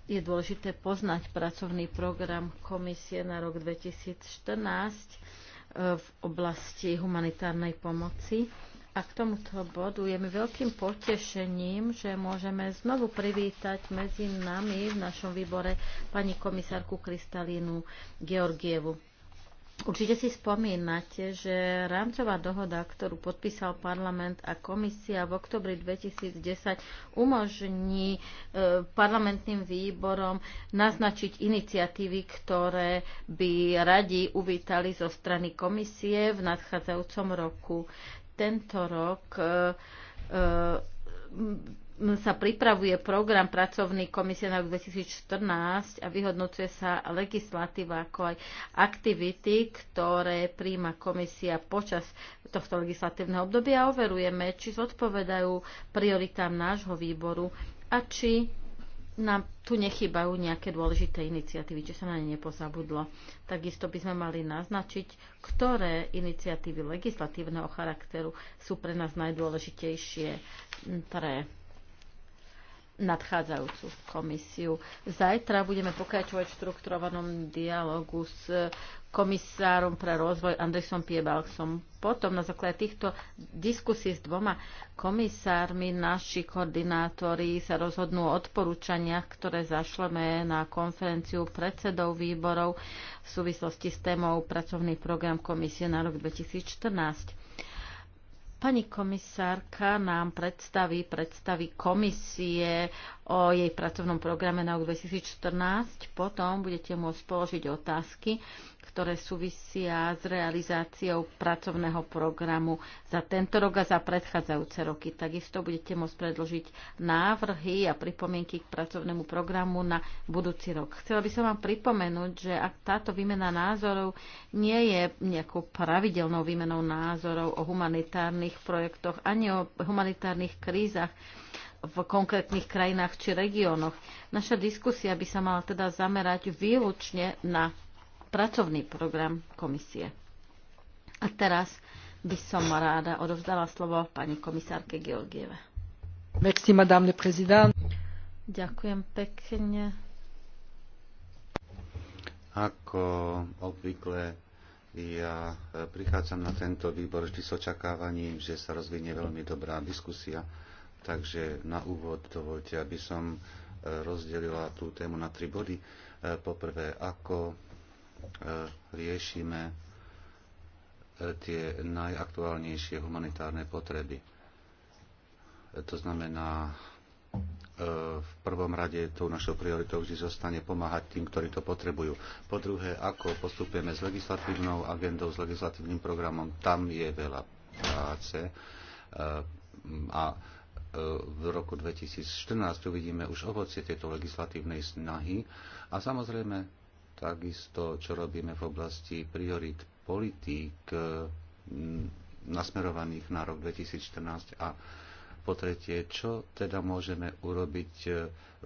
S1: Je dôležité poznať pracovný program komisie na rok 2014 e, v oblasti humanitárnej pomoci. A k tomuto bodu je mi veľkým potešením, že môžeme znovu privítať medzi nami v našom výbore pani komisárku Kristalínu Georgievu. Určite si spomínate, že rámcová dohoda, ktorú podpísal parlament a komisia v oktobri 2010, umožní e, parlamentným výborom naznačiť iniciatívy, ktoré by radi uvítali zo strany komisie v nadchádzajúcom roku. Tento rok e, e, sa pripravuje program pracovný komisie na rok 2014 a vyhodnocuje sa legislatíva ako aj aktivity, ktoré príjma komisia počas tohto legislatívneho obdobia a overujeme, či zodpovedajú prioritám nášho výboru a či nám tu nechybajú nejaké dôležité iniciatívy, či sa na ne nepozabudlo. Takisto by sme mali naznačiť, ktoré iniciatívy legislatívneho charakteru sú pre nás najdôležitejšie pre nadchádzajúcu komisiu. Zajtra budeme pokračovať v štrukturovanom dialogu s eh, komisárom pre rozvoj Andresom Piebalksom. Potom na základe týchto diskusí s dvoma komisármi naši koordinátori sa rozhodnú o odporúčaniach, ktoré zašleme na konferenciu predsedov výborov v súvislosti s témou pracovný program komisie na rok 2014 Pani komisárka nám predstaví predstavy komisie o jej pracovnom programe na rok 2014. Potom budete môcť položiť otázky ktoré súvisia s realizáciou pracovného programu za tento rok a za predchádzajúce roky. Takisto budete môcť predložiť návrhy a pripomienky k pracovnému programu na budúci rok. Chcela by som vám pripomenúť, že ak táto výmena názorov nie je nejakou pravidelnou výmenou názorov o humanitárnych projektoch ani o humanitárnych krízach, v konkrétnych krajinách či regiónoch. Naša diskusia by sa mala teda zamerať výlučne na pracovný program komisie. A teraz by som ráda odovzdala slovo pani komisárke Georgieve. Merci, madame le président. Ďakujem pekne.
S2: Ako obvykle ja e, prichádzam na tento výbor vždy s očakávaním, že sa rozvinie veľmi dobrá diskusia. Takže na úvod dovolte, aby som e, rozdelila tú tému na tri body. E, poprvé, ako E, riešime e, tie najaktuálnejšie humanitárne potreby. E, to znamená, v prvom rade tou našou prioritou vždy zostane pomáhať tým, ktorí to potrebujú. Po druhé, ako postupujeme s legislatívnou agendou, s legislatívnym programom, tam je veľa práce. A v roku 2014 uvidíme už ovocie tejto legislatívnej snahy. A samozrejme, takisto, čo robíme v oblasti priorit politík e, nasmerovaných na rok 2014 a po tretie, čo teda môžeme urobiť e,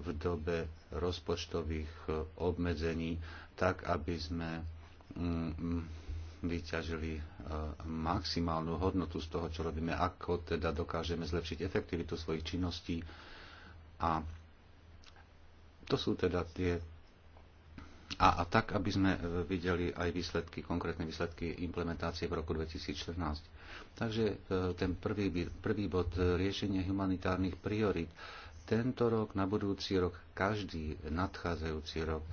S2: v dobe rozpočtových e, obmedzení, tak aby sme vyťažili maximálnu hodnotu z toho, čo robíme, ako teda dokážeme zlepšiť efektivitu svojich činností. A to sú teda tie a, a tak, aby sme e, videli aj výsledky, konkrétne výsledky implementácie v roku 2014. Takže e, ten prvý, prvý bod e, riešenie humanitárnych priorít tento rok, na budúci rok, každý nadchádzajúci rok,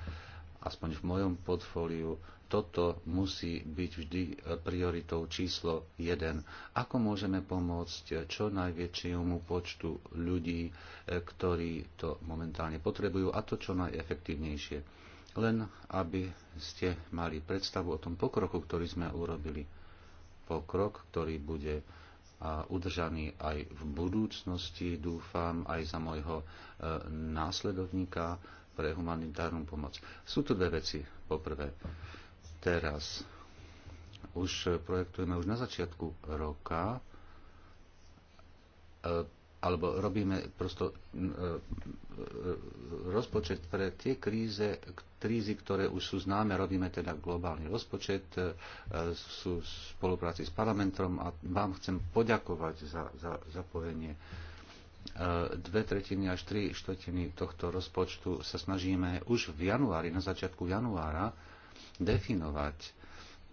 S2: aspoň v mojom portfóliu, toto musí byť vždy prioritou číslo 1. Ako môžeme pomôcť čo najväčšiemu počtu ľudí, ktorí to momentálne potrebujú a to čo najefektívnejšie len aby ste mali predstavu o tom pokroku, ktorý sme urobili. Pokrok, ktorý bude udržaný aj v budúcnosti, dúfam, aj za môjho e, následovníka pre humanitárnu pomoc. Sú tu dve veci. Poprvé, teraz už projektujeme už na začiatku roka e, alebo robíme prosto e, e, rozpočet pre tie kríze, krízy, ktoré už sú známe, robíme teda globálny rozpočet, e, sú v spolupráci s parlamentom a vám chcem poďakovať za, za zapojenie. Dve tretiny až tri štvrtiny tohto rozpočtu sa snažíme už v januári, na začiatku januára, definovať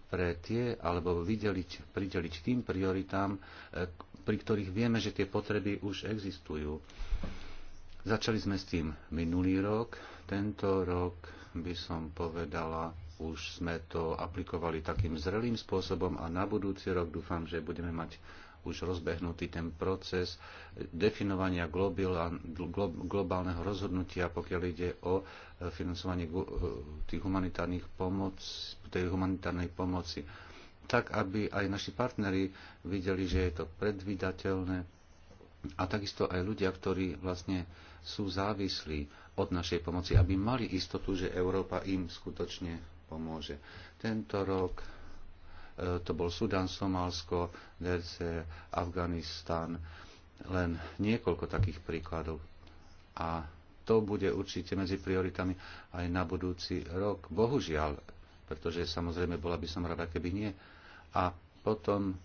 S2: pre tie alebo videliť, prideliť tým prioritám, pri ktorých vieme, že tie potreby už existujú. Začali sme s tým minulý rok, tento rok by som povedala, už sme to aplikovali takým zrelým spôsobom a na budúci rok dúfam, že budeme mať už rozbehnutý ten proces definovania globálneho rozhodnutia, pokiaľ ide o e, financovanie e, tých humanitárnych pomoc, tej humanitárnej pomoci tak aby aj naši partneri videli, že je to predvydateľné a takisto aj ľudia, ktorí vlastne sú závislí od našej pomoci, aby mali istotu, že Európa im skutočne pomôže. Tento rok e, to bol Sudan, Somálsko, DRC, Afganistan, len niekoľko takých príkladov. A to bude určite medzi prioritami aj na budúci rok. Bohužiaľ, pretože samozrejme bola by som rada, keby nie, a potom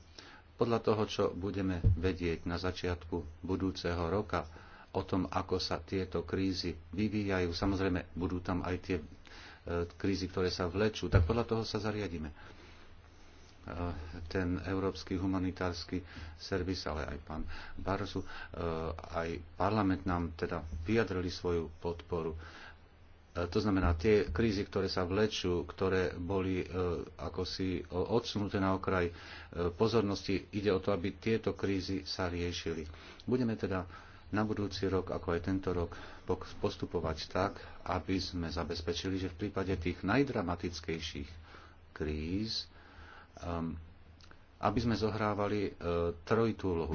S2: podľa toho, čo budeme vedieť na začiatku budúceho roka o tom, ako sa tieto krízy vyvíjajú, samozrejme budú tam aj tie e, krízy, ktoré sa vlečú, tak podľa toho sa zariadíme. E, ten Európsky humanitársky servis, ale aj pán Barzu, e, aj parlament nám teda vyjadrili svoju podporu. E, to znamená, tie krízy, ktoré sa vlečú, ktoré boli e, ako si e, odsunuté na okraj pozornosti, ide o to, aby tieto krízy sa riešili. Budeme teda na budúci rok, ako aj tento rok, postupovať tak, aby sme zabezpečili, že v prípade tých najdramatickejších kríz, ehm, aby sme zohrávali trojitú úlohu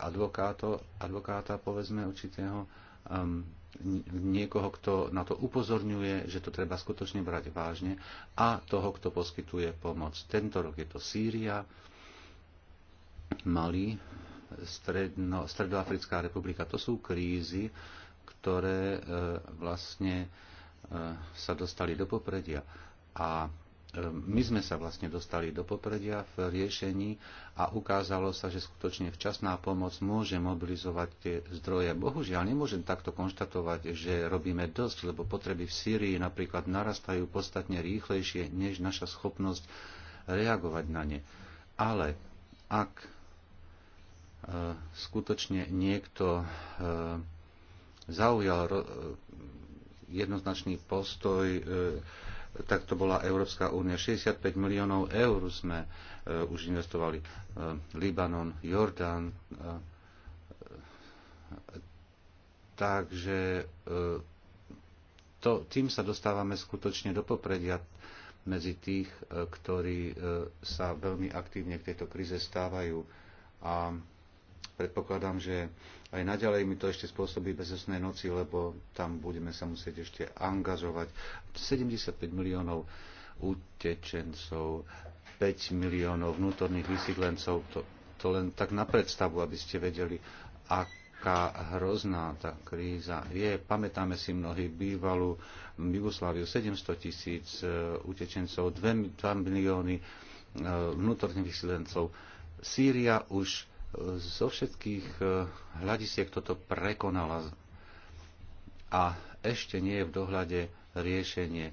S2: advokáto, advokáta, povedzme, určitého ehm, niekoho, kto na to upozorňuje, že to treba skutočne brať vážne a toho, kto poskytuje pomoc. Tento rok je to Sýria, Mali, Stredno, Stredoafrická republika. To sú krízy, ktoré e, vlastne e, sa dostali do popredia. A my sme sa vlastne dostali do popredia v riešení a ukázalo sa, že skutočne včasná pomoc môže mobilizovať tie zdroje. Bohužiaľ, nemôžem takto konštatovať, že robíme dosť, lebo potreby v Sýrii napríklad narastajú podstatne rýchlejšie, než naša schopnosť reagovať na ne. Ale ak e, skutočne niekto e, zaujal e, jednoznačný postoj, tak to bola Európska únia. 65 miliónov eur sme e, už investovali. E, Libanon, Jordán. E, takže to, tým sa dostávame skutočne do popredia medzi tých, ktorí sa veľmi aktívne k tejto krize stávajú. A predpokladám, že aj naďalej mi to ešte spôsobí bezesné noci, lebo tam budeme sa musieť ešte angažovať. 75 miliónov utečencov, 5 miliónov vnútorných vysídlencov, to, to len tak na predstavu, aby ste vedeli, aká hrozná tá kríza je. Pamätáme si mnohí bývalú Jugosláviu, 700 tisíc e, utečencov, 2, 2 milióny e, vnútorných vysídlencov. Sýria už zo všetkých e, hľadisiek toto prekonala a ešte nie je v dohľade riešenie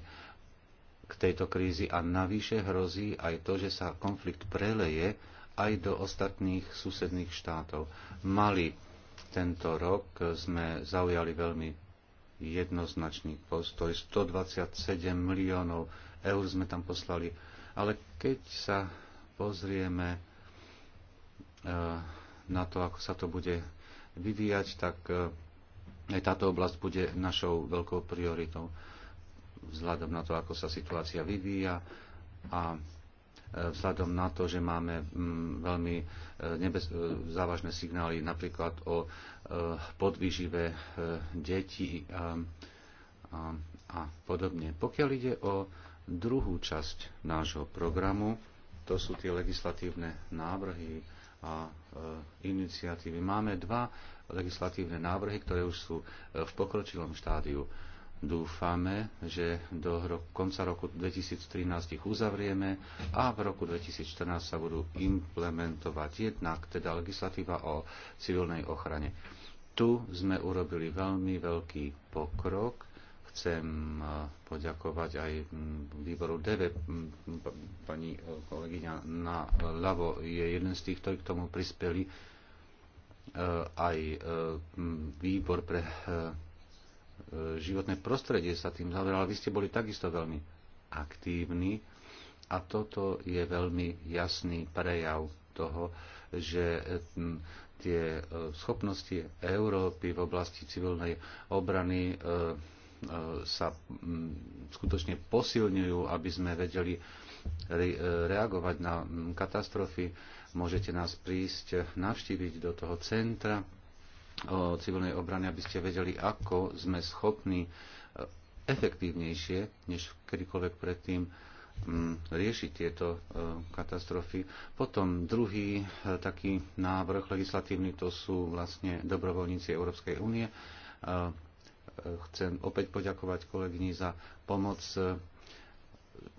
S2: k tejto krízi a navyše hrozí aj to, že sa konflikt preleje aj do ostatných susedných štátov. Mali tento rok sme zaujali veľmi jednoznačný postoj. 127 miliónov eur sme tam poslali. Ale keď sa pozrieme E, na to, ako sa to bude vyvíjať, tak e, aj táto oblasť bude našou veľkou prioritou vzhľadom na to, ako sa situácia vyvíja a e, vzhľadom na to, že máme mm, veľmi nebez, závažné signály napríklad o podvýžive detí a, a, a podobne. Pokiaľ ide o druhú časť nášho programu, to sú tie legislatívne návrhy, a e, iniciatívy. Máme dva legislatívne návrhy, ktoré už sú e, v pokročilom štádiu. Dúfame, že do roku, konca roku 2013 ich uzavrieme a v roku 2014 sa budú implementovať jednak teda legislatíva o civilnej ochrane. Tu sme urobili veľmi veľký pokrok chcem eh, poďakovať aj mm, výboru DV. Mm, pani eh, kolegyňa na ľavo je jeden z tých, ktorí k tomu prispeli. Eh, aj mm, výbor pre životné prostredie sa tým zaoberal. Vy ste boli takisto veľmi aktívni a toto je veľmi jasný prejav toho, že tie schopnosti Európy v oblasti civilnej obrany sa mm, skutočne posilňujú, aby sme vedeli e, reagovať na mm, katastrofy. Môžete nás prísť navštíviť do toho centra civilnej obrany, aby ste vedeli, ako sme schopní e, efektívnejšie než kedykoľvek predtým mm, riešiť tieto e, katastrofy. Potom druhý taký návrh legislatívny, to sú vlastne dobrovoľníci Európskej únie chcem opäť poďakovať kolegyni za pomoc.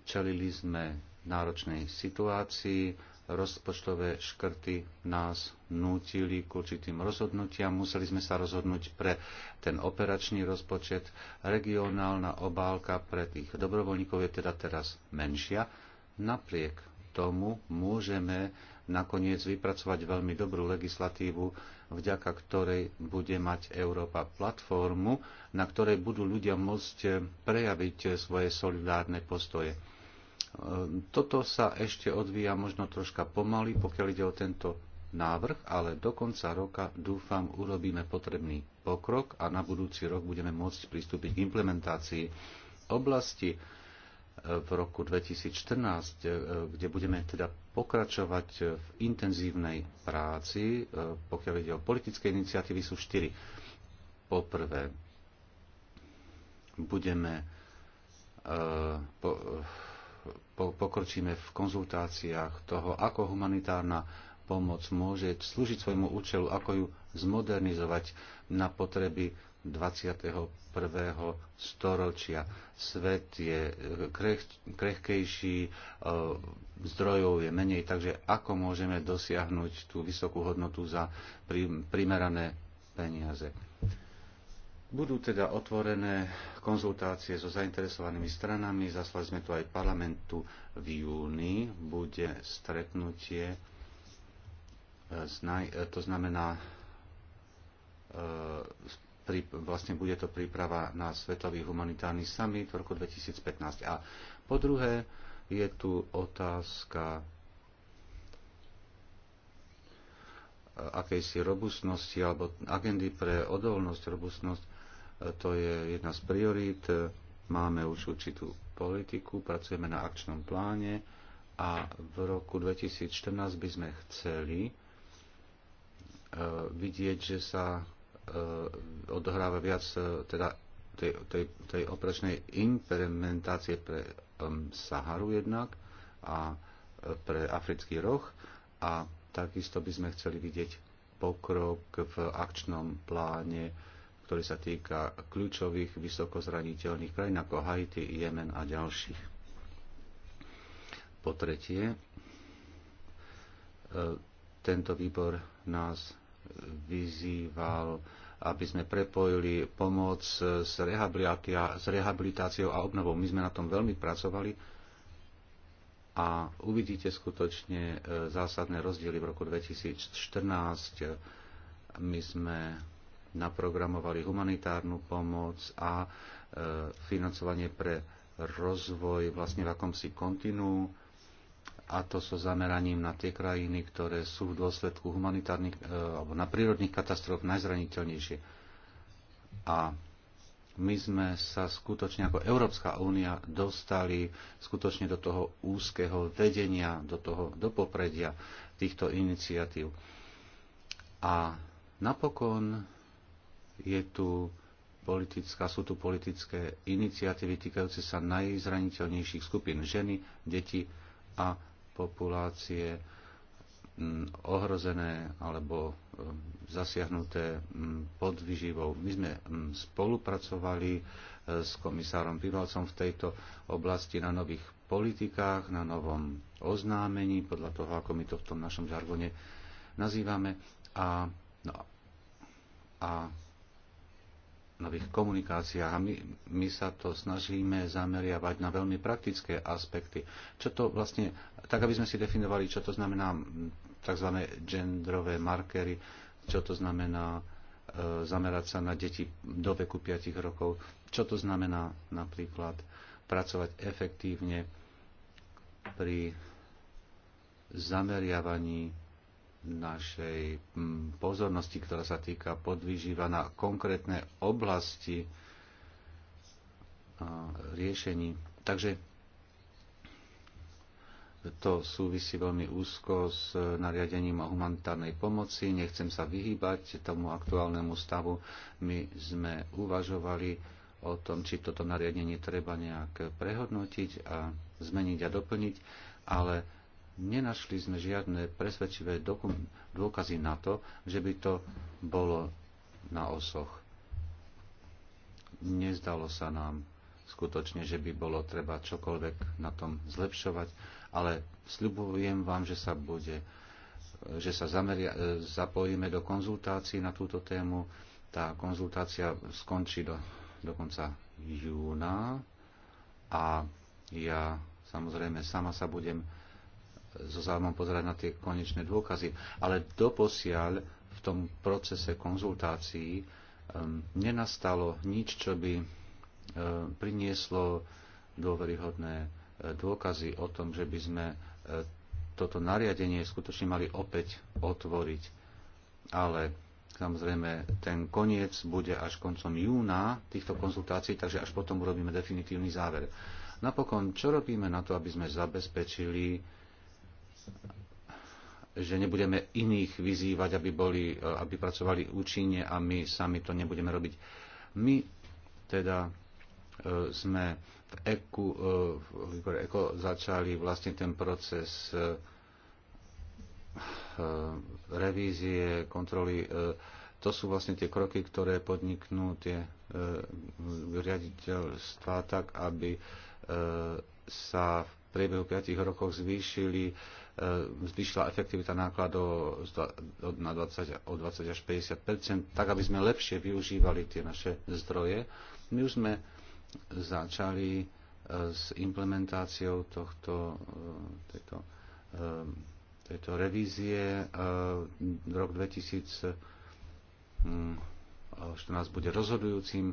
S2: Čelili sme náročnej situácii, rozpočtové škrty nás nútili k určitým rozhodnutiam. Museli sme sa rozhodnúť pre ten operačný rozpočet. Regionálna obálka pre tých dobrovoľníkov je teda teraz menšia. Napriek tomu môžeme nakoniec vypracovať veľmi dobrú legislatívu, vďaka ktorej bude mať Európa platformu, na ktorej budú ľudia môcť prejaviť svoje solidárne postoje. Toto sa ešte odvíja možno troška pomaly, pokiaľ ide o tento návrh, ale do konca roka dúfam urobíme potrebný pokrok a na budúci rok budeme môcť pristúpiť k implementácii oblasti v roku 2014, eh, kde budeme teda pokračovať v intenzívnej práci, e, pokiaľ ide o politické iniciatívy, sú štyri. Poprvé, budeme e, po, po, pokročíme v konzultáciách toho, ako humanitárna pomoc môže slúžiť svojmu účelu, ako ju zmodernizovať na potreby 21. storočia. Svet je e, kreh, krehkejší, e, zdrojov je menej, takže ako môžeme dosiahnuť tú vysokú hodnotu za primerané peniaze. Budú teda otvorené konzultácie so zainteresovanými stranami. Zaslali sme tu aj parlamentu v júni. Bude stretnutie, e, to znamená vlastne bude to príprava na Svetový humanitárny summit v roku 2015. A po druhé je tu otázka eh, akejsi robustnosti alebo agendy pre odolnosť, robustnosť. Eh, to je jedna z priorít. Máme už určitú politiku, pracujeme na akčnom pláne a v roku 2014 by sme chceli eh, vidieť, že sa uh, odohráva viac uh, teda tej, tej, tej operačnej implementácie pre um, Saharu jednak a uh, pre africký roh a takisto by sme chceli vidieť pokrok v akčnom pláne, ktorý sa týka kľúčových vysokozraniteľných krajín ako Haiti, Jemen a ďalších. Po tretie, tento výbor nás vyzýval, aby sme prepojili pomoc s, s rehabilitáciou a obnovou. My sme na tom veľmi pracovali a uvidíte skutočne e, zásadné rozdiely v roku 2014. E, my sme naprogramovali humanitárnu pomoc a e, financovanie pre rozvoj vlastne v akomsi kontinuu a to so zameraním na tie krajiny, ktoré sú v dôsledku humanitárnych e, alebo na prírodných katastrof najzraniteľnejšie. A my sme sa skutočne ako Európska únia dostali skutočne do toho úzkeho vedenia, do toho do popredia týchto iniciatív. A napokon je tu politická, sú tu politické iniciatívy týkajúce sa najzraniteľnejších skupín ženy, deti a populácie ohrozené alebo zasiahnuté podvyživou. My sme spolupracovali e, s komisárom Pivalcom v tejto oblasti na nových politikách, na novom oznámení, podľa toho, ako my to v tom našom žargone nazývame. A, no, a nových komunikáciách. A my, my sa to snažíme zameriavať na veľmi praktické aspekty. Čo to vlastne, tak aby sme si definovali, čo to znamená tzv. genderové markery, čo to znamená e, zamerať sa na deti do veku 5 rokov, čo to znamená napríklad pracovať efektívne pri zameriavaní našej mm, pozornosti, ktorá sa týka podvýživa na konkrétne oblasti riešení. Takže to súvisí veľmi úzko s nariadením o humanitárnej pomoci. Nechcem sa vyhýbať tomu aktuálnemu stavu. My sme uvažovali o tom, či toto nariadenie treba nejak prehodnotiť a zmeniť a doplniť, ale nenašli sme žiadne presvedčivé dôkazy na to, že by to bolo na osoch. Nezdalo sa nám skutočne, že by bolo treba čokoľvek na tom zlepšovať, ale sľubujem vám, že sa bude že sa zameria, e, zapojíme do konzultácií na túto tému. Tá konzultácia skončí do, do konca júna a ja samozrejme sama sa budem so záujmom pozerať na tie konečné dôkazy, ale doposiaľ v tom procese konzultácií ehm, nenastalo nič, čo by ehm, prinieslo dôveryhodné e, dôkazy o tom, že by sme e, toto nariadenie skutočne mali opäť otvoriť. Ale samozrejme ten koniec bude až koncom júna týchto konzultácií, takže až potom urobíme definitívny záver. Napokon, čo robíme na to, aby sme zabezpečili že nebudeme iných vyzývať, aby, boli, e, aby pracovali účinne a my sami to nebudeme robiť. My teda e, sme v EKU, e, v EKO začali vlastne ten proces revízie, kontroly. To sú vlastne tie kroky, ktoré podniknú tie riaditeľstva tak, aby sa v priebehu 5 rokov zvýšili, e, zvýšila efektivita nákladov na 20, o 20 až 50 tak aby sme lepšie využívali tie naše zdroje. My už sme začali e, s implementáciou tohto, e, tejto, tejto revízie. Rok 2014 hm, bude rozhodujúcim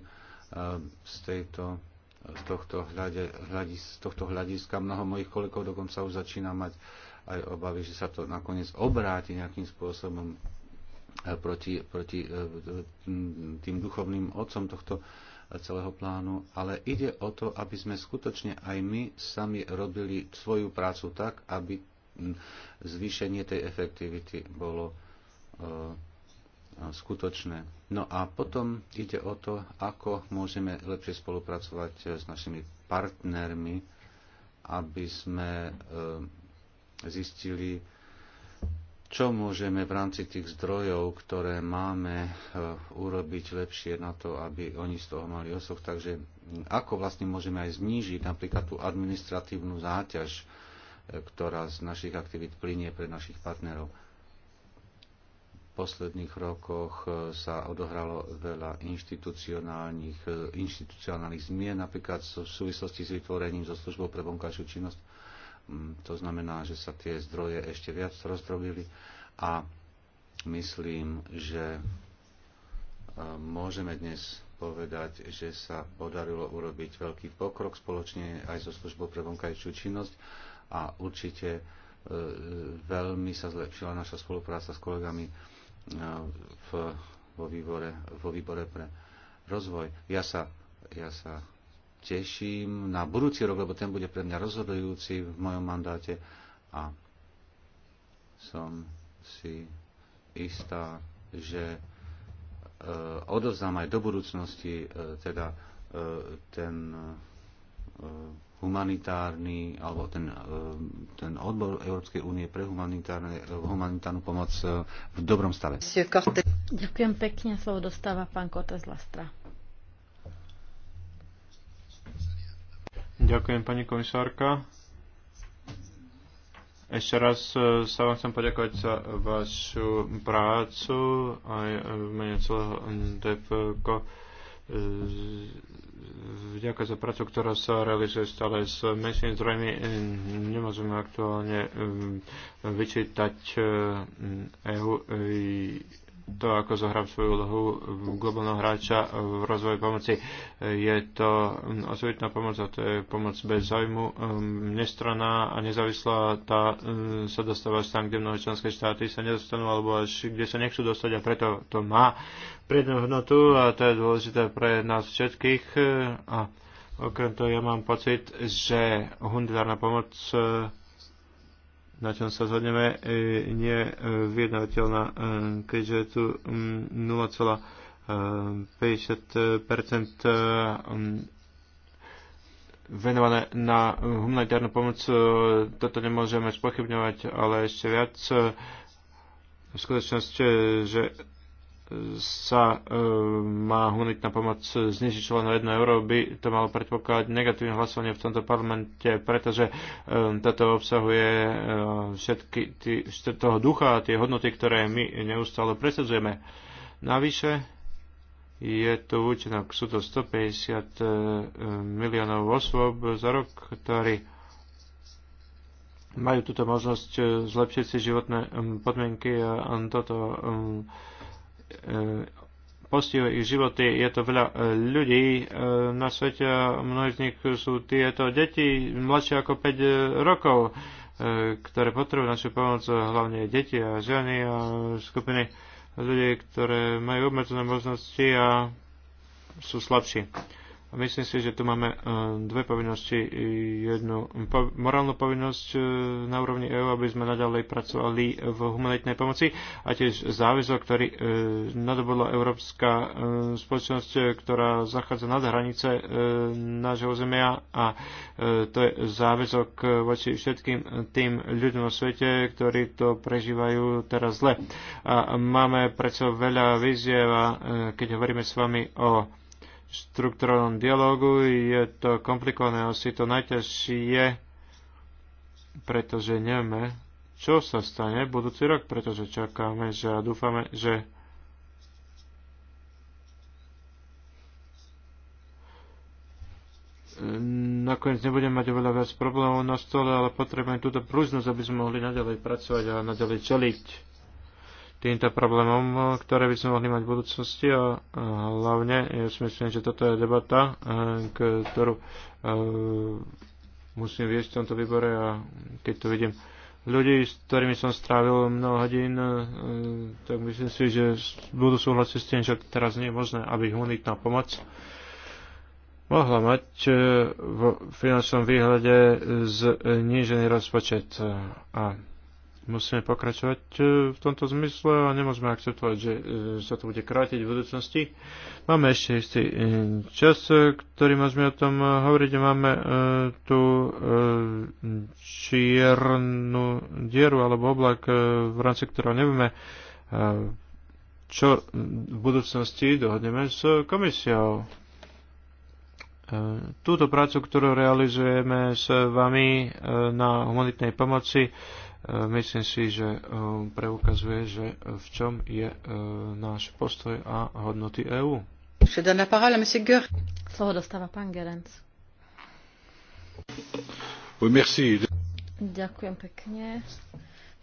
S2: z tejto z tohto, hľade, hľadis, z tohto hľadiska. Mnoho mojich kolegov dokonca už začína mať aj obavy, že sa to nakoniec obráti nejakým spôsobom eh, proti, proti eh, eh, tým duchovným otcom tohto celého plánu, ale ide o to, aby sme skutočne aj my sami robili svoju prácu tak, aby hm, zvýšenie tej efektivity bolo skutočné. No a potom ide o to, ako môžeme lepšie spolupracovať s našimi partnermi, aby sme eh, zistili, čo môžeme v rámci tých zdrojov, ktoré máme, eh, urobiť lepšie na to, aby oni z toho mali osoch. Takže hm, ako vlastne môžeme aj znížiť napríklad tú administratívnu záťaž, eh, ktorá z našich aktivít plinie pre našich partnerov posledných rokoch e, sa odohralo veľa inštitucionálnych, e, inštitucionálnych zmien, napríklad v súvislosti s vytvorením zo službou pre vonkajšiu činnosť. Mm, to znamená, že sa tie zdroje ešte viac rozdrobili a myslím, že e, môžeme dnes povedať, že sa podarilo urobiť veľký pokrok spoločne aj so službou pre vonkajšiu činnosť a určite veľmi sa zlepšila naša spolupráca s kolegami v, vo, výbore, vo výbore pre rozvoj. Ja sa, ja sa teším na budúci rok, lebo ten bude pre mňa rozhodujúci v mojom mandáte a som si istá, že e, odovzdám aj do budúcnosti e, teda e, ten e, humanitárny, alebo ten, e, ten odbor Európskej únie pre e, humanitárnu pomoc e, v dobrom stave.
S1: Ďakujem pekne, slovo dostáva pán Cortez Lastra.
S3: Ďakujem, pani komisárka. Ešte raz sa vám chcem poďakovať za vašu prácu aj v mene celého DPKO vďaka za prácu, ktorá sa realizuje stále s menšími zdrojmi, nemôžeme aktuálne ehm, vyčítať EU ehm, e to, ako zohrám svoju úlohu globálneho hráča v rozvoji pomoci. Je to osobitná pomoc a to je pomoc bez zájmu. Ehm, nestraná a nezávislá tá ehm, sa dostáva tam, kde mnohé členské štáty sa nedostanú alebo až kde sa nechcú dostať a preto to má prednú hodnotu a to je dôležité pre nás všetkých. Ehm, a okrem toho ja mám pocit, že humanitárna pomoc na čom sa zhodneme, e, nie je vyjednávateľná, e, keďže je tu 0,50 e, venované na humanitárnu pomoc. Toto nemôžeme spochybňovať, ale ešte viac v skutočnosti, že sa e, má humanitná pomoc znižiť len o 1 euro, by to malo predpokladať negatívne hlasovanie v tomto parlamente, pretože e, toto obsahuje e, všetky tý, toho ducha a tie hodnoty, ktoré my neustále presadzujeme. Navyše je tu účinok, sú to 150 e, miliónov osôb za rok, ktorí majú túto možnosť e, zlepšiť si životné podmienky a toto um, E, postihli ich životy. Je to veľa e, ľudí e, na svete, mnohí z nich sú tieto deti mladšie ako 5 rokov, ktoré potrebujú našu pomoc, hlavne deti a ženy a skupiny ľudí, ktoré majú obmedzené možnosti a sú slabší. Myslím si, že tu máme e, dve povinnosti. Jednu morálnu povinnosť e, na úrovni EÚ, aby sme nadalej pracovali v humanitnej pomoci a tiež záväzok, ktorý e, nadobudla Európska spoločnosť, ktorá zachádza nad hranice nášho zemia a to je záväzok voči všetkým tým ľuďom vo svete, ktorí to prežívajú teraz zle. A máme preto veľa víziev a keď hovoríme s vami o štrukturálnom dialogu. Je to komplikované, asi to najťažšie, pretože nevieme, čo sa stane budúci rok, pretože čakáme, že a dúfame, že nakoniec nebudeme mať oveľa viac problémov na stole, ale potrebujeme túto prúžnosť, aby sme mohli naďalej pracovať a naďalej čeliť týmto problémom, ktoré by sme mohli mať v budúcnosti a hlavne ja si myslím, že toto je debata, ktorú musím viesť v tomto výbore a keď to vidím ľudí, s ktorými som strávil mnoho hodín, tak myslím si, že budú súhlasiť s tým, že teraz nie je možné, aby humanitná pomoc mohla mať e, v finančnom výhľade znížený rozpočet. A musíme pokračovať e, v tomto zmysle a nemôžeme akceptovať, že e, sa to bude krátiť v budúcnosti. Máme ešte istý e, čas, ktorý môžeme o tom hovoriť. Máme tú čiernu dieru alebo oblak, v rámci ktorého nevieme, čo v budúcnosti dohodneme s komisiou. Túto prácu, ktorú realizujeme s vami na humanitnej pomoci, Eh, myslím si, že eh, preukazuje, že eh, v čom je náš postoj a hodnoty EÚ.
S1: Slovo dostáva pán Gerenc. Ďakujem pekne.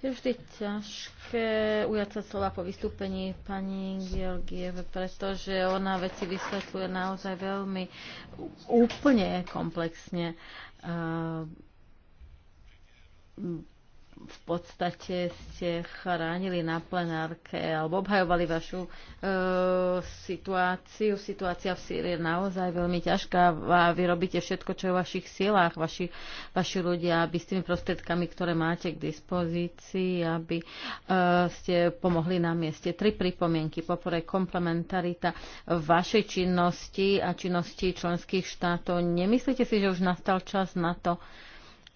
S1: Je vždy ťažké ujať sa slova po vystúpení pani Georgieve, pretože ona veci vysvetľuje naozaj veľmi úplne komplexne. Uh, v podstate ste chránili na plenárke alebo obhajovali vašu e, situáciu. Situácia v Sýrii je naozaj veľmi ťažká a vy robíte všetko, čo je v vašich silách, vaši, vaši ľudia, aby s tými prostriedkami, ktoré máte k dispozícii, aby e, ste pomohli na mieste. Tri pripomienky. Poprvé, komplementarita vašej činnosti a činnosti členských štátov. Nemyslíte si, že už nastal čas na to,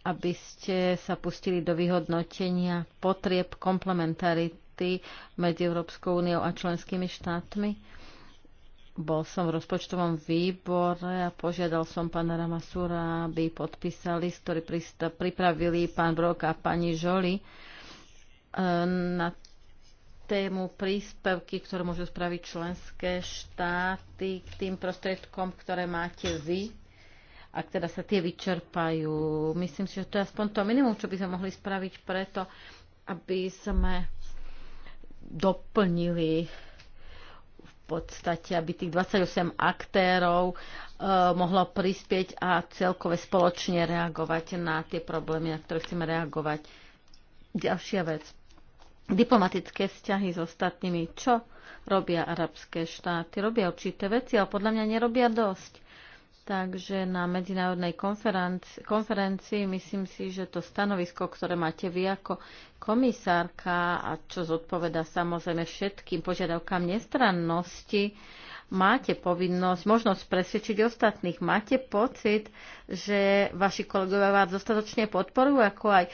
S1: aby ste sa pustili do vyhodnotenia potrieb komplementarity medzi Európskou úniou a členskými štátmi? Bol som v rozpočtovom výbore a požiadal som pána Ramasura, aby podpísali, ktorý pripravili pán Brok a pani Žoli e, na tému príspevky, ktoré môžu spraviť členské štáty k tým prostriedkom, ktoré máte vy ak teda sa tie vyčerpajú. Myslím si, že to je aspoň to minimum, čo by sme mohli spraviť preto, aby sme doplnili v podstate, aby tých 28 aktérov e, mohlo prispieť a celkové spoločne reagovať na tie problémy, na ktoré chceme reagovať. Ďalšia vec. Diplomatické vzťahy s ostatnými. Čo robia arabské štáty? Robia určité veci, ale podľa mňa nerobia dosť Takže na medzinárodnej konferenci, konferencii myslím si, že to stanovisko, ktoré máte vy ako komisárka a čo zodpoveda samozrejme všetkým požiadavkám nestrannosti, máte povinnosť, možnosť presvedčiť ostatných. Máte pocit, že vaši kolegovia vás dostatočne podporujú, ako aj e,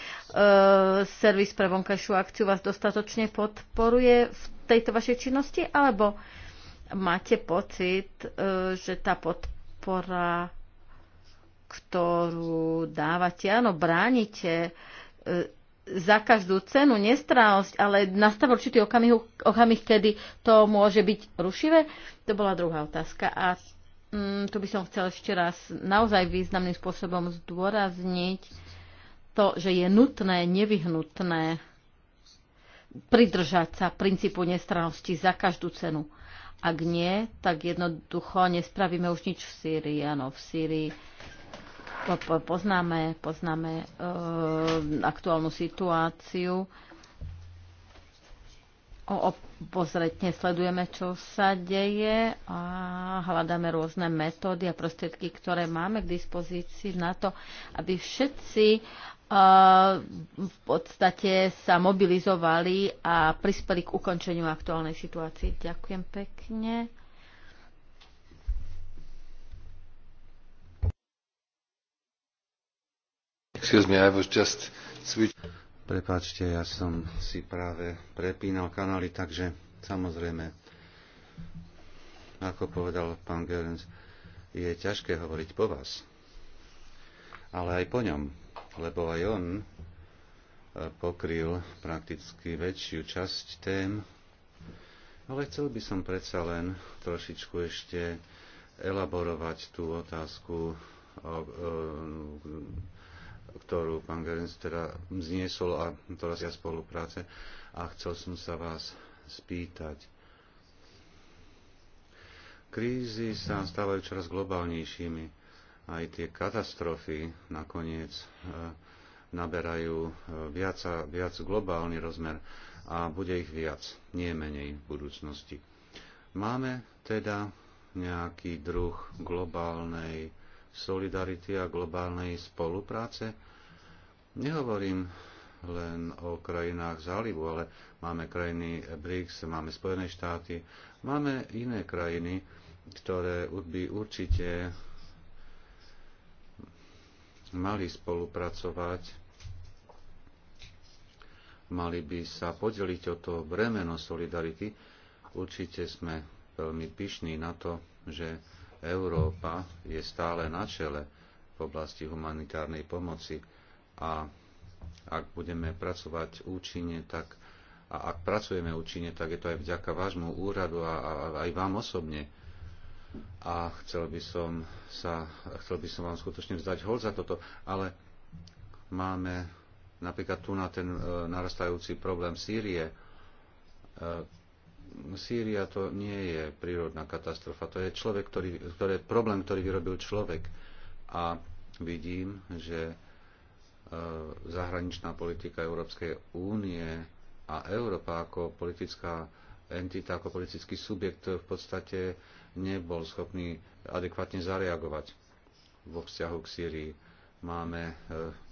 S1: servis pre vonkajšiu akciu vás dostatočne podporuje v tejto vašej činnosti, alebo máte pocit, e, že tá podpora podpora, ktorú dávate. Áno, bránite e, za každú cenu nestrálosť, ale nastav určitý okamih, okamih, kedy to môže byť rušivé? To bola druhá otázka. A mm, tu by som chcela ešte raz naozaj významným spôsobom zdôrazniť to, že je nutné, nevyhnutné pridržať sa princípu nestrannosti za každú cenu. Ak nie, tak jednoducho nespravíme už nič v Sýrii. Áno, v Sýrii poznáme, poznáme e, aktuálnu situáciu. O, pozretne sledujeme, čo sa deje a hľadáme rôzne metódy a prostriedky, ktoré máme k dispozícii na to, aby všetci v podstate sa mobilizovali a prispeli k ukončeniu aktuálnej situácie. Ďakujem pekne.
S2: Prepáčte, ja som si práve prepínal kanály, takže samozrejme, ako povedal pán Gerens, je ťažké hovoriť po vás, ale aj po ňom lebo aj on e, pokryl prakticky väčšiu časť tém, ale chcel by som predsa len trošičku ešte elaborovať tú otázku, ktorú pán Gerenc teda zniesol a teraz ja spolupráce a chcel som sa vás spýtať. Krízy sa stávajú čoraz globálnejšími aj tie katastrofy nakoniec e, naberajú e, viac a viac globálny rozmer a bude ich viac, nie menej v budúcnosti. Máme teda nejaký druh globálnej solidarity a globálnej spolupráce. Nehovorím len o krajinách zálivu, ale máme krajiny BRICS, máme Spojené štáty, máme iné krajiny, ktoré by určite mali spolupracovať, mali by sa podeliť o to bremeno solidarity. Určite sme veľmi pyšní na to, že Európa je stále na čele v oblasti humanitárnej pomoci a ak budeme pracovať účinne, tak a ak pracujeme účinne, tak je to aj vďaka vášmu úradu a, a aj vám osobne a chcel by som, sa, chcel by som vám skutočne vzdať hol za toto, ale máme napríklad tu na ten e, narastajúci problém Sýrie. E, Sýria to nie je prírodná katastrofa, to je, človek, ktorý, ktorý je problém, ktorý vyrobil človek. A vidím, že e, zahraničná politika Európskej únie a Európa ako politická entita, ako politický subjekt v podstate nebol schopný adekvátne zareagovať vo vzťahu k Sýrii. Máme e,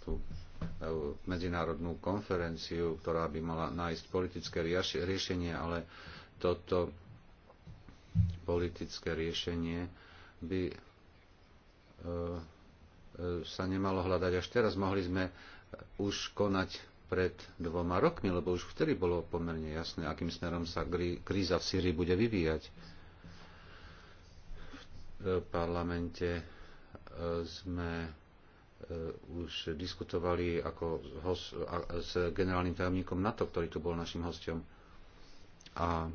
S2: tú e, medzinárodnú konferenciu, ktorá by mala nájsť politické riešenie, ale toto politické riešenie by e, sa nemalo hľadať až teraz. Mohli sme už konať pred dvoma rokmi, lebo už vtedy bolo pomerne jasné, akým smerom sa kríza v Sýrii bude vyvíjať parlamente e, sme e, už diskutovali ako host, s generálnym tajomníkom NATO, ktorý tu bol našim hostom. A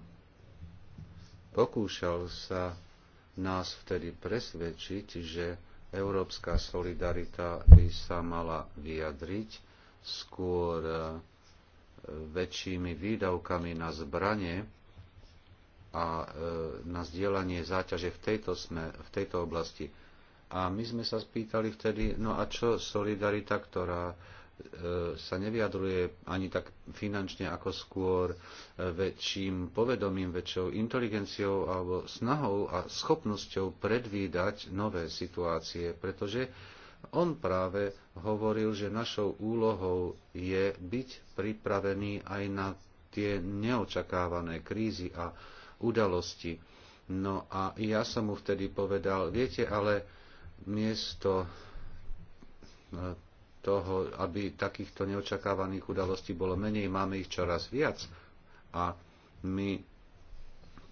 S2: pokúšal sa nás vtedy presvedčiť, že európska solidarita by sa mala vyjadriť skôr e, väčšími výdavkami na zbranie, a e, na zdieľanie záťaže v tejto, sme, v tejto oblasti. A my sme sa spýtali vtedy, no a čo solidarita, ktorá e, sa nevyjadruje ani tak finančne ako skôr e, väčším povedomím, väčšou inteligenciou alebo snahou a schopnosťou predvídať nové situácie, pretože on práve hovoril, že našou úlohou je byť pripravený aj na tie neočakávané krízy a udalosti. No a ja som mu vtedy povedal, viete, ale miesto e, toho, aby takýchto neočakávaných udalostí bolo menej, máme ich čoraz viac. A my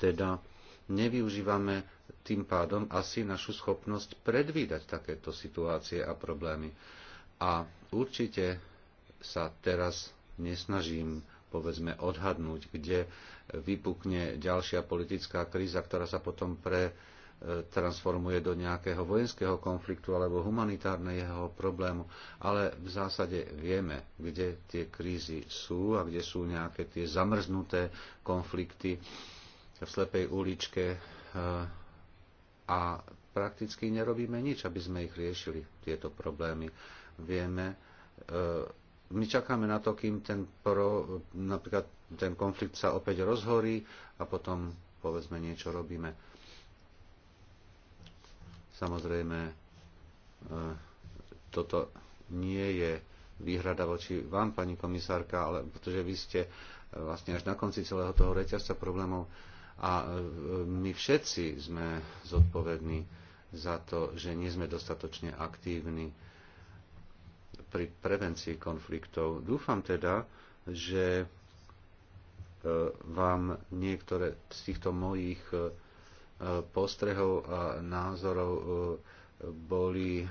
S2: teda nevyužívame tým pádom asi našu schopnosť predvídať takéto situácie a problémy. A určite sa teraz nesnažím povedzme odhadnúť, kde vypukne ďalšia politická kríza, ktorá sa potom pre e, transformuje do nejakého vojenského konfliktu alebo humanitárneho problému, ale v zásade vieme, kde tie krízy sú a kde sú nejaké tie zamrznuté konflikty v slepej uličke e, a prakticky nerobíme nič, aby sme ich riešili, tieto problémy. Vieme, e, my čakáme na to, kým ten, pro, napríklad ten konflikt sa opäť rozhorí a potom povedzme niečo robíme. Samozrejme, e, toto nie je výhrada voči vám, pani komisárka, ale pretože vy ste e, vlastne až na konci celého toho reťazca problémov a e, my všetci sme zodpovední za to, že nie sme dostatočne aktívni pri prevencii konfliktov. Dúfam teda, že e, vám niektoré z týchto mojich e, postrehov a názorov e, boli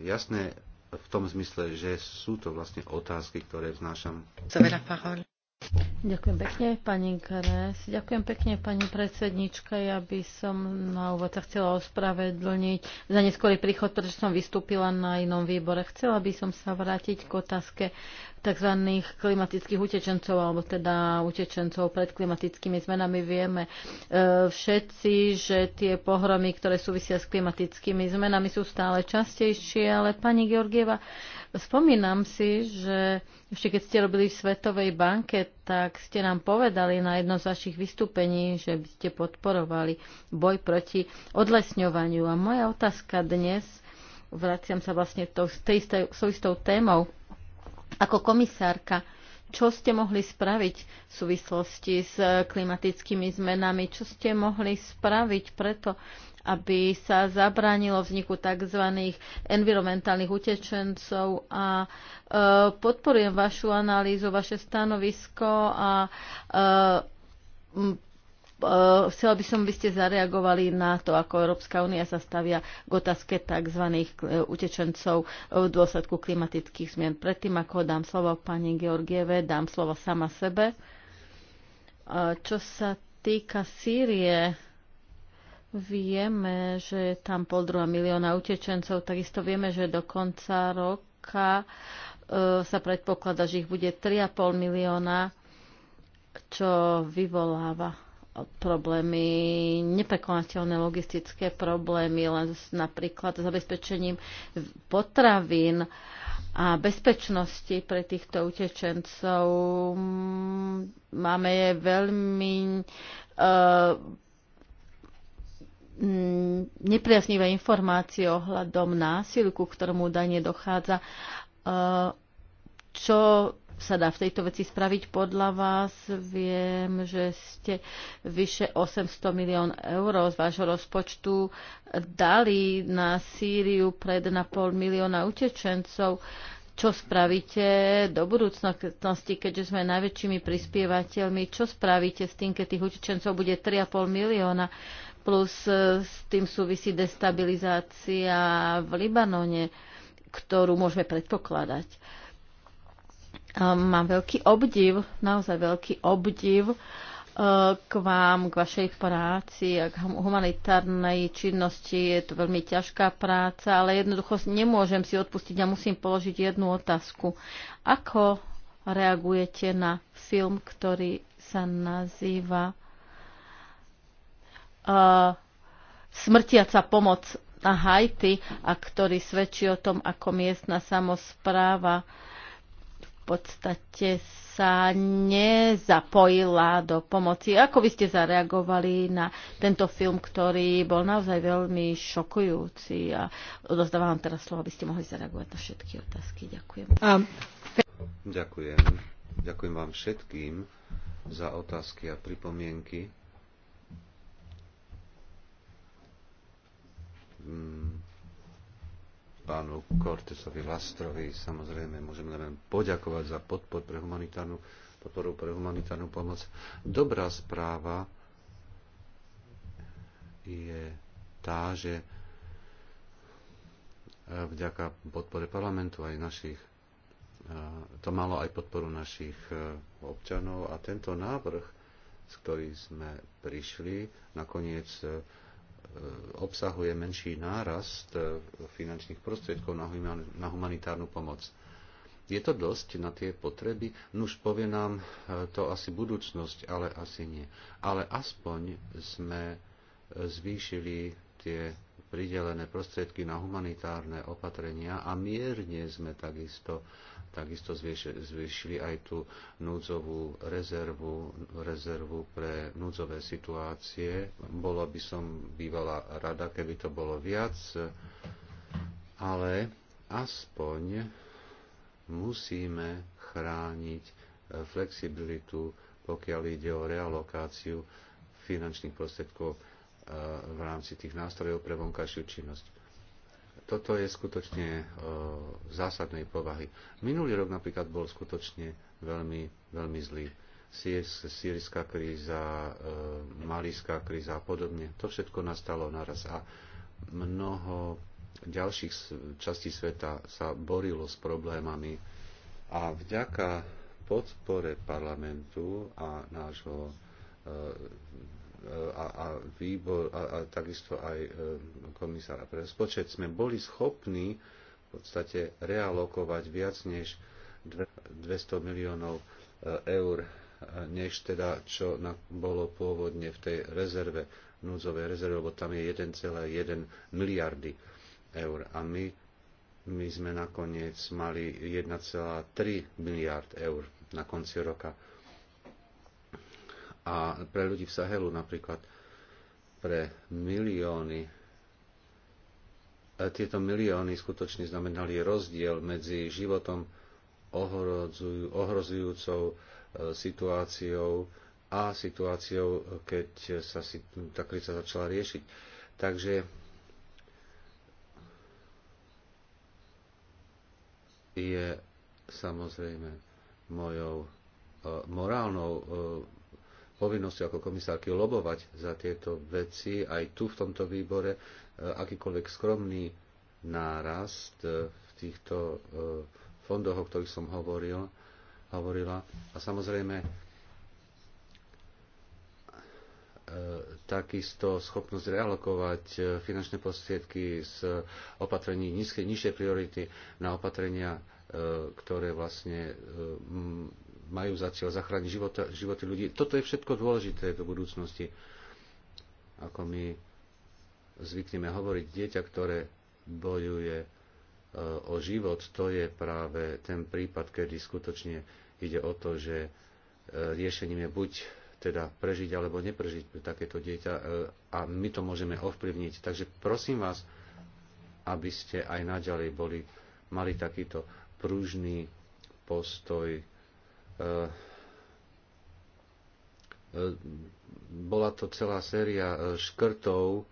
S2: jasné v tom zmysle, že sú to vlastne otázky, ktoré vznášam.
S1: Ďakujem pekne, pani Kares. Ďakujem pekne, pani predsednička. Ja by som na úvod sa chcela ospravedlniť za neskorý príchod, pretože som vystúpila na inom výbore. Chcela by som sa vrátiť k otázke tzv. klimatických utečencov, alebo teda utečencov pred klimatickými zmenami. Vieme e, všetci, že tie pohromy, ktoré súvisia s klimatickými zmenami, sú stále častejšie, ale pani Georgieva, spomínam si, že ešte keď ste robili v Svetovej banke, tak tak ste nám povedali na jedno z vašich vystúpení, že by ste podporovali boj proti odlesňovaniu. A moja otázka dnes, vraciam sa vlastne tou, tej, tej, istou témou, ako komisárka, čo ste mohli spraviť v súvislosti s klimatickými zmenami, čo ste mohli spraviť preto, aby sa zabránilo vzniku tzv. environmentálnych utečencov a e, podporujem vašu analýzu, vaše stanovisko a e, e chcela by som, by ste zareagovali na to, ako Európska únia sa stavia k otázke tzv. E, utečencov v dôsledku klimatických zmien. Predtým, ako dám slovo pani Georgieve, dám slovo sama sebe. E, čo sa týka Sýrie, Vieme, že je tam pol druhá milióna utečencov, takisto vieme, že do konca roka e, sa predpokladá, že ich bude 3,5 milióna, čo vyvoláva problémy, neprekonateľné logistické problémy, len s, napríklad zabezpečením potravín a bezpečnosti pre týchto utečencov. Máme veľmi uh, Mm, nepriaznivé informácie ohľadom násilku, ku ktorému údajne dochádza. Čo sa dá v tejto veci spraviť podľa vás? Viem, že ste vyše 800 milión eur z vášho rozpočtu dali na Sýriu pred na pol milióna utečencov. Čo spravíte do budúcnosti, keďže sme najväčšími prispievateľmi? Čo spravíte s tým, keď tých utečencov bude 3,5 milióna? plus e, s tým súvisí destabilizácia v Libanone, ktorú môžeme predpokladať. Mám veľký obdiv, naozaj veľký obdiv e, k vám, k vašej práci a k humanitárnej činnosti. Je to veľmi ťažká práca, ale jednoducho nemôžem si odpustiť a musím položiť jednu otázku. Ako reagujete na film, ktorý sa nazýva smrtiaca pomoc na Haiti a ktorý svedčí o tom, ako miestna samozpráva v podstate sa nezapojila do pomoci. Ako by ste zareagovali na tento film, ktorý bol naozaj veľmi šokujúci? A odozdávam teraz slovo, aby ste mohli zareagovať na všetky otázky. Ďakujem. Um,
S2: Ďakujem. Ďakujem vám všetkým za otázky a pripomienky. Mm, pánu Cortesovi Lastrovi. Samozrejme, môžeme len poďakovať za podpor pre humanitárnu, podporu pre humanitárnu pomoc. Dobrá správa je tá, že e, vďaka podpore parlamentu aj našich e, to malo aj podporu našich e, občanov a tento návrh, z ktorým sme prišli, nakoniec E, obsahuje menší nárast e, finančných prostriedkov na humanitárnu pomoc. Je to dosť na tie potreby? Nuž povie nám e, to asi budúcnosť, ale asi nie. Ale aspoň sme zvýšili tie pridelené prostriedky na humanitárne opatrenia a mierne sme takisto Takisto zvýšili aj tú núdzovú rezervu, rezervu pre núdzové situácie. Bolo by som bývala rada, keby to bolo viac, ale aspoň musíme chrániť eh, flexibilitu, pokiaľ ide o realokáciu finančných prostriedkov eh, v rámci tých nástrojov pre vonkajšiu činnosť toto je skutočne e, zásadnej povahy. Minulý rok napríklad bol skutočne veľmi, veľmi zlý. Sýrska kríza, e, malíska kríza a podobne. To všetko nastalo naraz a mnoho ďalších častí sveta sa borilo s problémami a vďaka podpore parlamentu a nášho e, a, a výbor a, a takisto aj e, komisára pre rozpočet sme boli schopní v podstate realokovať viac než 200 miliónov e, eur, e, než teda čo bolo pôvodne v tej rezerve, núdzovej rezerve, lebo tam je 1,1 miliardy eur. A my, my sme nakoniec mali 1,3 miliard eur na konci roka a pre ľudí v Sahelu napríklad pre milióny e, tieto milióny skutočne znamenali rozdiel medzi životom ohrozujú, ohrozujúcou e, situáciou a situáciou, keď sa si, tá kríza začala riešiť. Takže je samozrejme mojou e, morálnou povinnosťou ako komisárky lobovať za tieto veci. Aj tu v tomto výbore e, akýkoľvek skromný nárast e, v týchto e, fondoch, o ktorých som hovoril, hovorila. A samozrejme, takisto schopnosť realokovať finančné prostriedky z opatrení nižšej priority na opatrenia, ktoré vlastne majú za cieľ zachrániť života, životy ľudí. Toto je všetko dôležité do budúcnosti. Ako my zvykneme hovoriť, dieťa, ktoré bojuje e, o život, to je práve ten prípad, kedy skutočne ide o to, že e, riešením je buď teda prežiť alebo neprežiť takéto dieťa e, a my to môžeme ovplyvniť. Takže prosím vás, aby ste aj naďalej boli, mali takýto pružný postoj E, e, bola to celá séria e, škrtov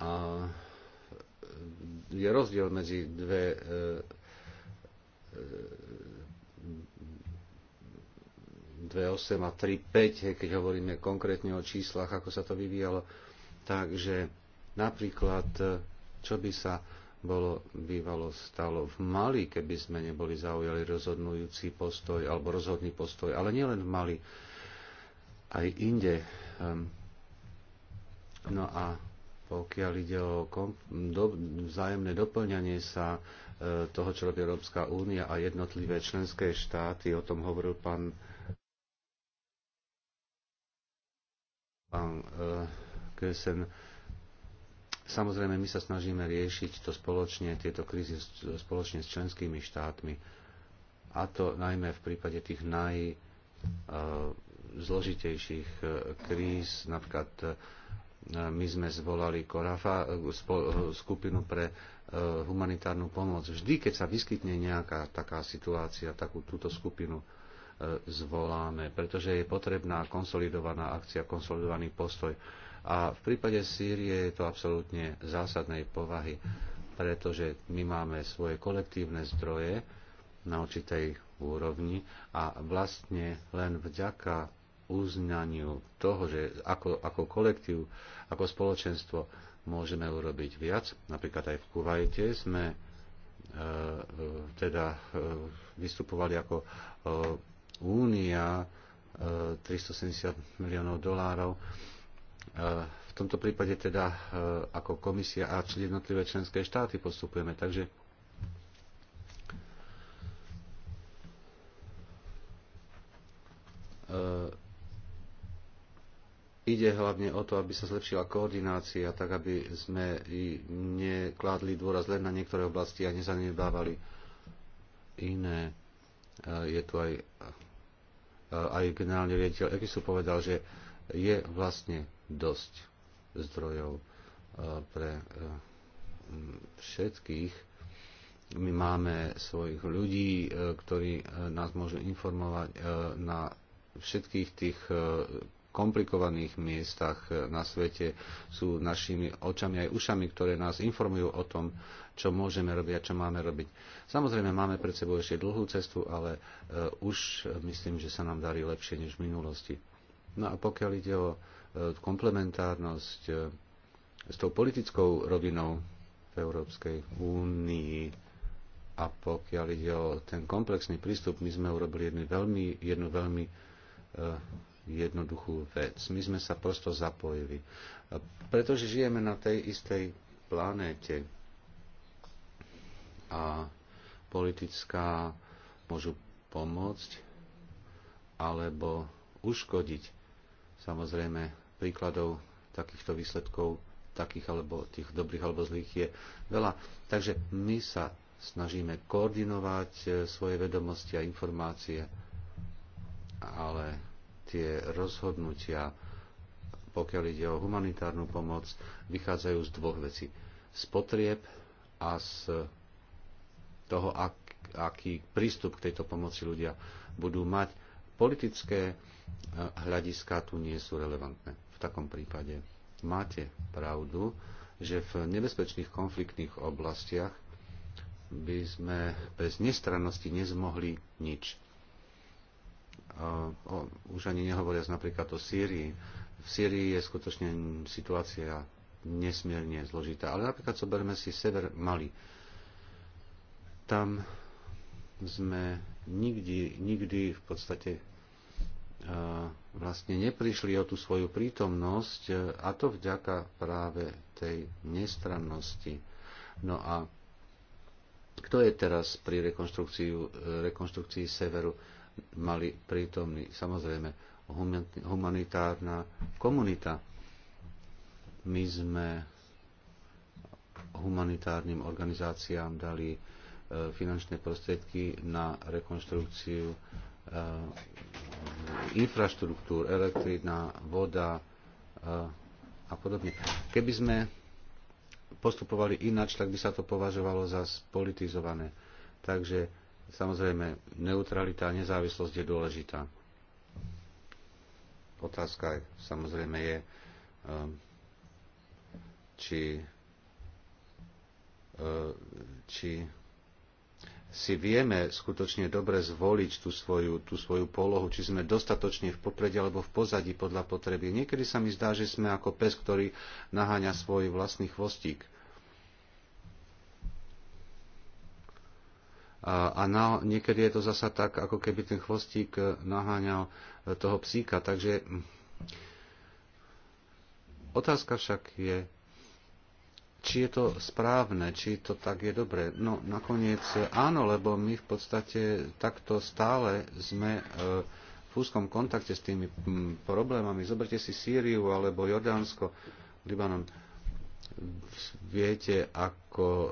S2: a je rozdiel medzi dve dve 8 a 3,5, keď hovoríme konkrétne o číslach, ako sa to vyvíjalo. Takže napríklad, čo by sa bolo bývalo stalo v Mali, keby sme neboli zaujali rozhodnujúci postoj alebo rozhodný postoj, ale nielen v Mali, aj inde. Ehm, no a pokiaľ ide o do- vzájomné doplňanie sa e, toho, čo robí Európska únia a jednotlivé členské štáty, o tom hovoril pán, pán e, Kresen, Samozrejme, my sa snažíme riešiť to spoločne, tieto krízy spoločne s členskými štátmi. A to najmä v prípade tých najzložitejších e, e, kríz. Napríklad e, my sme zvolali Korafa, skupinu pre humanitárnu pomoc. Vždy, keď sa vyskytne nejaká taká situácia, takú túto skupinu zvoláme, pretože je potrebná konsolidovaná akcia, konsolidovaný postoj a v prípade Sýrie je to absolútne zásadnej povahy, pretože my máme svoje kolektívne zdroje na určitej úrovni a vlastne len vďaka uznaniu toho, že ako, ako kolektív, ako spoločenstvo môžeme urobiť viac. Napríklad aj v Kuwaite sme e, teda e, vystupovali ako e, únia e, 370 miliónov dolárov Eh, v tomto prípade teda eh, ako komisia a či jednotlivé členské štáty postupujeme. Takže eh, ide hlavne o to, aby sa zlepšila koordinácia, tak aby sme nekládli dôraz len na niektoré oblasti a nezanedbávali iné. Je tu aj, aj generálny riaditeľ Ekisu povedal, že je vlastne dosť zdrojov e, pre e, všetkých. My máme svojich ľudí, e, ktorí nás môžu informovať na všetkých tých komplikovaných miestach na svete sú našimi očami aj ušami, ktoré nás informujú o tom, čo môžeme robiť a čo máme robiť. Samozrejme, máme pred sebou ešte dlhú cestu, ale už myslím, že sa nám darí lepšie než v minulosti. No a pokiaľ ide o E, komplementárnosť e, s tou politickou rovinou v Európskej únii. A pokiaľ ide o ten komplexný prístup, my sme urobili jednu veľmi, jednu veľmi e, jednoduchú vec. My sme sa prosto zapojili. Pretože žijeme na tej istej planéte. A politická môžu pomôcť alebo uškodiť. Samozrejme, príkladov takýchto výsledkov, takých alebo tých dobrých alebo zlých je veľa. Takže my sa snažíme koordinovať e, svoje vedomosti a informácie, ale tie rozhodnutia, pokiaľ ide o humanitárnu pomoc, vychádzajú z dvoch vecí. Z potrieb a z toho, ak, aký prístup k tejto pomoci ľudia budú mať. Politické e, hľadiska tu nie sú relevantné takom prípade máte pravdu, že v nebezpečných konfliktných oblastiach by sme bez nestrannosti nezmohli nič. O, už ani nehovoriac napríklad o Sýrii. V Sýrii je skutočne situácia nesmierne zložitá. Ale napríklad zoberme si sever Mali. Tam sme nikdy, nikdy v podstate vlastne neprišli o tú svoju prítomnosť e, a to vďaka práve tej nestrannosti. No a kto je teraz pri rekonstrukcii e, severu mali prítomný? Samozrejme, humanitárna komunita. My sme humanitárnym organizáciám dali e, finančné prostriedky na rekonstrukciu. Eh, infraštruktúr, elektrina, voda eh, a podobne. Keby sme postupovali inač, tak by sa to považovalo za spolitizované. Takže samozrejme neutralita a nezávislosť je dôležitá. Otázka samozrejme je, eh, či, či si vieme skutočne dobre zvoliť tú svoju, tú svoju polohu, či sme dostatočne v poprede alebo v pozadí podľa potreby. Niekedy sa mi zdá, že sme ako pes, ktorý naháňa svoj vlastný chvostík. A, a na, niekedy je to zasa tak, ako keby ten chvostík eh, naháňal eh, toho psíka. Takže hm. otázka však je, či je to správne, či to tak je dobre. No nakoniec eh, áno, lebo my v podstate takto stále sme eh, v úzkom kontakte s tými mm, problémami. Zoberte si Sýriu alebo Jordánsko, Libanon. Viete, ako eh,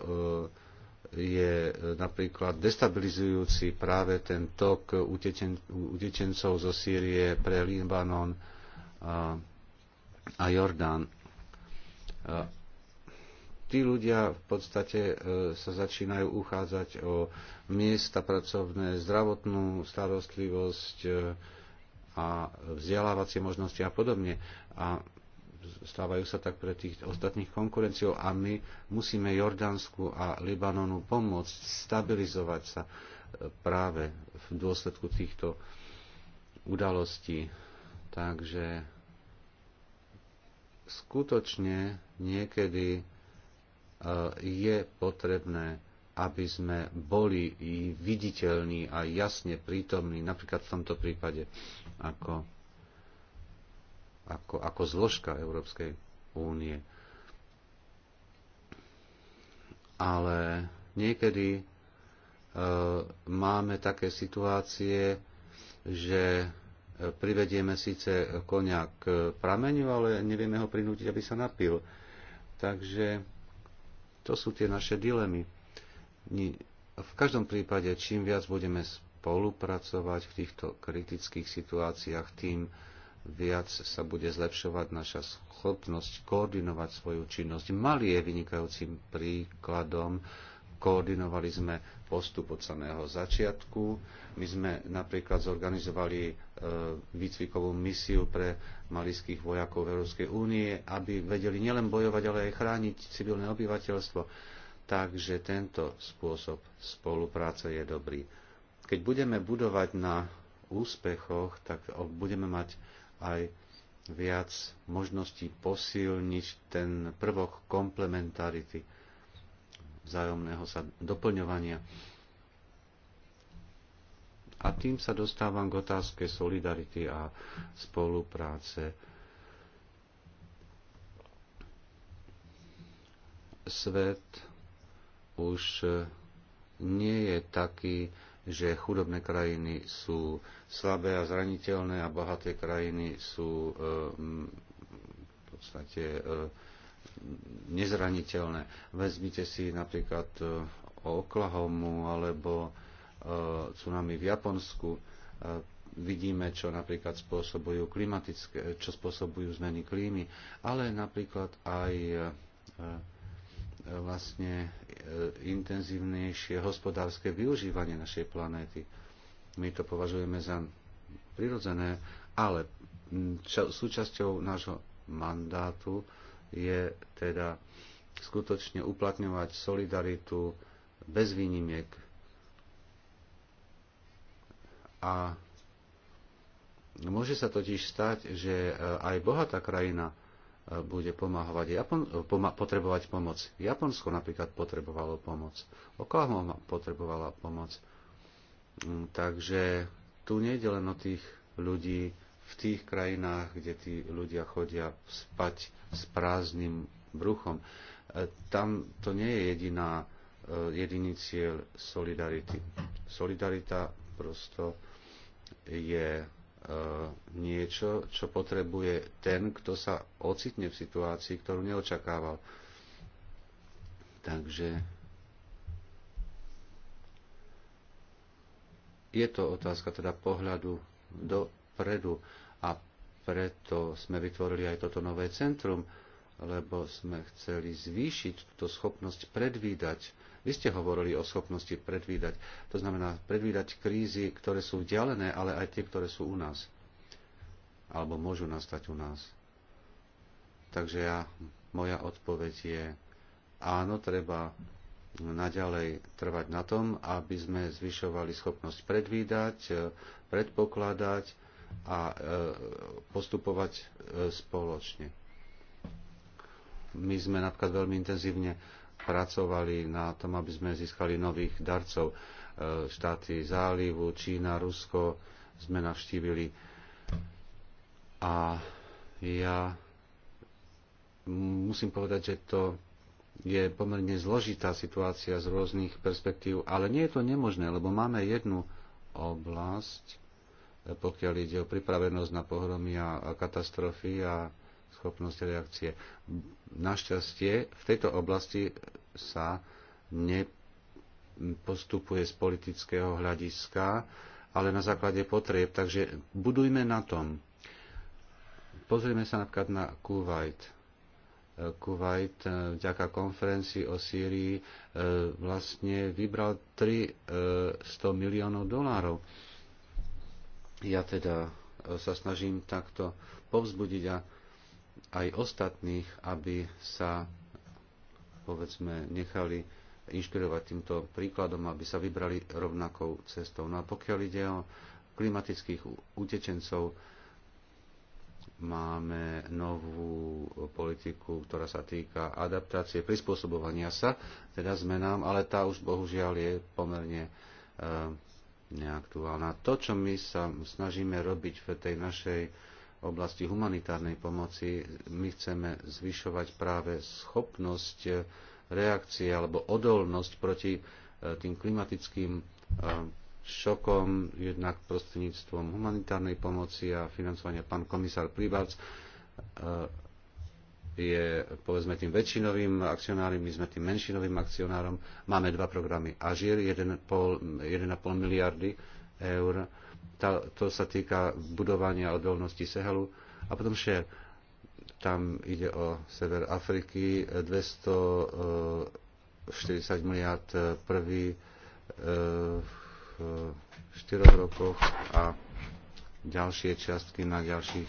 S2: je napríklad destabilizujúci práve ten tok utečen, utečencov zo Sýrie pre Libanon a, a Jordán tí ľudia v podstate e, sa začínajú uchádzať o miesta pracovné, zdravotnú starostlivosť e, a vzdelávacie možnosti a podobne. A stávajú sa tak pre tých ostatných konkurenciou a my musíme Jordánsku a Libanonu pomôcť stabilizovať sa e, práve v dôsledku týchto udalostí. Takže skutočne niekedy E, je potrebné, aby sme boli viditeľní a jasne prítomní, napríklad v tomto prípade, ako, ako, ako zložka Európskej únie. Ale niekedy e, máme také situácie, že e, privedieme síce konia k prameniu, ale nevieme ho prinútiť, aby sa napil. Takže to sú tie naše dilemy. V každom prípade, čím viac budeme spolupracovať v týchto kritických situáciách, tým viac sa bude zlepšovať naša schopnosť koordinovať svoju činnosť. Mali je vynikajúcim príkladom koordinovali sme postup od samého začiatku. My sme napríklad zorganizovali e, výcvikovú misiu pre malijských vojakov Európskej únie, aby vedeli nielen bojovať, ale aj chrániť civilné obyvateľstvo. Takže tento spôsob spolupráce je dobrý. Keď budeme budovať na úspechoch, tak budeme mať aj viac možností posilniť ten prvok komplementarity vzájomného sa doplňovania. A tým sa dostávam k otázke solidarity a spolupráce. Svet už nie je taký, že chudobné krajiny sú slabé a zraniteľné a bohaté krajiny sú eh, v podstate eh, nezraniteľné. Vezmite si napríklad e, Oklahomu alebo e, tsunami v Japonsku. E, vidíme, čo napríklad spôsobujú klimatické, čo spôsobujú zmeny klímy, ale napríklad aj vlastne intenzívnejšie hospodárske využívanie našej planéty. My to považujeme za prirodzené, ale súčasťou nášho mandátu je teda skutočne uplatňovať solidaritu bez výnimiek a môže sa totiž stať, že e, aj bohatá krajina e, bude pomáhovať, Japon, e, poma, potrebovať pomoc. Japonsko napríklad potrebovalo pomoc. Oklahoma potrebovala pomoc. Mm, takže tu nejde len o tých ľudí, v tých krajinách, kde tí ľudia chodia spať s prázdnym bruchom. E, tam to nie je jediná, e, jediný cieľ solidarity. Solidarita prosto je e, niečo, čo potrebuje ten, kto sa ocitne v situácii, ktorú neočakával. Takže je to otázka teda pohľadu do vpredu. A preto sme vytvorili aj toto nové centrum, lebo sme chceli zvýšiť túto schopnosť predvídať. Vy ste hovorili o schopnosti predvídať. To znamená predvídať krízy, ktoré sú vzdialené, ale aj tie, ktoré sú u nás. Alebo môžu nastať u nás. Takže ja, moja odpoveď je, áno, treba naďalej trvať na tom, aby sme zvyšovali schopnosť predvídať, predpokladať, a e, postupovať e, spoločne. My sme napríklad veľmi intenzívne pracovali na tom, aby sme získali nových darcov. E, štáty zálivu, Čína, Rusko sme navštívili. A ja musím povedať, že to je pomerne zložitá situácia z rôznych perspektív, ale nie je to nemožné, lebo máme jednu oblasť, pokiaľ ide o pripravenosť na pohromy a katastrofy a schopnosť reakcie. Našťastie v tejto oblasti sa nepostupuje z politického hľadiska, ale na základe potrieb, takže budujme na tom. Pozrieme sa napríklad na Kuwait. Kuwait e, vďaka konferencii o Sýrii e, vlastne vybral 300 e, miliónov dolárov ja teda e, sa snažím takto povzbudiť a aj ostatných, aby sa povedzme nechali inšpirovať týmto príkladom, aby sa vybrali rovnakou cestou. No a pokiaľ ide o klimatických utečencov, máme novú politiku, ktorá sa týka adaptácie, prispôsobovania sa, teda zmenám, ale tá už bohužiaľ je pomerne e, neaktuálna. To, čo my sa snažíme robiť v tej našej oblasti humanitárnej pomoci, my chceme zvyšovať práve schopnosť reakcie alebo odolnosť proti e, tým klimatickým e, šokom, jednak prostredníctvom humanitárnej pomoci a financovania. Pán komisár Privac e, je povedzme tým väčšinovým akcionárom, my sme tým menšinovým akcionárom. Máme dva programy Ažir, 1,5 miliardy eur. Tá, to sa týka budovania odolnosti Sehelu. A potom še, Tam ide o sever Afriky, 240 e, miliard e, prvý e, v štyroch rokoch a ďalšie čiastky na ďalších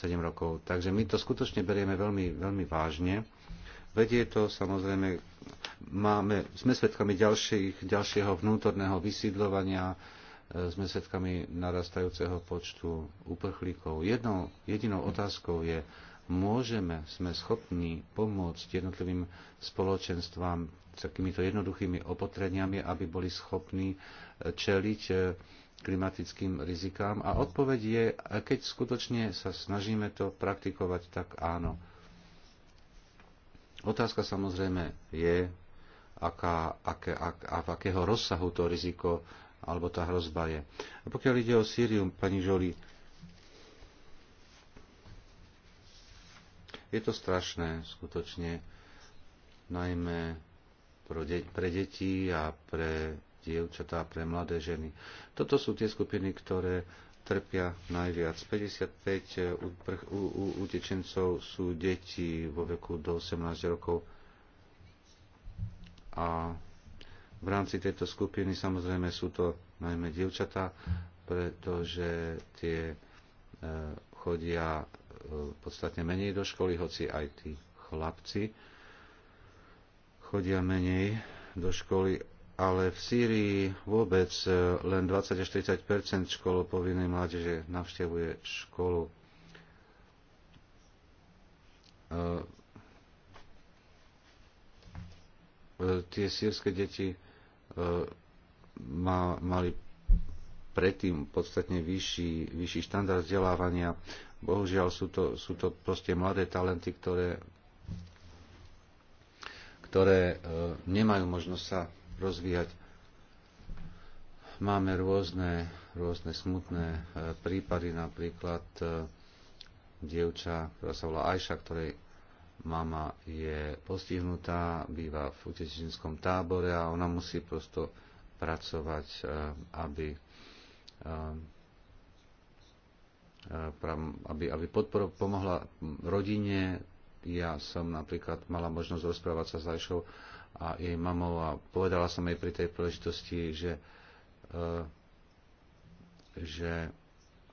S2: 7 rokov. Takže my to skutočne berieme veľmi, veľmi vážne. Vedie to samozrejme, máme, sme svedkami ďalších, ďalšieho vnútorného vysídlovania, e, sme svedkami narastajúceho počtu uprchlíkov. Jednou, jedinou otázkou je, môžeme, sme schopní pomôcť jednotlivým spoločenstvám s takýmito jednoduchými opotreniami, aby boli schopní e, čeliť e, klimatickým rizikám? A odpoveď je, keď skutočne sa snažíme to praktikovať, tak áno. Otázka samozrejme je, aká, aké, ak, a v akého rozsahu to riziko alebo tá hrozba je. A pokiaľ ide o Sýriu, pani Žoli, je to strašné skutočne, najmä pre deti a pre dievčatá, pre mladé ženy. Toto sú tie skupiny, ktoré trpia najviac. 55 eh, utečencov sú deti vo veku do 18 rokov. A v rámci tejto skupiny samozrejme sú to najmä dievčatá, pretože tie eh, chodia eh, podstatne menej do školy, hoci aj tí chlapci chodia menej do školy ale v Sýrii vôbec e, len 20 až 30 povinnej mládeže navštevuje školu. E, tie sírske deti e, mali predtým podstatne vyšší, vyšší štandard vzdelávania. Bohužiaľ sú to, sú to proste mladé talenty, ktoré, ktoré nemajú možnosť sa rozvíjať. Máme rôzne, rôzne smutné e, prípady, napríklad e, dievča, ktorá sa volá Ajša, ktorej mama je postihnutá, býva v utečenskom tábore a ona musí prosto pracovať, e, aby aby, aby podpor pomohla rodine. Ja som napríklad mala možnosť rozprávať sa s Ajšou a jej mamou a povedala som jej pri tej príležitosti, že, e, že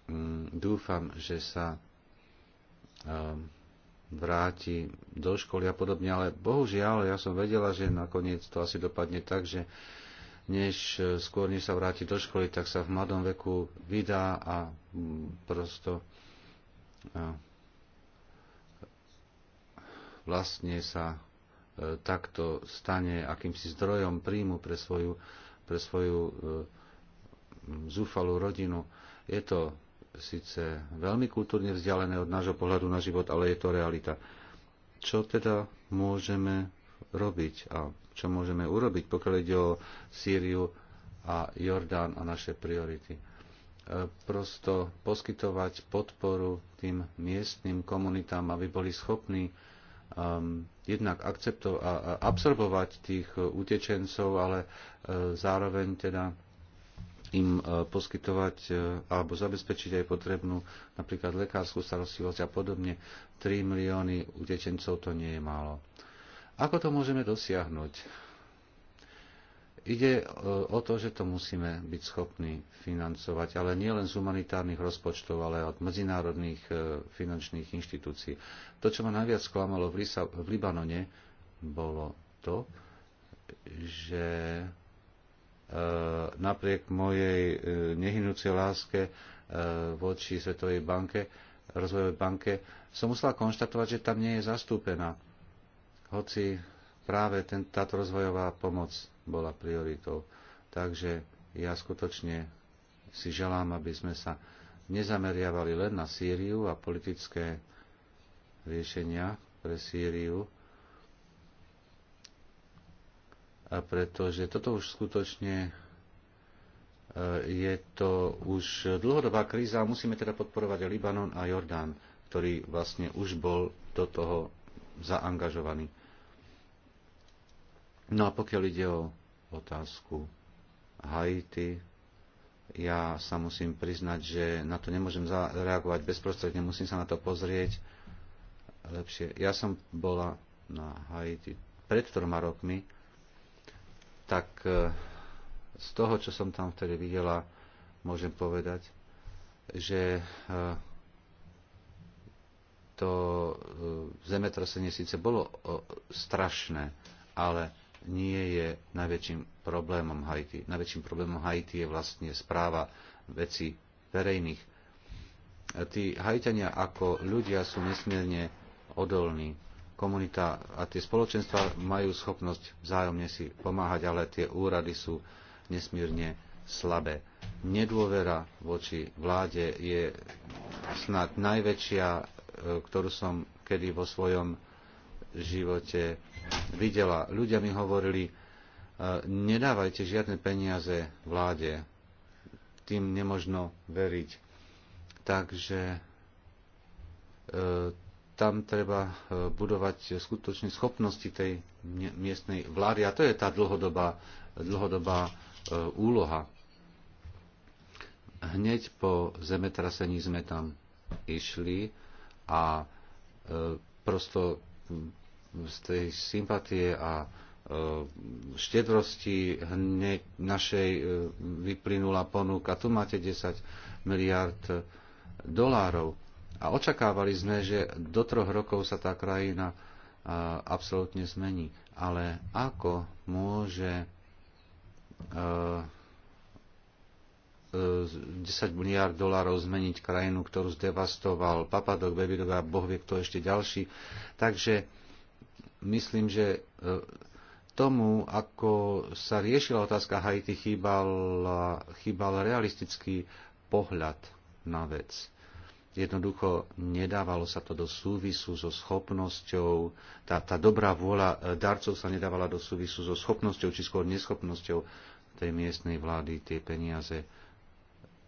S2: mm, dúfam, že sa e, vráti do školy a podobne, ale bohužiaľ ja som vedela, že nakoniec to asi dopadne tak, že než e, skôr než sa vráti do školy, tak sa v mladom veku vydá a mm, prosto a vlastne sa takto stane akýmsi zdrojom príjmu pre svoju, pre svoju e, zúfalú rodinu. Je to síce veľmi kultúrne vzdialené od nášho pohľadu na život, ale je to realita. Čo teda môžeme robiť a čo môžeme urobiť, pokiaľ ide o Sýriu a Jordán a naše priority? E, prosto poskytovať podporu tým miestnym komunitám, aby boli schopní Um, jednak akcepto- a absorbovať tých uh, utečencov, ale uh, zároveň teda im uh, poskytovať alebo zabezpečiť aj potrebnú napríklad lekárskú starostlivosť a podobne. 3 milióny utečencov to nie je málo. Ako to môžeme dosiahnuť? Ide e, o to, že to musíme byť schopní financovať, ale nie len z humanitárnych rozpočtov, ale od medzinárodných e, finančných inštitúcií. To, čo ma najviac sklamalo v, Lisa, v Libanone, bolo to, že e, napriek mojej nehynúcej láske voči Svetovej banke, rozvojovej banke, som musela konštatovať, že tam nie je zastúpená. Hoci práve ten, táto rozvojová pomoc bola prioritou. Takže ja skutočne si želám, aby sme sa nezameriavali len na Sýriu a politické riešenia pre Sýriu, a pretože toto už skutočne e, je to už dlhodobá kríza a musíme teda podporovať Libanon a Jordán, ktorý vlastne už bol do toho zaangažovaný. No a pokiaľ ide o otázku Haiti. Ja sa musím priznať, že na to nemôžem zareagovať bezprostredne, musím sa na to pozrieť lepšie. Ja som bola na Haiti pred troma rokmi, tak e, z toho, čo som tam vtedy videla, môžem povedať, že e, to e, zemetrasenie síce bolo strašné, ale nie je najväčším problémom Haiti. Najväčším problémom Haiti je vlastne správa veci verejných. Tí Haitania ako ľudia sú nesmierne odolní. Komunita a tie spoločenstva majú schopnosť vzájomne si pomáhať, ale tie úrady sú nesmierne slabé. Nedôvera voči vláde je snad najväčšia, e, ktorú som kedy vo svojom živote videla. Ľudia mi hovorili, e, nedávajte žiadne peniaze vláde, tým nemožno veriť. Takže e, tam treba e, budovať skutočne schopnosti tej miestnej vlády. A to je tá dlhodobá, dlhodobá úloha. Hneď po zemetrasení sme tam išli a prosto z tej sympatie a e, štedrosti hneď našej e, vyplynula ponuka. Tu máte 10 miliard e, dolárov. A očakávali sme, že do troch rokov sa tá krajina absolútne zmení. Ale ako môže 10 miliard dolárov zmeniť krajinu, ktorú zdevastoval Papadok, Bebidok a Boh vie, kto ešte ďalší. Takže myslím, že e, tomu, ako sa riešila otázka Haiti, chýbal, chýbal realistický pohľad na vec. Jednoducho nedávalo sa to do súvisu so schopnosťou, tá, tá dobrá vôľa e, darcov sa nedávala do súvisu so schopnosťou, či skôr neschopnosťou tej miestnej vlády tie peniaze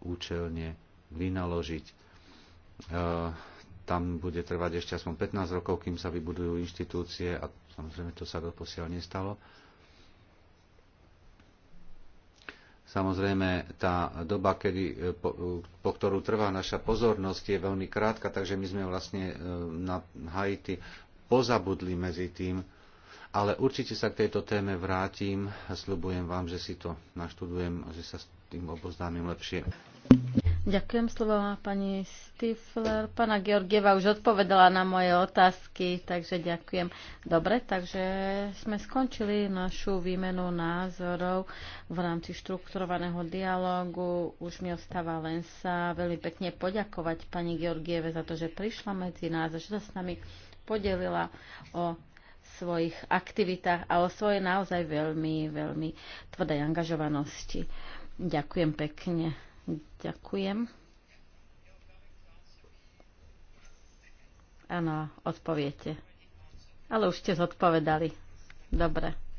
S2: účelne vynaložiť. Uh, tam bude trvať ešte aspoň 15 rokov, kým sa vybudujú inštitúcie a samozrejme to sa doposiaľ nestalo. Samozrejme, tá doba, kedy, po, po ktorú trvá naša pozornosť, je veľmi krátka, takže my sme vlastne e, na Haiti pozabudli medzi tým, ale určite sa k tejto téme vrátim a slubujem vám, že si to naštudujem a že sa s tým oboznámim lepšie.
S1: Ďakujem slovo pani Stifler. Pana Georgieva už odpovedala na moje otázky, takže ďakujem. Dobre, takže sme skončili našu výmenu názorov v rámci štrukturovaného dialógu. Už mi ostáva len sa veľmi pekne poďakovať pani Georgieve za to, že prišla medzi nás a že sa s nami podelila o svojich aktivitách a o svojej naozaj veľmi, veľmi tvrdej angažovanosti. Ďakujem pekne. Ďakujem. Áno, odpoviete. Ale už ste zodpovedali. Dobre.